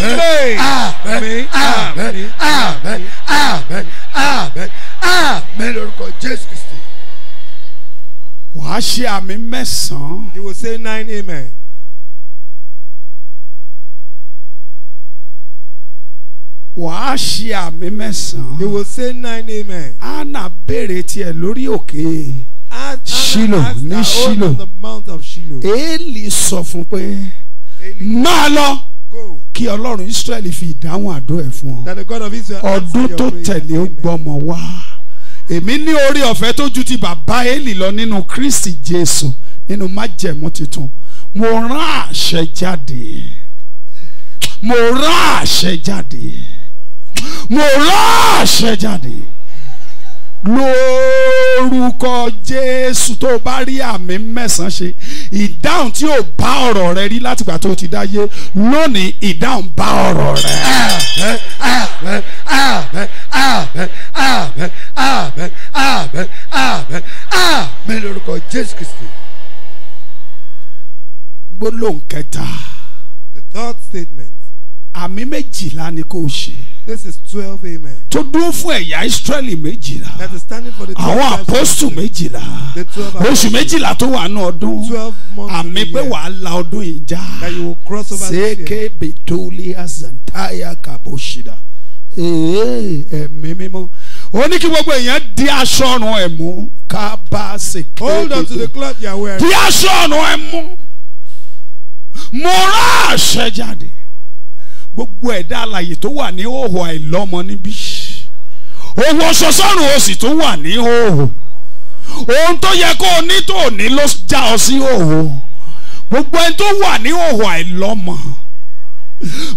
àmín àmín àmín àmín àmín àmín àmín lórúkọ Jésù Kristi. wàá ṣe àmì mẹ́sàn-án. he will say nine amen. wàá ṣe àmì mẹ́sàn-án. you will say nine amen. Anna béèrè tiẹ̀ lórí òkè. Shilo ní Shilo Eli sọ fún pé máa lọ kí Ọlọ́run Ísírẹ́lì fi ìdáhùn àdó ẹ̀ fún ọ ọdún tó tẹ̀lé ó gbọ́mọ wá èmi ní orí ọ̀fẹ́ tó ju ti bàbá Élì lọ nínú Kristi Jésù nínú májẹ̀mú tuntun mo rán àṣẹ jáde mo rán àṣẹ jáde mo rán àṣẹ jáde lórúkọ jésù tó bá rí àmì mẹ́sàn-án ṣe ìdáhùn tí ò bá ọ̀rọ̀ rẹ rí látìgbà tó ti dáyé lónìí ìdáhùn bá ọ̀rọ̀ rẹ. ààbẹ ààbẹ ààbẹ ààbẹ ààbẹ ààbẹ ààbẹ ààbẹ ààbẹ lórúkọ jésù kristi. gbólóhùn kẹta. the third statement àmì méjìlá ni kò ṣe. this is twelve amen. tó dúró fún ẹ̀yà israẹli méjìlá. that is standing for the twelve àwọn apostles méjìlá. the twelve apostles oṣù méjìlá tó wà ní ọdún. twelve months àmì pé wàá la ọdún yìí já. that you will cross over the year. seke betoli azantaya kaboshida. ee ẹ̀mí mímọ́ ó ní kí gbogbo èèyàn di aṣọ ọ̀run ẹ̀ mú ká bá ṣe hold on to the cloth you are wearing. di aṣọ ọ̀run ẹ̀ mú mo rán àṣẹ jáde gbogbo ẹ̀dá alàyè tó wà ní òhò àìlọ́mọ níbí òhò sọ́sọ́rùn o sì tún wà ní òhò ohun tó yẹ kó o ní tó o ní ló já ọ sí òhò gbogbo ẹni tó wà ní òhò àìlọ́mọ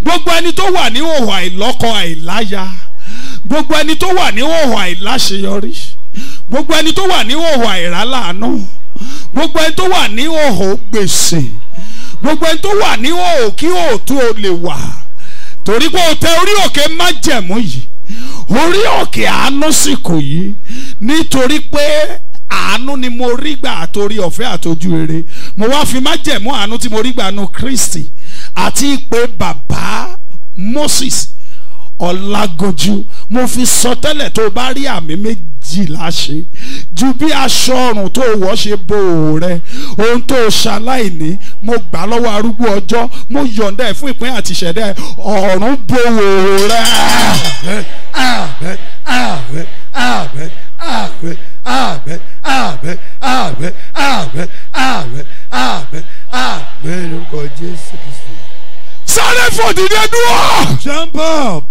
gbogbo ẹni tó wà ní òhò àìlọ́kọ àìláya gbogbo ẹni tó wà ní òhò àìláṣeyọrí gbogbo ẹni tó wà ní òhò àìráláàánú gbogbo ẹni tó wà ní òhò gbèsè gbogbo ẹni tó wà ní òhò kí òòtú o lè wà torí pé o tẹ orí òkè májẹ̀mú yìí orí òkè àánú sì kù yìí nítorí pé àánú ni mo rí gbà àtòrí ọ̀fẹ́ àtòjú rere mo wá fi májẹ̀mú àánú tí mo rí gbà nu Kristi àti ìpè bàbá Moses ọ̀làgọ̀jù mo fi sọ tẹ́lẹ̀ tó bá rí àmì méjìlá ṣe ju bí aṣọ ọrùn tó wọ̀ ṣe bo òwò rẹ ohun tó ṣaláìní mo gbà lọ́wọ́ arúgbó ọjọ́ mo yọ̀ǹda ẹ̀ fún ìpín àti ìṣẹ̀dá ẹ̀ ọ̀run bo òwò rẹ. àmín àmín àmín àmín àmín àmín àmín àmín sáré fòdìdé jump up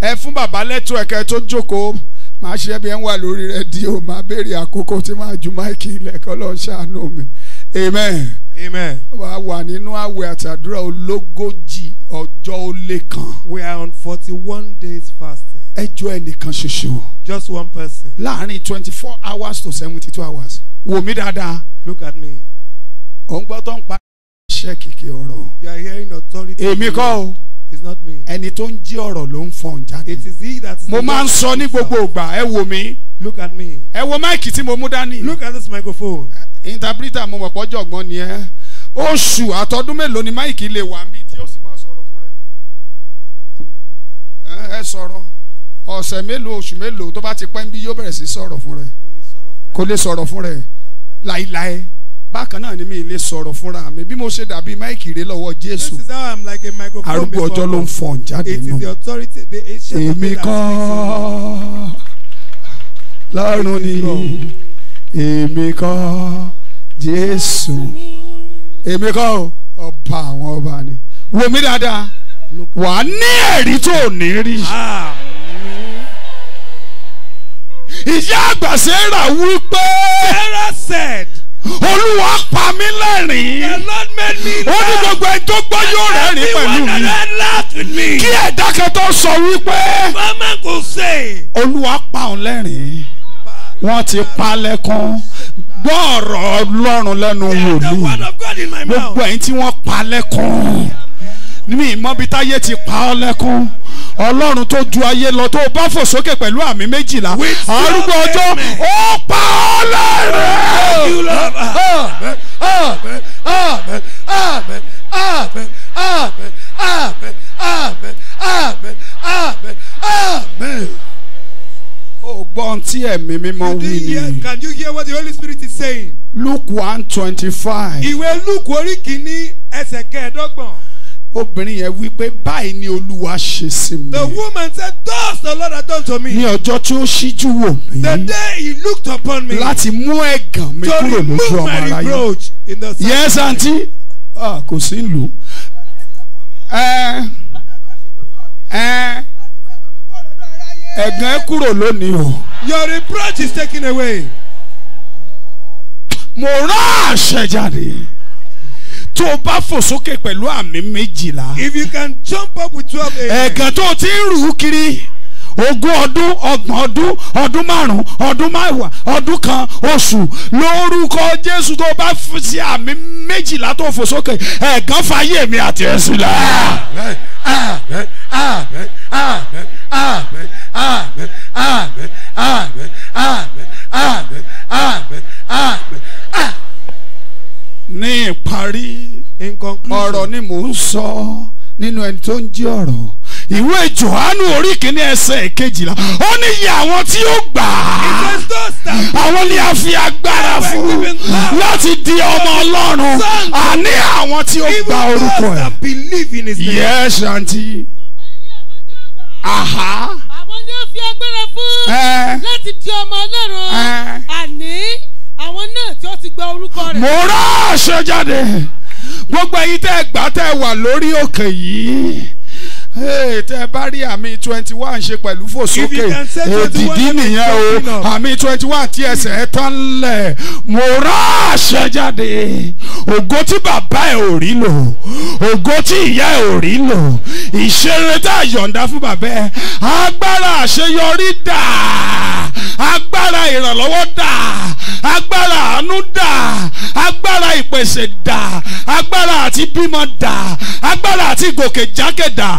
ẹ fún bàbá lẹ́tọ̀ ẹ̀kẹ́ tó jókòó màá ṣe ẹbí ẹ ń wà lórí rẹ di o màá béèrè àkókò tí màá ju máìkì ilẹ̀ kọ́ ṣàánú mi amen. amen. wàá wà nínú àwẹ̀ àtàdúrà ológójì ọjọ́ ó lé kan. we are on forty-one days fasting. ẹ jọ ẹnìkan ṣoṣo. just one person. láàárín twenty-four hours to seventy-two hours. wò mí dáadáa. look at me. ò ń gbọ́ tó ń pa iṣẹ́ kìkì ọ̀rọ̀. you are hearing authority. èmi kọ́ o. It's not me. Ẹni tó ń jí ọ̀rọ̀ ló ń fọ̀n jáde. It is he that is. Mo máa ń sọ ní gbogbo ìgbà, ẹ wò mí. Look at me. Ẹ wo máìkì tí mo mú dání. Look at this microphone. Interpreter mo mọ̀ pọ́jọ́ ọ̀gbọ́n ni ẹ́. Oṣù àtọdún mélòó ni máìkì lè wà níbi tí ó sì máa sọ̀rọ̀ fún rẹ̀? Ẹ sọ̀rọ̀. Ọ̀sẹ̀ mélòó oṣù mélòó tó bá ti pẹ́ ń bí yóò bẹ̀rẹ̀ sí sọ̀rọ̀ fún rẹ̀. Kò lè sọ̀rọ̀ fún rẹ̀. Láíláí bákan náà ni mi lè sọ̀rọ̀ fúnra mi bí mo ṣe dàbí máìkì rẹ lọ́wọ́ jésù arúgbó ọjọ́ ló ń fọ̀n jáde nù èmi kọ́ lọ́rùn ni èmi kọ́ jésù èmi kọ́ ọba àwọn ọba ni wò mí dáadáa wà á ní ẹ̀rí tó ní rí ìyá àgbà Sárà wí pé. Sárà said olúwa pa mí lẹ́rìn-ín ó ní gbogbo ẹni tó gbọ́ yóò rẹ́rìn pẹ̀lú mi kí ẹ̀dá kan tó sọ wípé olúwa pa òun lẹ́rìn-ín wọ́n ti pa lẹ́kún gbọ́ ọ̀rọ̀ ọlọ́run lẹ́nu wòlíì gbogbo ẹ̀yin tí wọ́n pa lẹ́kún mi ìmọ̀bi ti pa ọ́ lẹ́kún ọlọ́run tó ju ayé lọ tó bá fò sókè pẹ̀lú àmì méjìlá arúgbó ọjọ́ ó pa ọ́ lẹ́rìn. Amen, amen, amen, amen, amen, amen, ni. Can you hear what the Holy Spirit is saying? Luke one twenty-five. Ìwé Luke orí kìíní ẹsẹ̀ kẹẹ̀ẹ́dọ́gbọ̀n obìnrin yẹn wí pé báyìí ni olúwa ṣe sí mi. the woman said thus the lord had done to me. ní ọjọ́ tí ó ṣíjú wò mí. the day he looked upon me. láti mú ẹ̀gàn mi kúrò lójú ọmọ aráyé. yes aunty ah, kò sí ìlú. ẹ̀gàn ẹ kúrò lónìí o. your reproach is taken away. mo rán àṣẹ jáde tó o bá fò sókè pẹ̀lú àmì méjìlá. if you can jump up with twelve a.m. ẹ̀gàn tó o ti ń rù ú kiri ogún ọdún ọgbọ̀n ọdún ọdún márùn ọdún mẹ́wàá ọdún kan oṣù lórúkọ jésù tó bá sí àmì méjìlá tó fò sókè ẹ̀gán fàyè mi àti ẹ̀ sílẹ̀. amen amen amen amen amen amen amen amen amen amen amen ní ìparí ọ̀rọ̀ ni mò ń sọ nínú ẹni tó ń jí ọ̀rọ̀ ìwé johannu orí kìíní ẹsẹ̀ kejìlá ó ní iye àwọn tí ó gbà á àwọn ni a fi agbára fún láti di ọmọ ọlọ́run àní àwọn tí ó gba orúkọ ẹ̀ yes aunty aha àwọn ni a fi agbára fún eh. láti di ọmọ ọlọ́run eh. àní àwọn náà tí ó ti gba orúkọ rẹ̀. mo rán aṣọ jáde gbogbo ẹ̀yin tẹ́ gbà tẹ́ wà lórí òkè yìí tẹ bá rí àmì twenty one ṣe pẹ̀lú fòsókè èdìdí nìyẹn o àmì twenty one tí ẹsẹ̀ ẹ tán lẹ̀ mo rà àṣẹ jáde ògo tí bàbá ẹ ò rí lò ògo tí ìyá ẹ ò rí lò ìṣeré tá a yọ̀ǹda fún bàbá ẹ agbára àṣeyọrí dà agbára ìrànlọ́wọ́ dà agbára àánú dà agbára ìpèsè dà agbára àti bímọ dà agbára àti gòkè jákè dà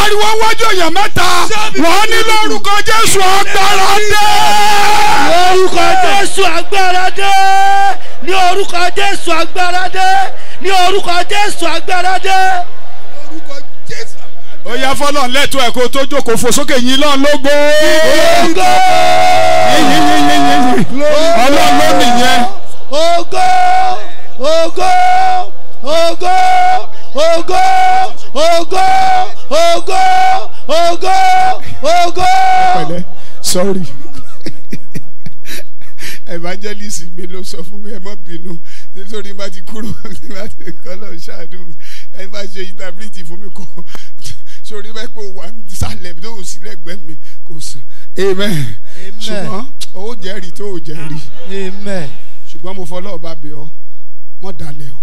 pariwo wájú èèyàn mẹ́ta wọ́n ní lórúkọ Jésù agbára dé. lórúkọ Jésù agbára dé ní orúkọ Jésù agbára dé ní orúkọ Jésù agbára dé. ó yá fọlọ́ lẹ́tọ́ ẹ̀ kó tó jókòó fò sókè yín lọ́n lógo. ọlọ́run ló nìyẹn. ògo ògo ògo ògo ògo ògo ògo ògo. pẹ̀lẹ́ sorry evangelist mi ló sọ fún mi ẹ má bínú nítorí bá ti kúrò bá ti kọ́ lọ ṣáàdù ẹ má ṣe ìtàbílìtì fún mi kọ́ sórí bẹ́ẹ̀ pé wà sálẹ̀ tó ò sí lẹ́gbẹ̀ẹ́ mi kò sùn. amen ṣùgbọ́n ó jẹ́rìí tó ò jẹ́rìí. amen ṣùgbọ́n mo fọlọ́ ọba bí ọ mọ̀ dalẹ̀ o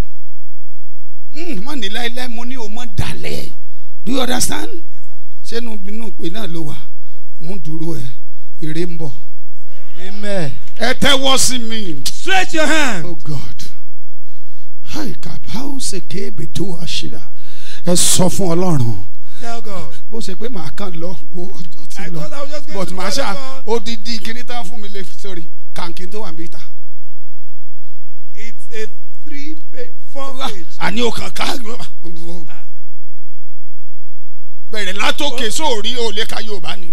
hmm, mọ̀ ní láéláé mo ní o mọ̀ dalẹ̀ do you understand ṣénu inú pé náà ló wà mú dúró ẹ èrè ń bọ̀ amen ẹ tẹ́wọ́ sí mi stretch your hand oh God àìkàbáwò ṣe kéèbè tó àṣìlá ẹ sọ fún Ọlọ́run bó ṣe pé màá kàn lọ wo ọjọ́ tí lọ but màá ṣá odidi kíní tán fún mi lè sórí kàǹkì tó wà níta. it's a three four page. àní o kàn ká bẹ̀rẹ̀ látòkè sóòrí ò lè ka yorùbá ni.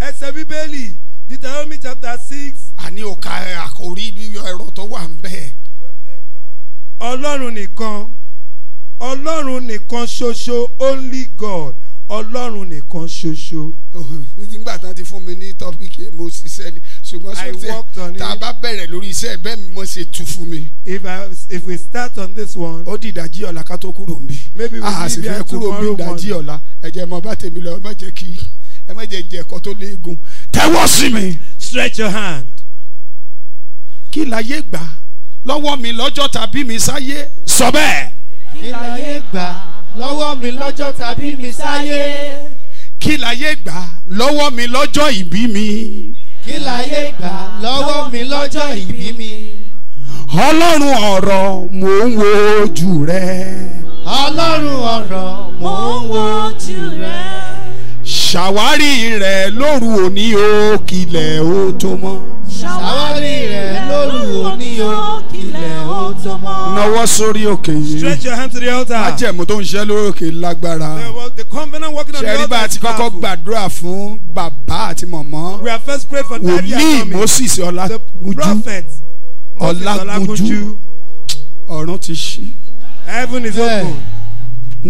ẹsẹ̀ bíbélì Deuteronomy chapter six. àní o ka àkórí yíyọ ẹ̀rọ tó wà ń bẹ̀. ọlọ́run nìkan ọlọ́run nìkan ṣoṣo only God ọlọ́run nìkan ṣoṣo. nígbà tí wọ́n ti fún mi ní tọ́pìkì mo ṣiṣẹ́ ni ṣùgbọ́n ṣé tí tá a bá bẹ̀rẹ̀ lórí iṣẹ́ bẹ́ẹ̀ mi mo ṣe tu fún mi. if i if we start on this one. ó di ìdajì ọ̀la ká tó kúrò mi. maybe we we'll leave here tomorrow morning. a sì fẹ́ kúrò mi ìdajì ọ̀la ẹ̀jẹ̀ mọ̀ bá tèmi lọ ẹ má jẹ́ kí ẹ má jẹ́ jẹ́ ẹ̀kọ́ tó léegun tẹ́wọ́ sí mi. stretch your hand. kí láyé gbà lọ́wọ́ mi lọ́jọ́ tàbí mi sáyé sọ bẹ́ẹ̀. kí láyé gbà lọ́wọ́ mi lọ́jọ́ tàbí mi sáyé. kí láyé gbà lọ́wọ́ mi lọ́jọ́ ìbí mi kí láyé gbà lọ́wọ́ mi lọ́jọ́ ìbí mi. ọlọ́run ọ̀rọ̀ mò ń wo ojú rẹ. ọlọ́run ọ̀rọ̀ mò ń wo ojú rẹ ṣàwárí rẹ̀ lóru òní o ó tó mọ́. ṣàwárí rẹ̀ lóru òní o ó tó mọ́. nawọ́ sórí òkè yìí. stretch your hand to the altar. tó ń ṣe lórí òkè lágbára. the covenant bá a ti kọ́kọ́ gbàdúrà fún bàbá àti mọ̀mọ́. we have first prayed for daddy and Moses Ọlágúnjú Ọlágúnjú ọ̀run ti ṣí. heaven is open. Yeah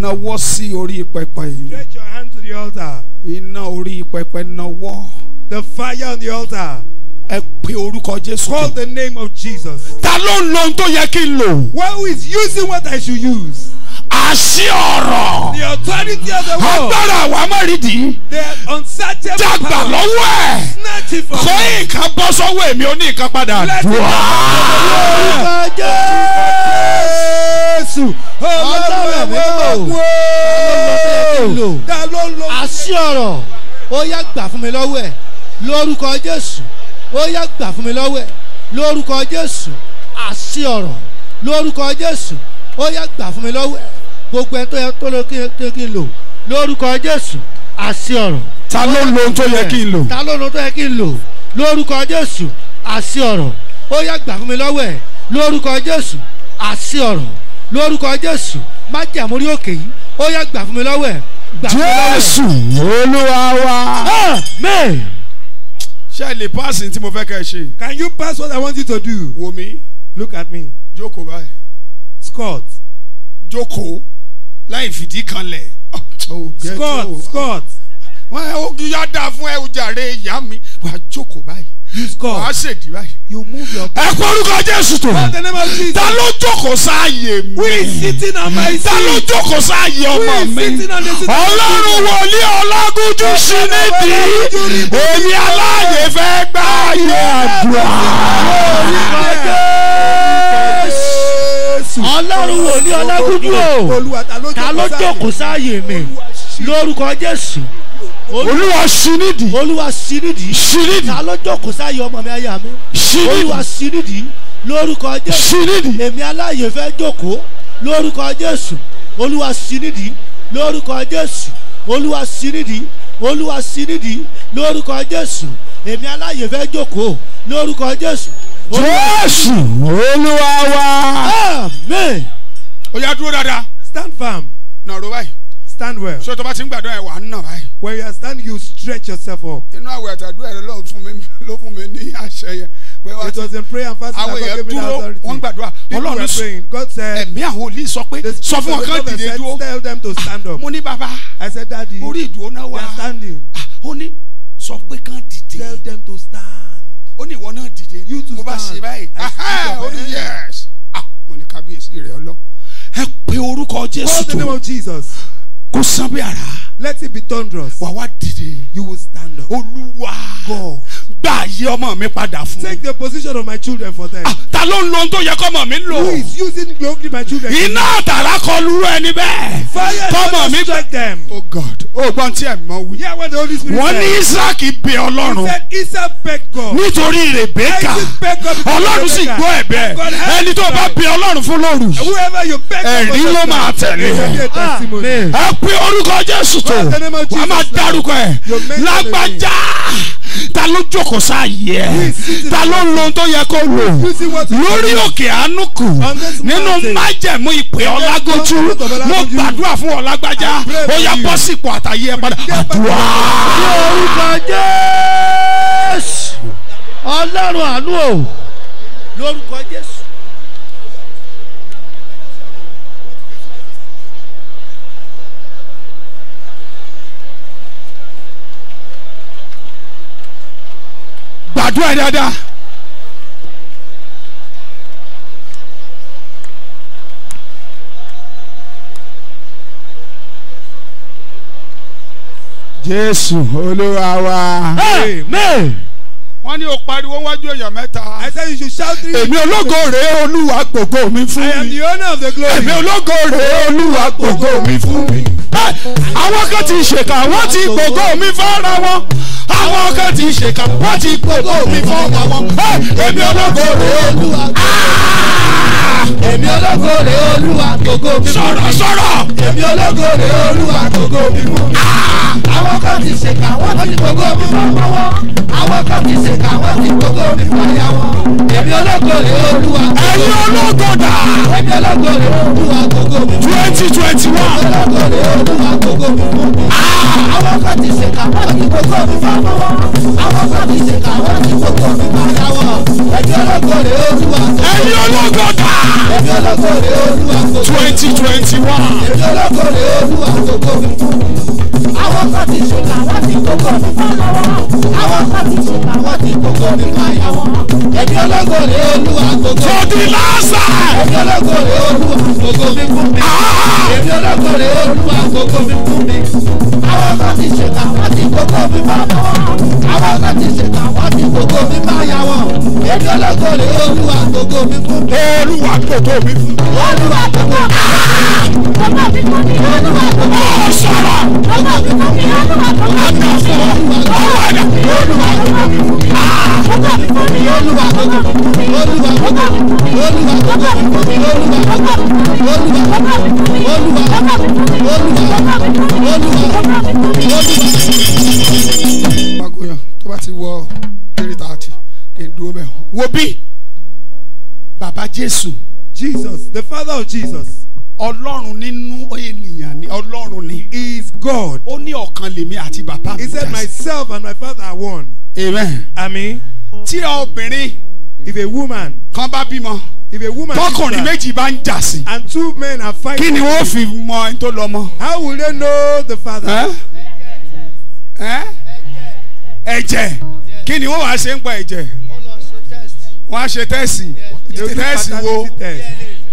nawọ́ sí orí pẹpẹ yìí. stretch your hand to the altar. iná orí pẹpẹ nawọ́. the fire on the altar. Ẹ pe orúkọ Jésù. Call the name of Jesus. Ta ló ń lo ohun tó yẹ kí n lò? Well, who is using what I should use? àṣì ọ̀rọ̀ agbára àwa mẹ́rìndì dàgbà lọ́wọ́ ẹ̀ kó nǹkan bọ́ sọ́wọ́ èmi ó ní nǹkan padà dùn. Jésù ọlọ́run mi ò kú ó àṣì ọ̀rọ̀ ó yá gbà fún mi lọ́wọ́ ẹ̀ lórúkọ Jésù ó yá gbà fún mi lọ́wọ́ ẹ̀ lórúkọ Jésù àṣì ọ̀rọ̀ lórúkọ Jésù ó yẹ gbà fún mi lọ́wọ́ ẹ̀ gbogbo ẹ̀ tó yẹ tó lọ kí n lò lórúkọ jésù àṣẹ ọ̀rọ̀. ta ló ń lo ohun tó yẹ kí n lò. ta ló ń lo ohun tó yẹ kí n lò lórúkọ jésù àṣẹ ọ̀rọ̀ ó yẹ gbà fún mi lọ́wọ́ ẹ̀ lórúkọ jésù àṣẹ ọ̀rọ̀ lórúkọ jésù má jẹ̀mú òkè yìí ó yẹ gbà fún mi lọ́wọ́ ẹ̀ jésù olúwa wa. amen. lè pass ní tí mo fẹ́ kẹ́ ẹ ṣe. can you pass what i want you to do. wo mi. look at me. jókòó báyìí scott. Joko, láì fìdí kanlẹ̀. scott scott. wọ́n ó yá dá fún ẹ ojàre ìyá mi wà á jókòó báyìí. you score wà á ṣèdí báyìí. you move your. ẹ kọ́ orúkọ jésù tó. wọ́n tẹ̀lé máa fi. ta ló jókòó sáàyè mi. we sitting on my seat. ta ló jókòó sáàyè ọmọ mi. we sitting on the seat. ọlọ́run wòlíì ọlágúnjú sí nídìí. èmi aláàyè fẹ́ gbá ayé àdúrà. orúkọ jésù jésù. ọlọ́run wòlíì ọlágúnjú o ta ló jókòó sáàyè mi lórúkọ jésù olúwa sinidi olúwa sinidi sinidi ta ló jókòó sáàyè ọmọ mi aya mi sinidi olúwa sinidi lórúkọ jésù sinidi èmi aláàyè fẹ́ jókòó lórúkọ jésù olúwa sinidi lórúkọ jésù olúwa sinidi olúwa sinidi lórúkọ jésù èmi aláàyè fẹ́ jókòó lórúkọ jésù. Jésù Olúwa wa. Amen. Ó yá dúró dáadáa. Stand firm. Nàró báyìí. Stand well. Ṣé o tó bá ti ń gbàdúrà ẹ̀ wà á nà báyìí? When you are standing, you stretch yourself up. Inú àwẹ̀ àtàdúrà rẹ̀ ló fún mi ní àṣẹ yẹn it was in prayer and fasting that God gave me the authority. wọ́n were praying God said. ẹ̀mí àwọn olè sọ pé sọ tell them to stand up. I said daddy orí are standing." wà ah, ó ní sọ pé tell them to stand ó ní ìwọ náà dìde mo bá ṣe báyìí ó ní yes ah! mo ní kábíyèsí rẹ̀ ọlọ́ ẹ pe orúkọ Jésù tó kó sán bí ara let it be thunderous wà wá dìde you will stand up Olúwa God gba àyè ọmọ mi padà fún. take the position of my children for them. Ah, ta ló ń lo ohun tó yẹ kọ́mọ mi lò. who is using lovely my children. iná àtàrà kọ lúrú ẹni bẹ́ẹ̀. fire don strike them. oh god o gbọ́n tí ẹ̀ mọ́ wí. yeah when the holy spirit. wọ́n ní isaac bẹ ọlọ́run. he said isaac beg God. nítorí rebeka ọlọ́run sì gbọ́ ẹ̀bẹ̀ ẹni tó bá bẹ ọlọ́run fún lóru. ẹ̀rí ló máa tẹ̀lé. ẹ pé orúkọ jésù tó wàá máa dárúkọ ẹ̀ lágbájá ta ló jókòó sáàyè ẹ ta ló ń lo ohun tó yẹ kó lò lórí òkè àánú kù nínú májẹ̀mú ìpè ọlágójú mo gbàdúrà fún ọlágbájá ó yá bọ́ sípò àtàyè ẹ padà àdúrà. orúkọ jésù ọlọ́run àánú o lórúkọ jésù. gbàdúrà dáadáa. jésù olúwa wa. amen. amen wọ́n ní o pariwo wájú èèyàn mẹ́ta. I said you should shout three. èmi ológo rèé olúwa gbogbo mi fún mi. I am the owner of the glory. èmi ológo rèé olúwa gbogbo mi fún mi. àwọn kan ti ṣèkà wọ́n ti gbogbo mi fọ́ra wọn. àwọn kan ti ṣèkà wọ́n ti gbogbo mi fọ́ra wọn. èmi ológo rèé olúwa. Ah! èmi ológo rèé olúwa gbogbo mi fún mi. sọ̀rọ̀ sọ̀rọ̀. èmi ológo rèé olúwa gbogbo mi fún mi. Ah! àwọn kan ti ṣèkà wọ́n ti gbogbo mi fọ́ra wọn. àwọn kan ti ṣèkà àwọn tí gbogbo mi fàyà wọn. èmi ológo lè olúwa. ẹ̀yin ológo dà. èmi ológo lè olúwa gbogbo mi. twenty twenty one. ológo lè omi fún amen. àmín. tí obìnrin if a woman. kan bá bímọ. if a woman tọkùnrin méjì bá ń jà sí. and two men are fighting. kí ni wọ́n fi mọ ẹni tó lọ mọ. how will they know the father. Eh? Eh? ẹ̀jẹ̀ kí ni wọ́n wá ṣe ń pa ẹ̀jẹ̀ wọ́n á ṣe tẹ́sì tẹ́sì wo.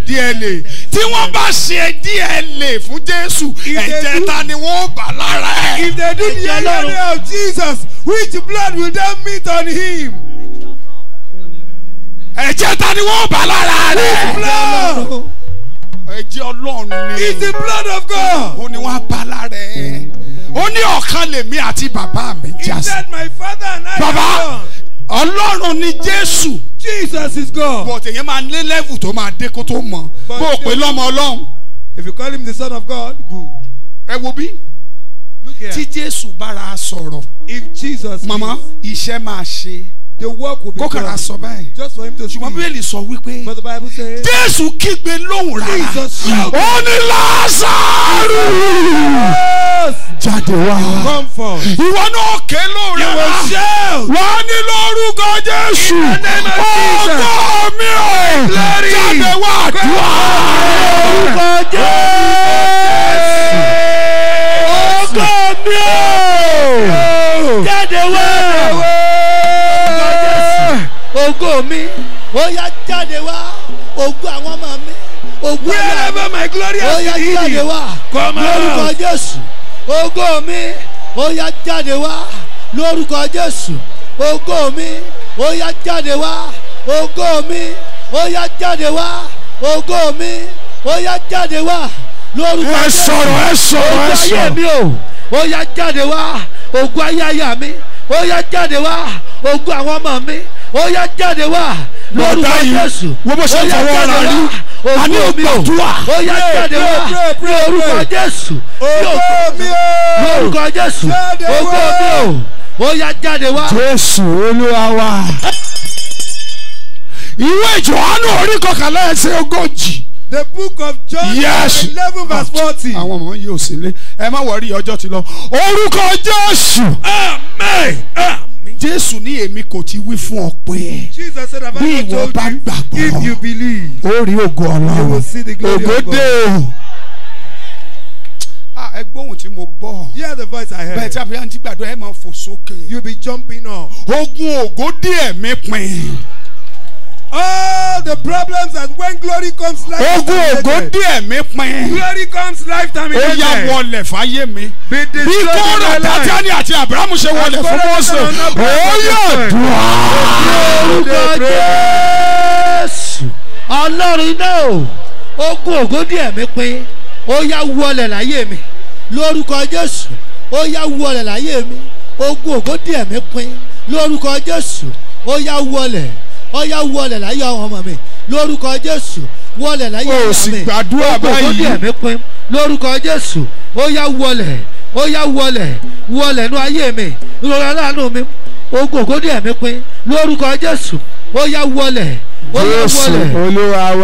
DNA tí wọ́n bá ṣe DNA fún Jésù ẹ̀jẹ̀ ta ni wọ́n bá lára ẹ̀. If they do the DNA of Jesus, which blood will they meet on him? ẹ̀jẹ̀ ta ni wọ́n bá lára rẹ̀. which blood? ẹ̀jẹ̀ Ọlọ́run ni. it's the blood of God. ó ní wọ́n á bá lára ẹ̀. ó ní ọ̀kan lèmi àti bàbá mi jà he said my father and I are one ọlọ́run ni jésù. jesus is God. but èyàn máa lé level tó máa dé kó tó mọ̀ bó o pè lọ́mọ ọlọ́run. if you call him the son of God good. ẹ wo bí. tí jésù bára sọ̀rọ̀. if jesus. mama iṣẹ́ máa ṣe the work will be Kókàrà done. just for him to speak. ṣùgbọ́n bíbélì sọ wípé. but the bible says. Jésù kígbe lóhùn rárá. ó ní Lásárù. jáde wá. come forth. ìwọ náà ké lóhùn rárá. you will shout. wà á ní lórúkọ Jésù. in the Jesus. ọkọ mi ò. jáde wá lórúkọ Jésù. ọkọ mi ò. jáde wá. Jésù ògo mi ó yá jáde wá ògo àwọn ọmọ mi ògo àwọn ọmọ mi ó yá jáde wá lórúkọ Jésù ògo mi ó yá jáde wá lórúkọ Jésù ògo mi ó yá jáde wá ògo mi ó yá jáde wá ògo mi ó yá jáde wá lórúkọ Jésù ẹ sọ̀rọ̀ ẹ sọ̀rọ̀ ẹ sọ̀rọ̀ ó yá jáde wá ògo ayé ayé mi ó yá jáde wá ogún àwọn ọmọ mi ó yá jáde wá lórúkọ Jésù ó yá jáde wá àní ògbàdúrà ó yá jáde wá lórúkọ Jésù lórúkọ Jésù ogún omi o ó yá jáde wá. Jésù Olúwa wa ìwé Jòhánù orí kọkànlá ẹsẹ̀ ogójì. the book of John yes. eleven verse forty. àwọn ọmọ yìí ò sílé ẹ má wọrí ọjọ́ ti lọ orúkọ Jésù. amen. amen jésù ní èmi kò ti wí fún ọ pé bí ìwọ bá gbàgbọ́ ó rí ògo ọlọ́run ògo dé o ah, ẹ gbóhùn tí mo gbọ́. hear the voice I heard. tí a fi yá ní gbàdúrà ẹ máa fò sókè. you be jumping up. ogun ògo díẹ̀ mi pin all the problems and when glory comes life time. ogun ògo díẹ̀ mi pin. glory comes life time. ó yá wọlé fáyé mi. bí kọ́rọ̀ tátání àti abrahamu ṣe wọlé fún mọ́sọ̀ ó yóò dùn á. orúkọ jésù ọlọ́run náà ogun ògo díẹ̀ mi pin ó yá wọlé láyé mi lórúkọ jésù ó yá wọlé láyé mi ogun ògo díẹ̀ mi pin lórúkọ jésù ó yá wọlé. ọyá wọlẹ̀ láyé àwọn ọmọ mi lórúkọ jésù wọlẹ̀ láyé àwọn ọmọ mi o gbàdúrà báyìí lórúkọ jésù ọyá wọlẹ̀ ọyá wọlẹ̀ wọlẹ̀ nú ayé mi ìrora láàánú mi ẹ̀mí lórúkọ jésù ọyá wọlẹ̀ ọyá wọlẹ̀ jésù olúwa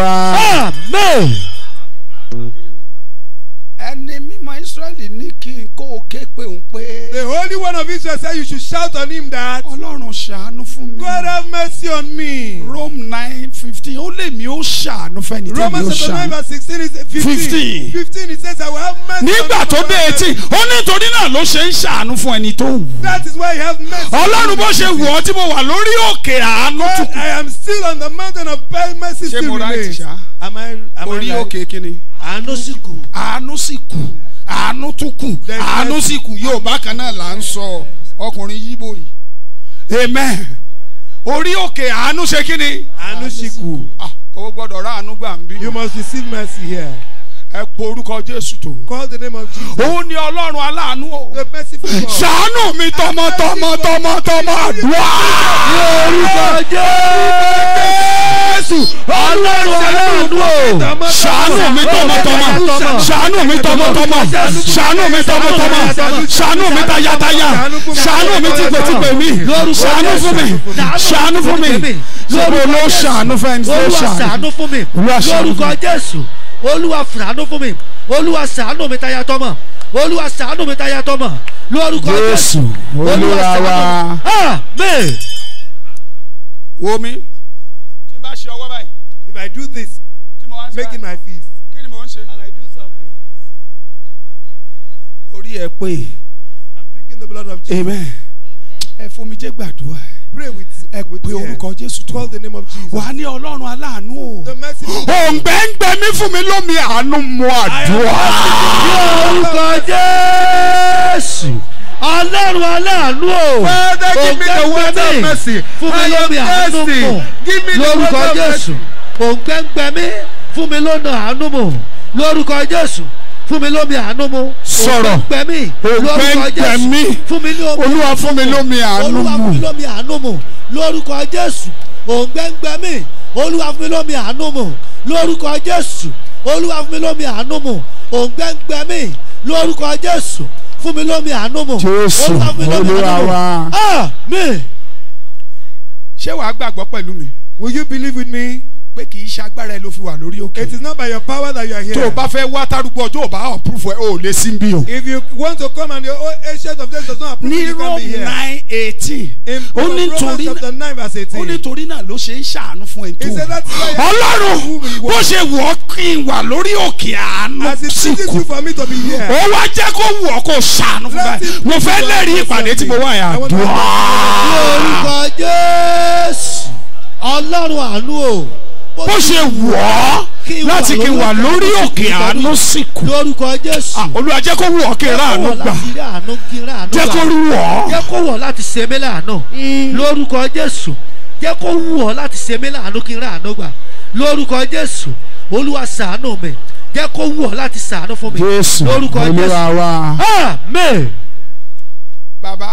Israẹli ní kí n kó o ké pé òun pé. The Holy One of Israel said you should shout on him that. Ọlọ́run ṣàánú fún mi. God have mercy on me. Rome nine fifteen ó lè mi ó ṣàánú fẹ́ni tí ó ṣàánú. Romans chapter nine verse sixteen is fifteen. Fifteen it says I will have mercy on you. Nígbà tó dé etí, ó nítorí náà ló ṣe ń ṣàánú fún ẹni tó wù. That is why I have mercy. Ọlọ́run bó ṣe wù ọ́ tí mo wà lórí òkè àánú tukù. I am still on the mountain of mercy still remain. Ṣé mo rántí ṣá? Am I am I right? Orí òkè kíni? àánú sì kù. àánú sì kù àánú tún kù àánú sì kù yóò bákan náà là ń sọ ọkùnrin yíbo yìí amen orí òkè àánú ṣe kí ni. àánú sì kù. ó ah, gbọ́dọ̀ rà àánú gbà ń bí. you must receive mercy here ẹ po orúkọ jésù tó. call the name of jesus. òun ni ọlọ́run aláàánú o. the merciful God. ṣàánú mi tọmọ tọmọ tọmọ tọmọ àdúrà. ní orúkọ jésù ọlọ́run aláàánú o. ṣàánú mi tọmọ tọmọ ṣàánú mi tọmọ tọmọ ṣàánú mi tọmọ tọmọ ṣàánú mi tayataya ṣàánú mi tìpẹ́tìpẹ́ mi ṣàánú fún mi ṣàánú fún mi. lórúkọ jésù olúwa ṣàánú fún mi. olúwa ṣàánú fún mi. olúwa ṣàánú fún mi. lórúkọ jésù olúwa fàánú fún mi olúwa ṣàánú mi táyà tọmọ olúwa ṣàánú mi táyà tọmọ lórúkọ jésù olúwa wa amen. wo mi tí n bá ṣe ọwọ́ báyìí if i do this making my feast kí ni mò ń ṣe and i do something orí ẹ pé i'm drinking the blood of jesus amen ẹ fún mi jẹ́ gbàdúrà ẹ pray with eh, ẹ pe orúkọ jésù tó wà á ní ọlọ́run aláàánú o òǹgbẹ́ǹgbẹ́ mi fún mi lómi àánú mu àdúrà. ní orúkọ jésù ọlọ́run aláàánú o òǹgbẹ́ǹgbẹ́ mi fún mi lómi àánú mu lórúkọ jésù òǹgbẹ́ǹgbẹ́ mi fún mi lónà àánú mu lórúkọ jésù fún mi lómi àánú mu. sọ̀rọ̀ ògbẹ́ gbẹ̀mí olúwa fún mi lómi àánú mu. lórúkọ jésù ògbẹ́ gbẹ̀mí olúwa fún mi lómi àánú mu. lórúkọ jésù olúwa fún mi lómi àánú mu. ògbẹ́ gbẹ̀mí lórúkọ jésù fún mi lómi àánú mu. jésù olúwa wa. àmín. ṣé wàá gbàgbọ́ pẹ̀lú mi. will you believe with me pé kì í ṣe agbára ẹ ló fi wà lórí òkè. it is not by your power that you are here. tó o bá fẹ́ wá tárúgbó ọjọ́ ò approve ẹ lè sí bí o. if you want to come and your ancient of days does not approve you can be here. ní Rome nine eighteen. in Romans chapter nine verse eighteen. ó ní torí náà ló ṣe ń ṣàánú fún ẹ tó. ọlọ́run bó ṣe wọ́ kí n wà lórí òkè àánú sìnkú. ó wá jẹ́ kó wù ọ́ kó ṣàánú fún báyìí. mo fẹ́ lẹ́rìí ìpàdé tí mo wà yà dùn. lórúkọ Jésù ọlọ́run àánú o bó ṣe wọ̀ ọ́ láti kí wà lórí òkè àánú sì kù ah, olúwa jẹ́ kó wọ̀ ọ́ kí ráàánú gbà jẹ́ kó wọ̀ ọ́. jẹ́ kó wọ̀ láti ṣe mí láàánú lórúkọ jésù jẹ́ kó wọ̀ ọ́ láti ṣe mí láàánú mm. kí ráàánú gbà lórúkọ jésù olúwa ṣàánú mi jẹ́ kó wù ọ́ láti sàánú fún mi lórúkọ jésù amen. bàbá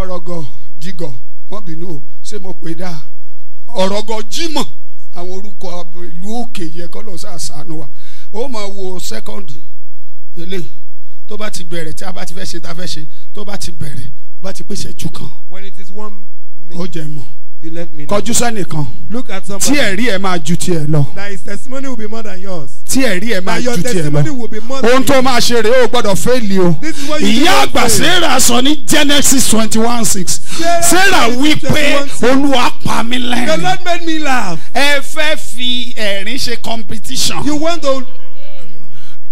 ọ̀rọ̀gọ̀ jigọ̀ wọ́n bínú o ṣé mo pè dáa ọ̀rọ̀gọ̀ jímọ̀ àwọn orúkọ ìlú òkè yẹ kọ́lọ́ sàánú wa ó máa wo sẹ́kọ́ndì eléyìí tó bá ti bẹ̀rẹ̀ tí a bá ti fẹ́ ṣe tá a fẹ́ ṣe tó bá ti bẹ̀rẹ̀ bá ti pèsè jù kan ó jẹ mọ́ you let me know. kọjú sẹ́nìkan look at somebody. tí ẹ̀rí ẹ̀ máa ju tiẹ̀ lọ. that his testimony will be more than yours. tí ẹ̀rí ẹ̀ máa ju tiẹ̀ lọ. ohun tó máa ṣe rèé o gbọ́dọ̀ fẹ́ẹ̀lì o. ìyá àgbà sarah sọ ní genesis twenty one six sarah wí pé olúwa pa mí lẹ́rìn. the lord made me laugh. ẹ fẹ́ fi ẹ̀rín ṣe competition. you want to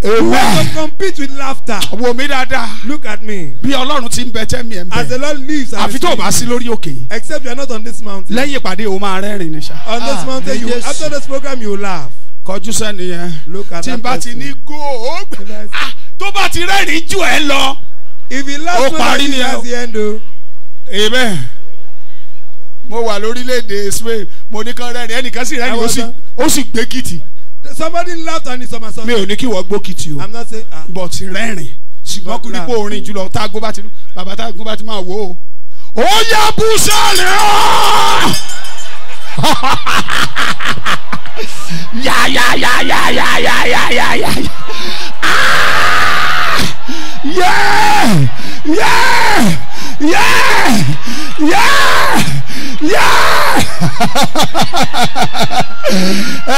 I To compete with laughter. Wò mí dáadáa. Look at me. Bí Ọlọ́run ti ń bẹ tẹ́ mi ẹ̀ ń bẹ. As the Lord lives. Àfi tó o bá sí lórí òkè. Except you are not on this mountain. Lẹ́yìn ìpàdé o máa rẹ́rìn ní sá. On this ah, mountain you after this program you laugh. Kọjú sẹ́ni yẹn. Look at that person. Tí n bá ti ní go. Ah, tó bá ti rẹ́rìn jù ẹ lọ. If he laughs when I see that's the end o. Amen. Mo wà lórílẹ̀‐èdè Spain. Mo ní kán rẹ́rìn ẹnìkan sì rẹ́rìn ó sì gbé kìtì somebody laughed and it's on my son. mi ò ní kí wọ́n gbókìtì o. i'm not saying ah. but rẹ́rìn ṣùgbọ́n kò ní kó orin jùlọ tá a gbó bá ti bàbá tá a gbó bá ti máa wò ó. ó yá bú sálẹ̀ ọ́. yá yá yá yá yá yá yá yá. Ah! Yeah! Yeah! Yeah! Yeah! Yeah!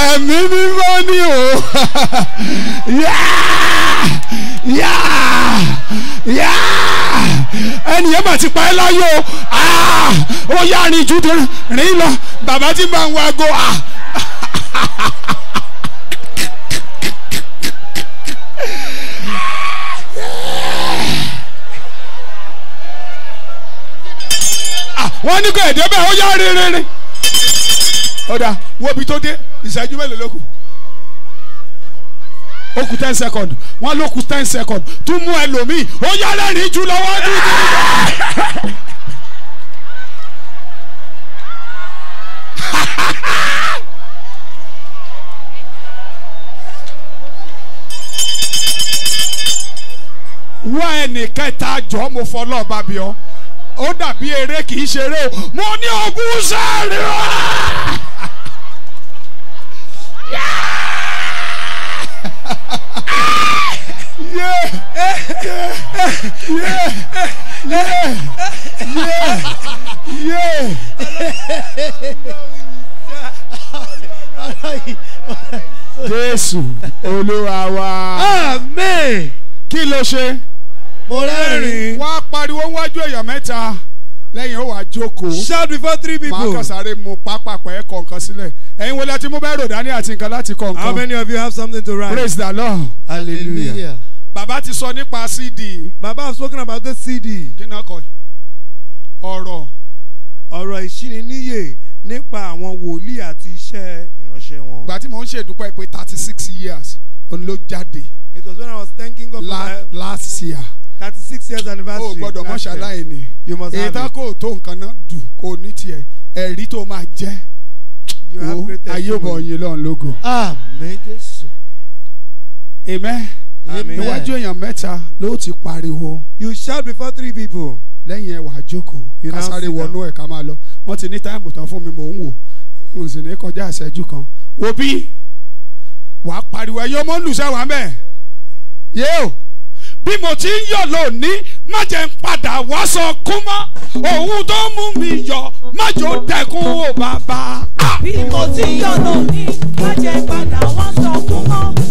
Ẹ̀mí mímọ́ ni o! Yeah! Yeah! Yeah! ẹni yẹn mà ti pa ẹ́ láyé o ah, ó yá rìn jù dùn rìn lọ bàbá tí bá ń wago. wọ́n ní kò èdè bẹ́ẹ̀ ó yá rírírí ọ̀dà wo bi tó dé ìṣẹ́jú mélòó ló kù ó kù ten second wọ́n ló kù ten second tún mú ẹlòmíì ó yá lẹ́rìn jù lọ́wọ́ ní ìdílé. wọ́n ẹnì kẹta jọ́ mo fọ́ lọ́ọ́ bá bí ọ́ ó dàbí eré kì í ṣeré o mo ní ogún sẹ́ẹ̀rì o. Jésù Olúwa wa. Amen. Kí ló ṣe? mo rẹ́rìn. wá pariwo wájú èèyàn mẹ́ta lẹ́yìn ó wà jókòó. shout before three people. màá kàsáré mu pápákọ̀ ẹ̀ kọ̀ọ̀kan sílẹ̀. ẹ̀yin wo lẹ́tí mú bẹ́ẹ̀ rò dání àti nǹkan láti kọ̀ọ̀kan. how many of you have something to write. praise the lord. hallelujah. bàbá ti sọ nípa cd. bàbá have spoken about the cd. kí ni ọkọ ọ̀rọ̀. ọ̀rọ̀ ìṣíniníyè nípa àwọn wòlíì àti iṣẹ́ ìránṣẹ́ wọn. ìgbà tí mò ń ṣèdúpẹ́ pé thirty six years ló jáde. it was when I was thinking of my. last year thirty six years anniversary. o gbọ́dọ̀ mọ ṣàlàyé ni ètò kò tó nǹkan náà dùn kò ní tiẹ̀ ẹ̀rí tó máa jẹ́ wo ayé bọ̀ yín lọ́run lógo. àmín jésù. amen. níwájú èèyàn mẹ́ta ló ti pariwo. you shout before three people. lẹ́yìn ẹ̀ wàá jókòó ká sáré wọnú ẹ̀ ká máa lọ wọ́n ti ní táìmù tán fún mi mò ń wò n sì ní kọjá ìṣẹ́jú kan wo bí wàá pariwo ẹ̀yin ọmọ ń lù mẹ́ yé bí mo ti ń yọ̀ lónìí má jẹ́ ń padà wá sọ kún mọ́ òun tó mú mi yọ̀ má jò dẹkùn ó bàbá. bí mo ti ń lónìí má jẹ́ padà wá sọ kún mọ́.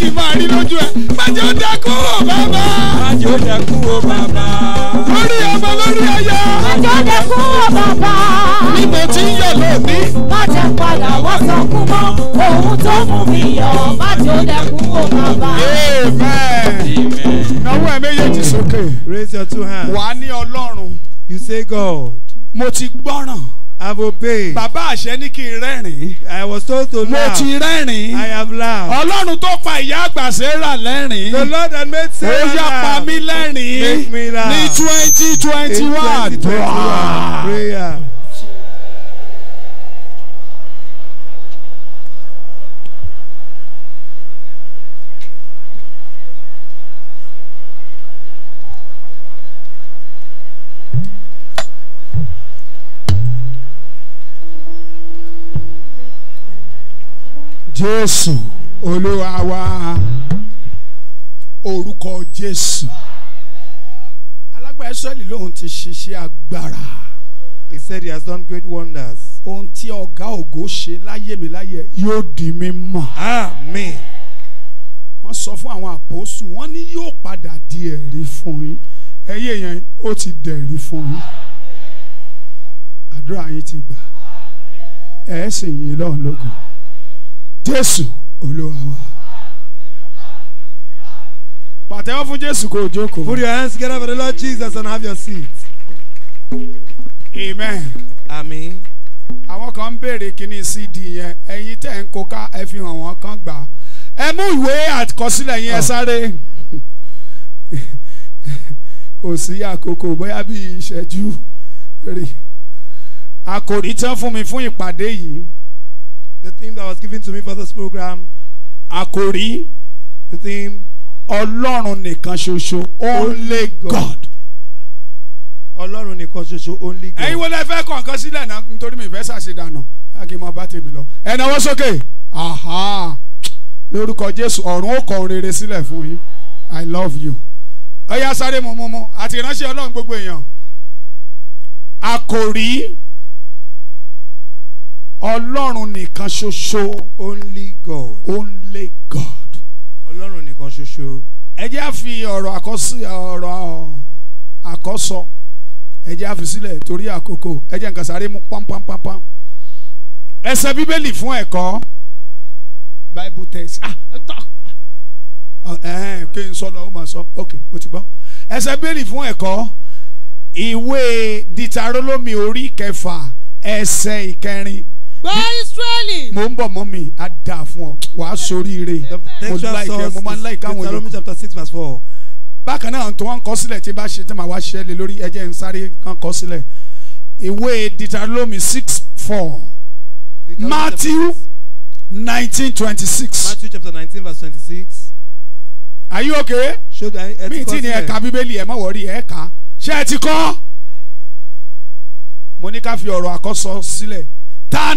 ní máa rí lójú ẹ. Bàjẹ́ ó dákú o bàbá. Bàjẹ́ ó dákú o bàbá. Lórí ọmọ lórí aya. Bàjẹ́ ó dákú o bàbá. Ní mo ti ń yọ̀ lónìí. Bàjẹ́ padà wọ́n sọ fún mọ́. Òun tó mú mi yọ. Bàjẹ́ ó dákú o bàbá. Amen. Ìnáwó ẹ̀ méjèèjì sókè. Raise your two hands. Wà á ní Ọlọ́run. You say God. Mo ti gbọ́ràn have obeyed. Bàbá àṣẹ ní kí n rẹ́rìn. I was told to laugh. Mo ti rẹ́rìn. I have laughed. Ọlọ́run tó pa ìyá àgbà Sarah lẹ́rìn. The Lord had made Sarah laugh. Ó yá pa mí lẹ́rìn. Make me laugh. Ní twenty twenty one. In twenty twenty one. Prayer. jésù olúwa wa orúkọ jésù alágbára israẹli lòun ti ṣiṣẹ́ agbára. he said he has done great wonders. ohun tí ọ̀gá ògo ṣe láyé mi láyé yóò di mímọ̀. amen. wọ́n sọ fún àwọn àpòsù wọ́n ní yóò padà di ẹ̀rí fún yín ẹ̀yẹ́ yẹn ó ti dẹ̀rí fún yín àdúrà yín ti gbà ẹ̀ sì yín lọ́hùn jésù olúwa wa. pàtẹ́wọ́ fún jésù kò jókòó. put your hands together for the lord jesus and have your seat. amen. àmín. àwọn kan ń béèrè kíní cd yẹn ẹ̀yin tẹ̀ ń kó ká ẹ fi hàn wọ́n kán gbà ẹ mú ìwé àkọsílẹ̀ yẹn ẹ ah. sáré kò sí àkókò bóyá bí ìṣẹ́jú rí àkòrí tán fún mi fún ìpàdé yìí the theme that was given to me for this program. Akori. The theme. Ọlọ́run nìkan ṣoṣo only God. Ọlọ́run nìkan ṣoṣo only God. Ẹ̀yin wo lẹ fẹ́ kọ̀ nǹkan sílẹ̀ náà nítorí mi fẹ́ ṣàṣedànù kí n máa bá tèmi lọ. Ẹ náwó sókè. Lórúkọ Jésù ọ̀run ó kọ ohun rere sílẹ̀ fún yín. I love you. Ó yá sáré mu mu mu àti ìránṣẹ́ Ọlọ́run gbogbo èèyàn. Àkòrí ọlọ́run nìkan ṣoṣo. only God. only God. ọlọ́run nìkan ṣoṣo. ẹ jẹ́ á fi ọ̀rọ̀ àkọsí ọ̀rọ̀ àkọsọ ẹ jẹ́ á fi sílẹ̀ torí àkókò ẹ jẹ́ nǹkan sáré mú pánpánpánpán. ẹsẹ̀ bíbélì fún ẹ̀kọ́. bible text ah ẹ kí n sọ lọ ó máa sọ ok mo ti gbọ́. ẹsẹ̀ bíbélì fún ẹ̀kọ́ ìwé dìtàrólómi orí kẹfà ẹsẹ̀ ìkẹrin gbọ́ Ísírẹ́lì. mo ń bọ̀ mọ́ mi á dà fún ọ wà á soríire mo láìkẹ́ mo máa ń láìka àwọn èèyàn. chapter six verse four. bákan náà tó wọn kọ sílẹ̀ tí bá ṣe tí màá wá ṣẹ́ lé lórí ẹjẹ́ ń sáré kan kọ sílẹ̀ ìwé Deuteronomy six four Matthew nineteen twenty six. Matthew chapter nineteen verse twenty six. are you okay? mi ti ni ẹ̀ka bíbélì ẹ̀ má wọ̀rí ẹ̀ka ṣé ẹ ti kọ́? mo ní ká fi ọ̀rọ̀ àkọ́sọ sílẹ̀ ta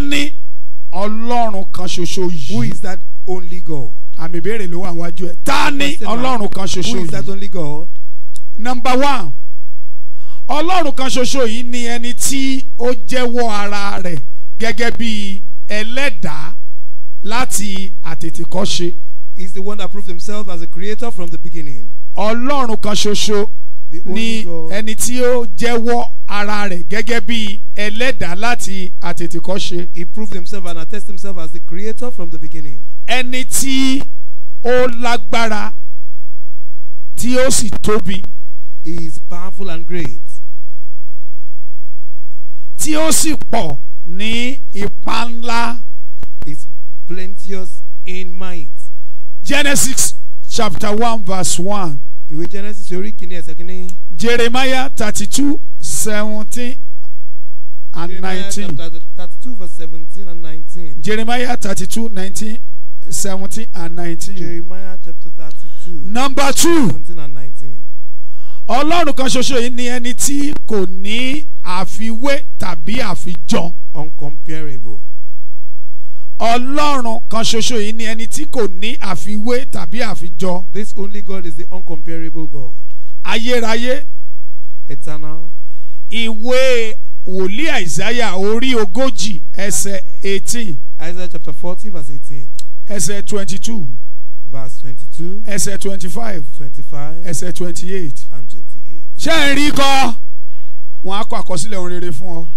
ọlọ́run kan ṣoṣo yìí. who is that only God? àmì ìbéèrè ló wà níwájú ẹ. ta ọlọ́run kan ṣoṣo yìí. who is that only God? number one ọlọ́run kan ṣoṣo yìí ni ẹni tí ó jẹ́wọ́ ara rẹ̀ gẹ́gẹ́ bí ẹlẹ́dàá láti àtètèkọ́ṣe. he is the one that proved himself as a creator from the beginning. ọlọ́run kan ṣoṣo ni ẹni tí ó jẹ́wọ́ ara rẹ̀ gẹ́gẹ́ bí ẹlẹ́dàá láti àtètèkọ́ṣe. he proved himself and attest himself as the creator from the beginning. ẹni tí ó lágbára tí ó sì tóbi. he is powerful and great. tí ó sì pọ̀ ní ipa ńlá. he is plenteous in mind. Genesis chapter one verse one ìwé genesis orí kìíní ẹsẹ̀ kìíní. jeremiah thirty two seventeen and nineteen. thirty two verse seventeen and nineteen. jeremiah thirty two nineteen seventeen and nineteen. jeremiah chapter thirty two. number two. seventeen and nineteen. ọlọ́run kan ṣoṣo yìí ni ẹni tí kò ní àfiwé tàbí àfijọ. uncomparable. Ọlọ́run kan ṣoṣo yìí ni ẹni tí kò ní àfiwé tàbí àfijọ. This only God is the uncomparable God. Ayérayé. Eternal. Ìwé wòlíì Àìsáyà orí ogójì ẹsẹ̀ eighteen. Isaiah chapter forty verse eighteen. Ẹsẹ̀ twenty-two. Verse twenty-two. Ẹsẹ̀ twenty-five. Twenty-five. Ẹsẹ̀ twenty-eight. And twenty-eight. Ṣé ẹ rí kọ́? Wọ́n á kọ àkọsílẹ̀ ohun rere fún ọ.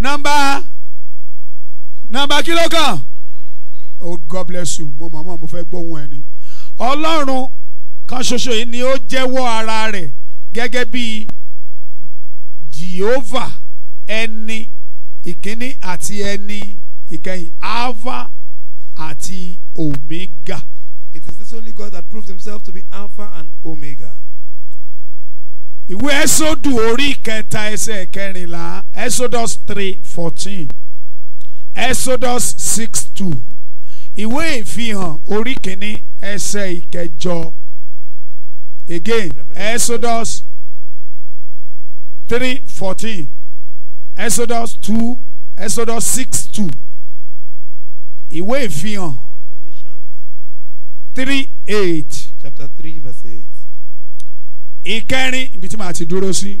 Nọ́mbà nàmbà kí ló kàn oh God bless you mo màmá mo fẹ́ gbóhùn ẹni ọlọ́run kan ṣoṣo yìí ni ó jẹ́wọ́ ara rẹ̀ gẹ́gẹ́ bí Jehovah ẹni ìkíní àti ẹni ìkẹyìn Alpha àti Omega. It is this only God that proves himself to be Alpha and Omega. Ìwé Ẹ́sódù orí kẹta ẹsẹ̀ kẹrìnlá Exodus three fourteen. Exodus six two ìwé ìfihàn orí kìíní ẹsẹ̀ ìkẹjọ again Exodus three fourteen Exodus two Exodus six two ìwé ìfihàn three eight chapter three verse eight ìkẹrin ibi tí màá ti dúró sí.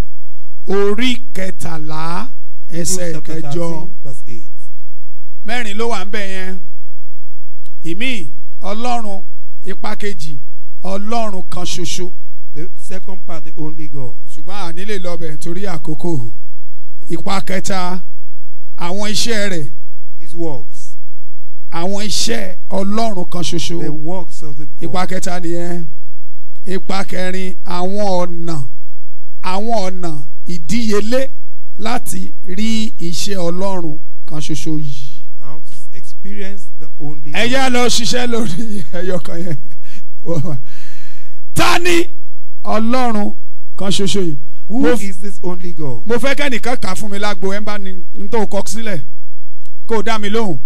orí kẹtàlá ẹsẹ̀ kẹjọ mẹ́rin ló wà ń bẹ̀ yẹn ìmí ọlọ́run ipa kejì ọlọ́run kan ṣoṣo. only God. ṣùgbọ́n àní lè torí àkókò ipa kẹta àwọn iṣẹ́ rẹ̀. àwọn iṣẹ́ ọlọ́run kan ṣoṣo. ipa kẹta nìyẹn ipa kẹrin àwọn ọ̀nà àwọn ọ̀nà ìdíyelé láti rí iṣẹ́ Ọlọ́run kan ṣoṣo yìí. experience the only. ẹ yá lọ ṣiṣẹ́ lórí ẹyọ kan yẹn ta ni Ọlọ́run kan ṣoṣo yìí. who mo, is this only God. mo fẹ́ kẹ́nìkan kà fún mi lágbo ẹ̀ ń bá ní n tó kọ sílẹ̀ kó o dá mi lóhùn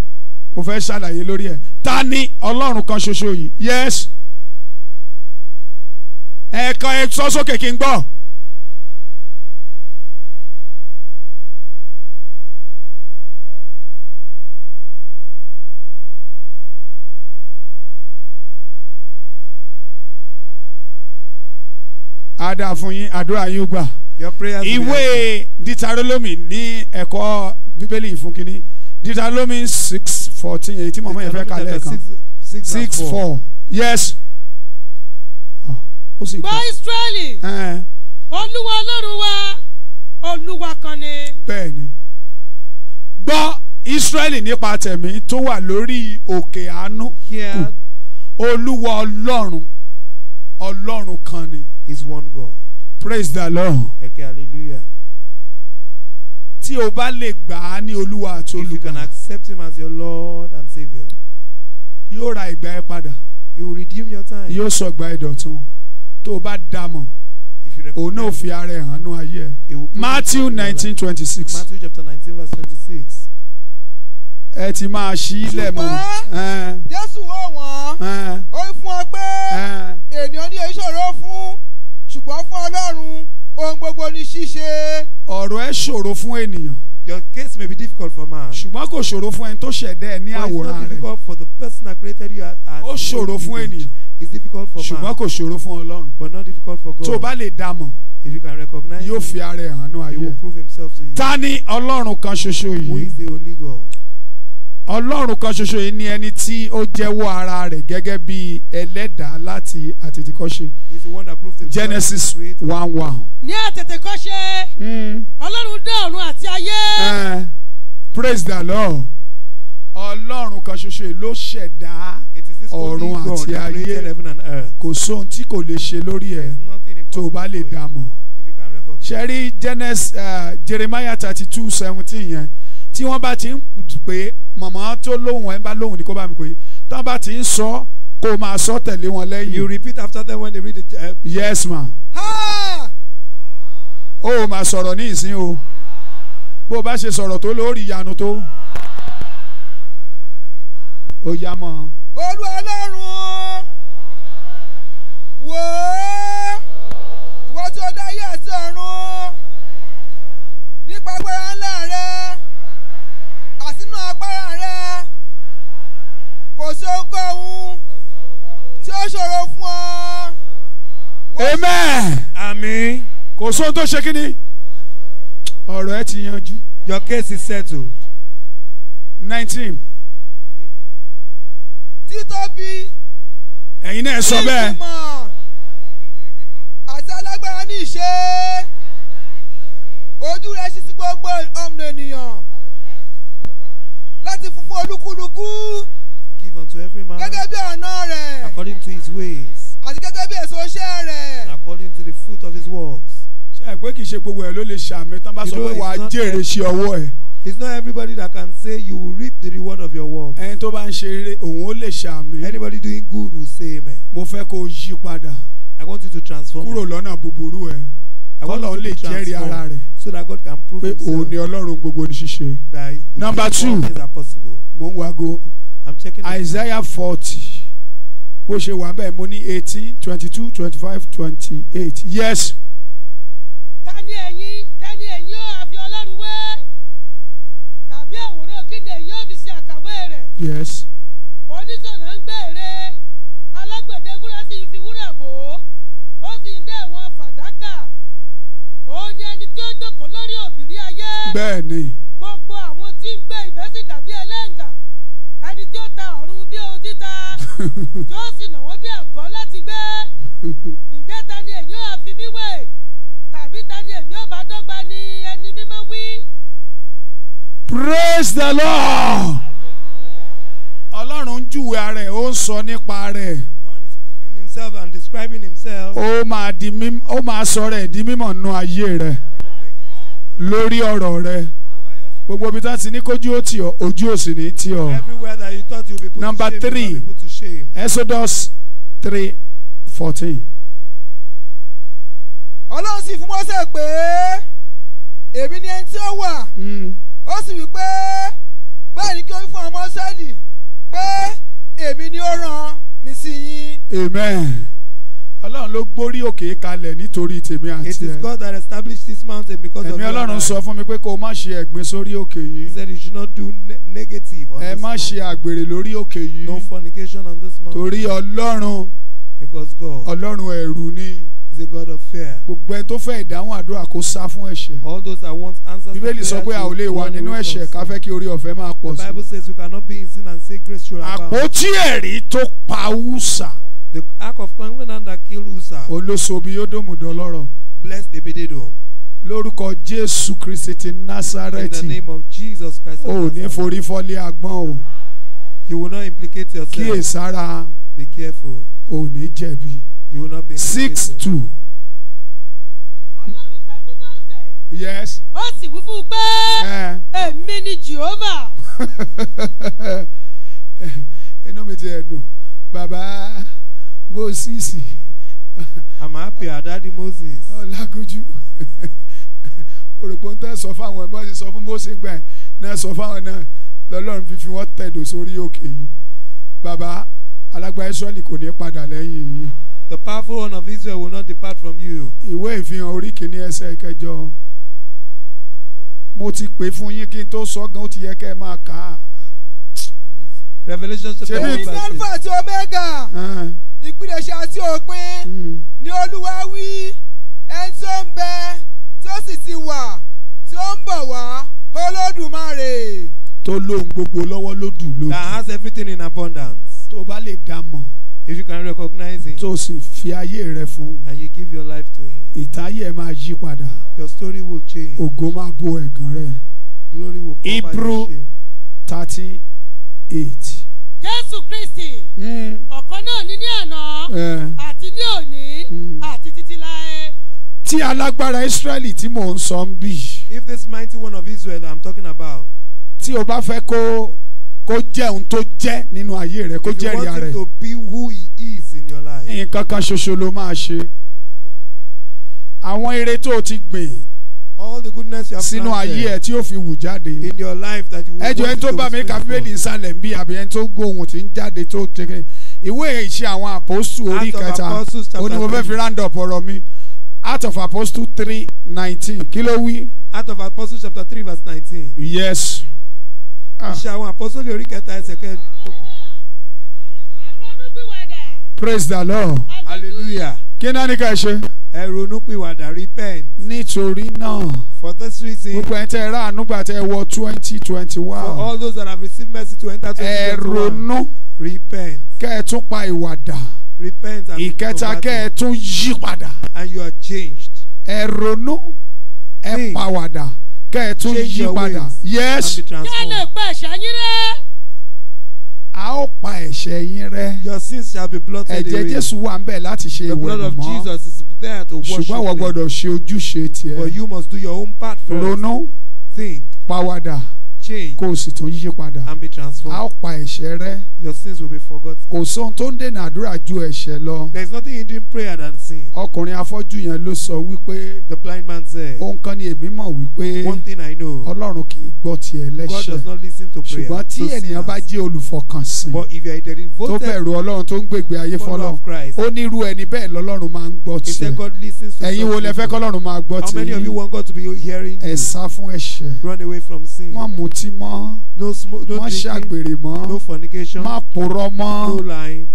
mo fẹ́ ṣàlàyé lórí ẹ̀ ta ni Ọlọ́run kan ṣoṣo yìí yes ẹ̀ẹ̀kan ẹ̀ sọ sókè kí n gbọ́. á fún yín àdúrà yín gbà. your prayers will be answered. ìwé Deuteronomy ní ẹ̀kọ́ bíbélì fún kínní six fourteen èyí tí mọ̀mọ́ yẹn fẹ́ kalẹ̀ kan six four yes. Ah, gbọ́ Ísírẹ́lì olúwa ọlọ́run wa olúwa kan ni. bẹ́ẹ̀ni gbọ́ Ísírẹ́lì nípa tẹ̀mí tó wà lórí òkè àánú olúwa ọlọ́run ọlọ́run kan ni is one God. Praise the Lord. Ẹ kẹ́ hallelujah. Tí o bá lè gbà á ní Olúwa àti Olùgbà. If you can accept him as your Lord and Saviour. Yóò ra ìgbà ẹ padà. He will redeem your time. Yóò sọ ìgbà ẹ dọ̀tun. Tó o bá dá mọ̀. Òun náà fi ara ẹ̀ hàn ní ayé ẹ̀. Matthew nineteen twenty six. Matthew chapter nineteen verse twenty six ẹ ti máa ṣí ilẹ̀ mọ́. ṣùgbọ́n jésù wọ̀ wọ́n ó fún ọ pé ènìyàn ní ìṣòro fún ṣùgbọ́n fún ọlọ́run ohun gbogbo ni ṣíṣe. ọ̀rọ̀ ẹ ṣòro fún ènìyàn. your case may be difficult for man. ṣùgbọ́n kò ṣòro fún ẹni tó ṣẹ̀dá ẹ ní àwòrán rẹ̀. but it's not difficult for the person that created you as. ó ṣòro fún ènìyàn. it's difficult for man. ṣùgbọ́n kò ṣòro fún ọlọ́run. but not difficult for God. tó o bá lè dá mọ̀. if you can recognize. yóò fi ara ẹ̀ hàn ní ayé. he will prove himself to you. ta ni ọlọ́run kan ṣoṣo yìí. who is the only God ọlọ́run kan ṣoṣo yìí ni ẹni tí ó jẹ́wọ́ ara rẹ̀ gẹ́gẹ́ bí ẹlẹ́dàá láti àtètèkọ́ṣe Genesis one one. ní àtètèkọ́ṣe hmm. ọlọ́run dá ọ̀run àti ayé. Eh, praise the lord ọlọ́run kan ṣoṣo yìí ló ṣẹ̀dá ọ̀run àti ayé kò sóhun tí kò lè ṣe lórí ẹ̀ tó o bá lè dá ṣe rí Genesis eh, Jeremiah thirty two seventeen yẹn tí wọ́n bá ti ń pè mọ̀mọ́ tó lóhùn ẹ̀ ń bá lóhùn ní kó bá mi pè tí bá ti ń sọ kó máa sọ tẹ̀lé wọn lẹ́yìn. you repeat after them when they read it. Uh, yes ma. o ò máa sọ̀rọ̀ ní ìsín o bó o bá ṣe sọ̀rọ̀ tó lórí ìyanu tó. ó yá mọ́. olú ọlọ́run wò ó ìwọ tó dá yẹ̀ sí ọ̀run nípa gbẹ́rẹ́ ńlá rẹ̀. kò sí ohunkóhun tí ó ṣòro fún ọ. amen. àmín. kò sóhun tó ṣe kínní ọ̀rọ̀ ẹ ti yanjú. your case is settled. nineteen. títóbi. ẹ̀yin náà sọ bẹ́ẹ̀. ìgbìmọ̀ àti alágbára ní ìṣe ojú rẹ̀ ṣí sí gbogbo ọmọ ènìyàn láti fún fún olúkúlùkù give unto every man. Gẹ́gẹ́ bí ọ̀nà rẹ̀. According to his ways. Àti gẹ́gẹ́ bí èso iṣẹ́ rẹ̀. According to the fruit of his works. Ṣé ẹ kì í ṣe gbogbo ẹ̀ ló lè ṣàmì tán bá sọ pé wàá jèrè ṣe ọwọ́ ẹ̀? It's not everybody that can say you will reap the reward of your work. Ẹni tó bá ń ṣe eré, òun ó lè ṣàmì. Anybody doing good will say amen. Mo fẹ́ kó o yí padà. I want you to transform. Kúrò lọ́nà búburú ẹ̀. Kọ́lọ̀ lè jẹ́rìí ara rẹ̀. So that God can prove himself. Pé òun ni Ọlọ́run gbogbo ní ṣíṣe. Number two. Mo ń wago. I'm checking. Isaiah 40. Bó ṣe wà bẹ́ẹ̀ mo ní eighteen twenty two twenty Yes. Ta ni ẹ̀yin ta ni àfi Ọlọ́run wé tàbí àwòrán kí ni ẹ̀yin fi ṣe àkàwé rẹ̀. Yes. Oníṣọ̀nà ń gbé ère alágbẹ̀dẹ fi wúrà bò ó ó sì ń dẹ̀ fàdákà òun ni ẹni tí ó jókòó lórí òbírí ayé. Bẹ́ẹ̀ni. tí ó sì nà wọ́n bí ẹ̀kọ́ láti gbé ǹjẹ́ ta ni èmi ò fi mí wè tàbí ta ni èmi ò bá dọ́gba ni ẹni mímọ́ wí. Praise the Lord. Ọlọ́run júwe ara ẹ̀ ó ń sọ nípa rẹ̀. God is proving himself and describing himself. Ó máa di mímọ́ ó máa sọ rẹ̀ di mímọ̀ nú ayé rẹ̀ lórí ọ̀rọ̀ rẹ̀ gbogbo ibi tí wọ́n ti ní kójú ó tì ọ́ ojú ò sì ní tì ọ́. Number three. Exodus three fourteen. Ọlọ́run sì fún Mósè pé èmi ni ẹni tí ó wà. Hmm. Ó sì wí pé báyìí ni kí o fún ọmọ Ísírẹ́lì pé èmi ni ó rán mi sí yín. Amen ọlọ́run ló gbórí òkè kalẹ̀ nítorí tèmi àti ẹ. it is God that established this mountain because of your life. ẹ̀mí ọlọ́run sọ fún mi pé kó o má ṣe ẹ̀gbin sórí òkè yìí. he said you should not do negative on this mountain. ẹ má ṣe àgbèrè lórí òkè yìí. no fornication on this mountain. torí ọlọ́run. because God. ọlọ́run ẹ̀rù ni. is a God of fear. gbogbo ẹ tó fẹ́ ìdáhùn àdúrà kó sá fún ẹ̀ṣẹ̀. all those that want answers to prayer should run away bíbélì sọ pé a ò lè wà nínú ẹ̀ṣẹ̀ ká fẹ́ kí orí ọ̀fẹ́ máa pọ̀ sí. the Bible says you cannot be in sin and say grace should abound. àpótí ẹ̀rí tó pa wúsà. The ark of covenant that killed Uzzah. Olóṣobi Ódòmù dọlọ́rọ̀. Bless Ebededom. Lórúkọ Jésù Kristi ti Násárẹ́tì. In the name of Jesus Christ. O ò ní forí fọ́lé agbọ́n o. You will not implicate yourself. Kíyè sára. Be careful. O ò ní jẹ̀bi. You will not be implicated. Six two. Yes. Ó sì wí fún un pé eh. èmi ni Jehovah. Inú mi ti ẹ̀ dùn, bàbá. Moses. I'm happy Moses. Ọlágúnjú. Òròpó ń tẹ́ sọ fáwọn ẹ̀ bá ṣe sọ fún Mose gbà ẹ̀ náà sọ fáwọn náà lọ́lọ́run fífi wọ́n tẹ̀dó sórí òkè yìí. Bàbá alágbá Ísírẹ́lì kò ní padà lẹ́yìn yìí. The powerful one of Israel will not depart from you. Ìwé ìfihàn orí kìíní ẹsẹ̀ ìkẹjọ. Mo ti pè fún yín kí n tó sọ gan ó ti yẹ kẹ́ ẹ máa kà á. Revelation chapter one verse. Ṣèbí Alpha àti Omega ìpilẹ̀ṣẹ̀ àti òpin hmm. ni olúwa wí ẹni tó ń bẹ tó sì ti wà tó ń bọ̀ wá olódùmarè. tó lóhun gbogbo lọ́wọ́ lódù lódù. that has everything in abundance. tó bá lè dá mọ̀. if you can recognize him. tó sì fi ayé rẹ fún. and you give your life to him. ìtayé máa yí padà. your story will change. ògo máa bo ẹ̀gàn rẹ. glory will cover Hebrew your shame. Hebrew thirty eight jésù kristi hmm. ọ̀kan náà ni ní àná hmm. àti ní òní hmm. àti títí láé. tí alágbára israẹli tí mò ń sọ ń bì. if this mighty one of israel i'm talking about. tí o bá fẹ́ kó kó jẹ́ ohun tó jẹ́ nínú ayé rẹ kó jẹ́rìí ara rẹ. if you want to be who he is in your life. nǹkan kan ṣoṣo ló máa ṣe. àwọn ire tó o ti gbìn all the goodness you have sínú ayé ẹ tí ó fi wù jáde. in your life that you will. ẹjọ ẹni tó bá mi kà bíbélì ìsàlẹ̀ ń bí àbí ẹni tó gbóhùn tí ń jáde tó tẹ̀lé ìwé ìṣe àwọn àpòsù orí kẹta ó ní mo fẹ́ fi round up ọ̀rọ̀ mi out of apostle three nineteen kí ló wí. out of apostle chapter three verse nineteen. yes. Ah. ìṣe àwọn àpòsù orí kẹta ẹsẹ̀ kẹ. praise the lord. hallelujah. kí náà ní ká ṣe ẹ ronú pìwàdà repent. nítorí náà. for this reason. gbogbo ẹni tẹ ẹ ráàánú gbà tẹ ẹ wọ twenty twenty one. for all those that have received mercy to enter twenty twenty one. ẹ ronú. repent. kẹ́ ẹ tún pa ìwàdà. repent and ìkẹta kẹ́ ẹ tún yí padà. and you are changed. ẹ ronú ẹ pàwàdà kẹ́ ẹ tún yí padà. yes. kí ẹ lè pẹ́ ṣáyé rẹ̀ a ó pa ẹ̀ṣẹ̀ yín rẹ́. your sins shall be blotted away. ẹ̀jẹ̀ Jésù wà ńbẹ̀ láti ṣe ìwẹ̀ mọ́. the blood of Jesus is there to wash away. ṣùgbọ́n wọ́n gbọ́dọ̀ ṣe ojúṣe tiẹ̀. but you must do your own part first. ronú. think. pàwàdà change. kó o sì tún yí padà. and be transformed. a ó pa ẹ̀ṣẹ̀ rẹ. your sins will be forgotten. kò sóhun tó ń dènà àdúrà ju ẹ̀ṣẹ̀ lọ. there is nothing hindering prayer than sin. ọkùnrin afọ́jú yẹn ló sọ wípé. the blind man said. ohun kan ni èmi mọ̀ wípé. one thing I know. ọlọ́run kì í gbọ́ ti ẹlẹ́ṣẹ̀. God does not listen to prayer. ṣùgbọ́n tí ènìyàn bá jẹ́ olùfọkànsìn. but if you are a devoted. tó bẹ̀rù ọlọ́run tó ń gbègbè ayé fọlọ́. how many of you want God to be hearing run away from sin. wọ́n mú mutí mọ́ no smoke no drinking mọ́ no fornication má purọ́ mọ́ no lying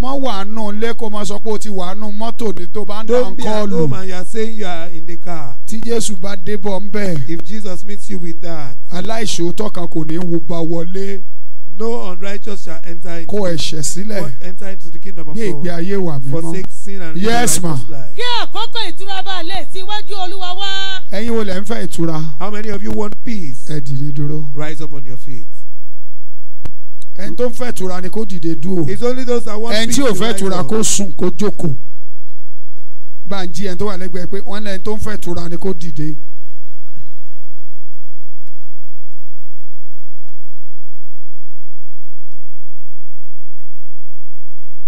mọ wà nù máa sọ pé o ti wà mọ́tò ní tó bá ń dàn kọlù. don't be at home and you are saying you are in the car. tí jésù bá dé ń bẹ̀. if jesus meets you with that. aláìṣòótọ́ kan kò ní í wúba wọlé. No unrighteous shall enter into. Kó ẹ̀ṣẹ̀ Enter into the kingdom of God. For sake sin and yes, ma. life. How many of you want peace? Rise up on your feet. Ẹni tó ń fẹ́ ìtura ni kó dìde dúró. It's only those that want peace. Ẹni tí ò fẹ́ ìtura kó sùn kó jókòó. Bá ń jí ẹni tó wà lẹ́gbẹ̀ẹ́ pé wọ́n lẹ́ni tó ń fẹ́ ìtura ni kó dìde.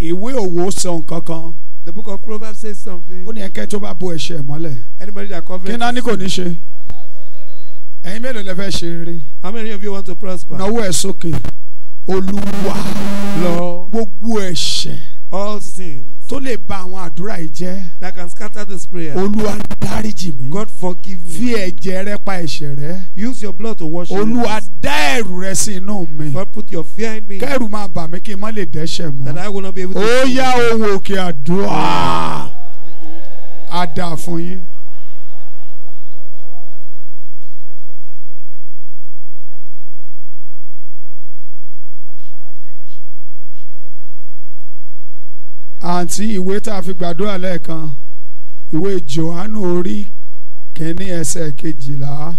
ìwé òwò sọ nǹkan the book of proverbs says something. ó ní ẹkẹ tó bá bo ẹ̀ṣẹ̀ mọ́lẹ̀. anybody that covers. kí náà kò ní ṣe. ẹ̀yin mélòó lè fẹ́ ṣe rere. how many of you want to prosper. nawọ́ ẹ̀ sókè olúwa lọ gbogbo ẹ̀ṣẹ̀. all sins tó lè ba àwọn àdúrà yìí jẹ́. that can scatter this prayer. olúwa dáríjì mi. God forgive me. fi ẹ̀jẹ̀ rẹ pa ẹ̀ṣẹ̀ rẹ. use your blood to wash your hands. olúwa dá ẹ̀rù rẹ sí inú mi. God put your fear in me. kẹ́rù máa bà mí kí n má lè dẹ́ṣẹ̀ mọ́. that I will not be able to. ó yá ohun òkè àdúrà. a dà fún yín. àǹtí ìwé tá a fi gbàdúrà lẹ́ẹ̀kan ìwé johannu orí kìíní ẹsẹ̀ kejìlá.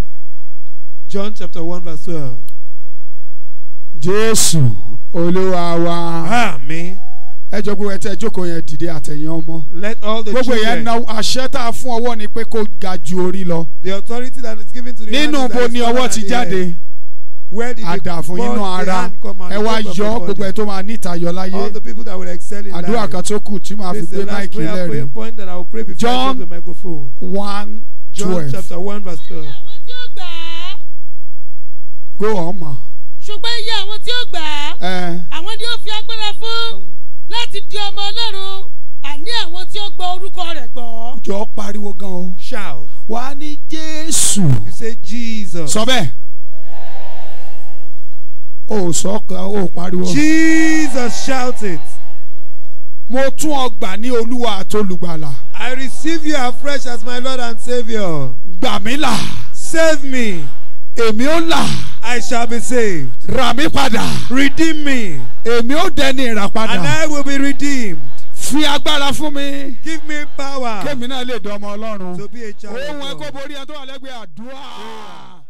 John chapter one verse twelve. Jésù Olúwa wa. Àmín. Ah, ẹ jọ gbogbo ẹtẹ jókòó yẹn dìde àtẹ̀yìn ọmọ. let all the gbogbo children. gbogbo yẹn na àṣẹ tá a fún ọwọ́ ni pé kó ga ju orí lọ. the authority that is given to the man is that is higher nínú bo ni ọwọ́ ti jáde àdàfún inú ara ẹ wá yọ gbogbo ẹ tó máa níta yọ láyé àdúrà kan tó kù tí màá fi gbé máìkì lẹ́rìí John one twelve go on ma. ṣùgbọ́n iye àwọn tí ó gbà á àwọn ni ó fi agbára fún láti di ọmọ Ọlọ́run àní àwọn tí ó gbọ́ orúkọ rẹ̀ gbọ́. jọ pariwo gan o. ṣáà wàá Jésù. you say Jesus. sọ bẹ́ẹ̀ o sọ o pariwo. Jesus shouted. Mo tún ọ gbà ní Olúwa àti I receive you afresh as my Lord and Saviour. Gbà mí là. Save me. Èmi ó là. I shall be saved. Rà mí padà. Redeem me. Èmi ó dẹni ìràpadà. And I will be redeemed. Fi agbára fún mi. Give me power. Kémi náà lè dán Ọlọ́run. To be a child of God. Ohun ẹ̀kọ́ borí ẹ tó wà lẹ́gbẹ̀ẹ́ àdúrà.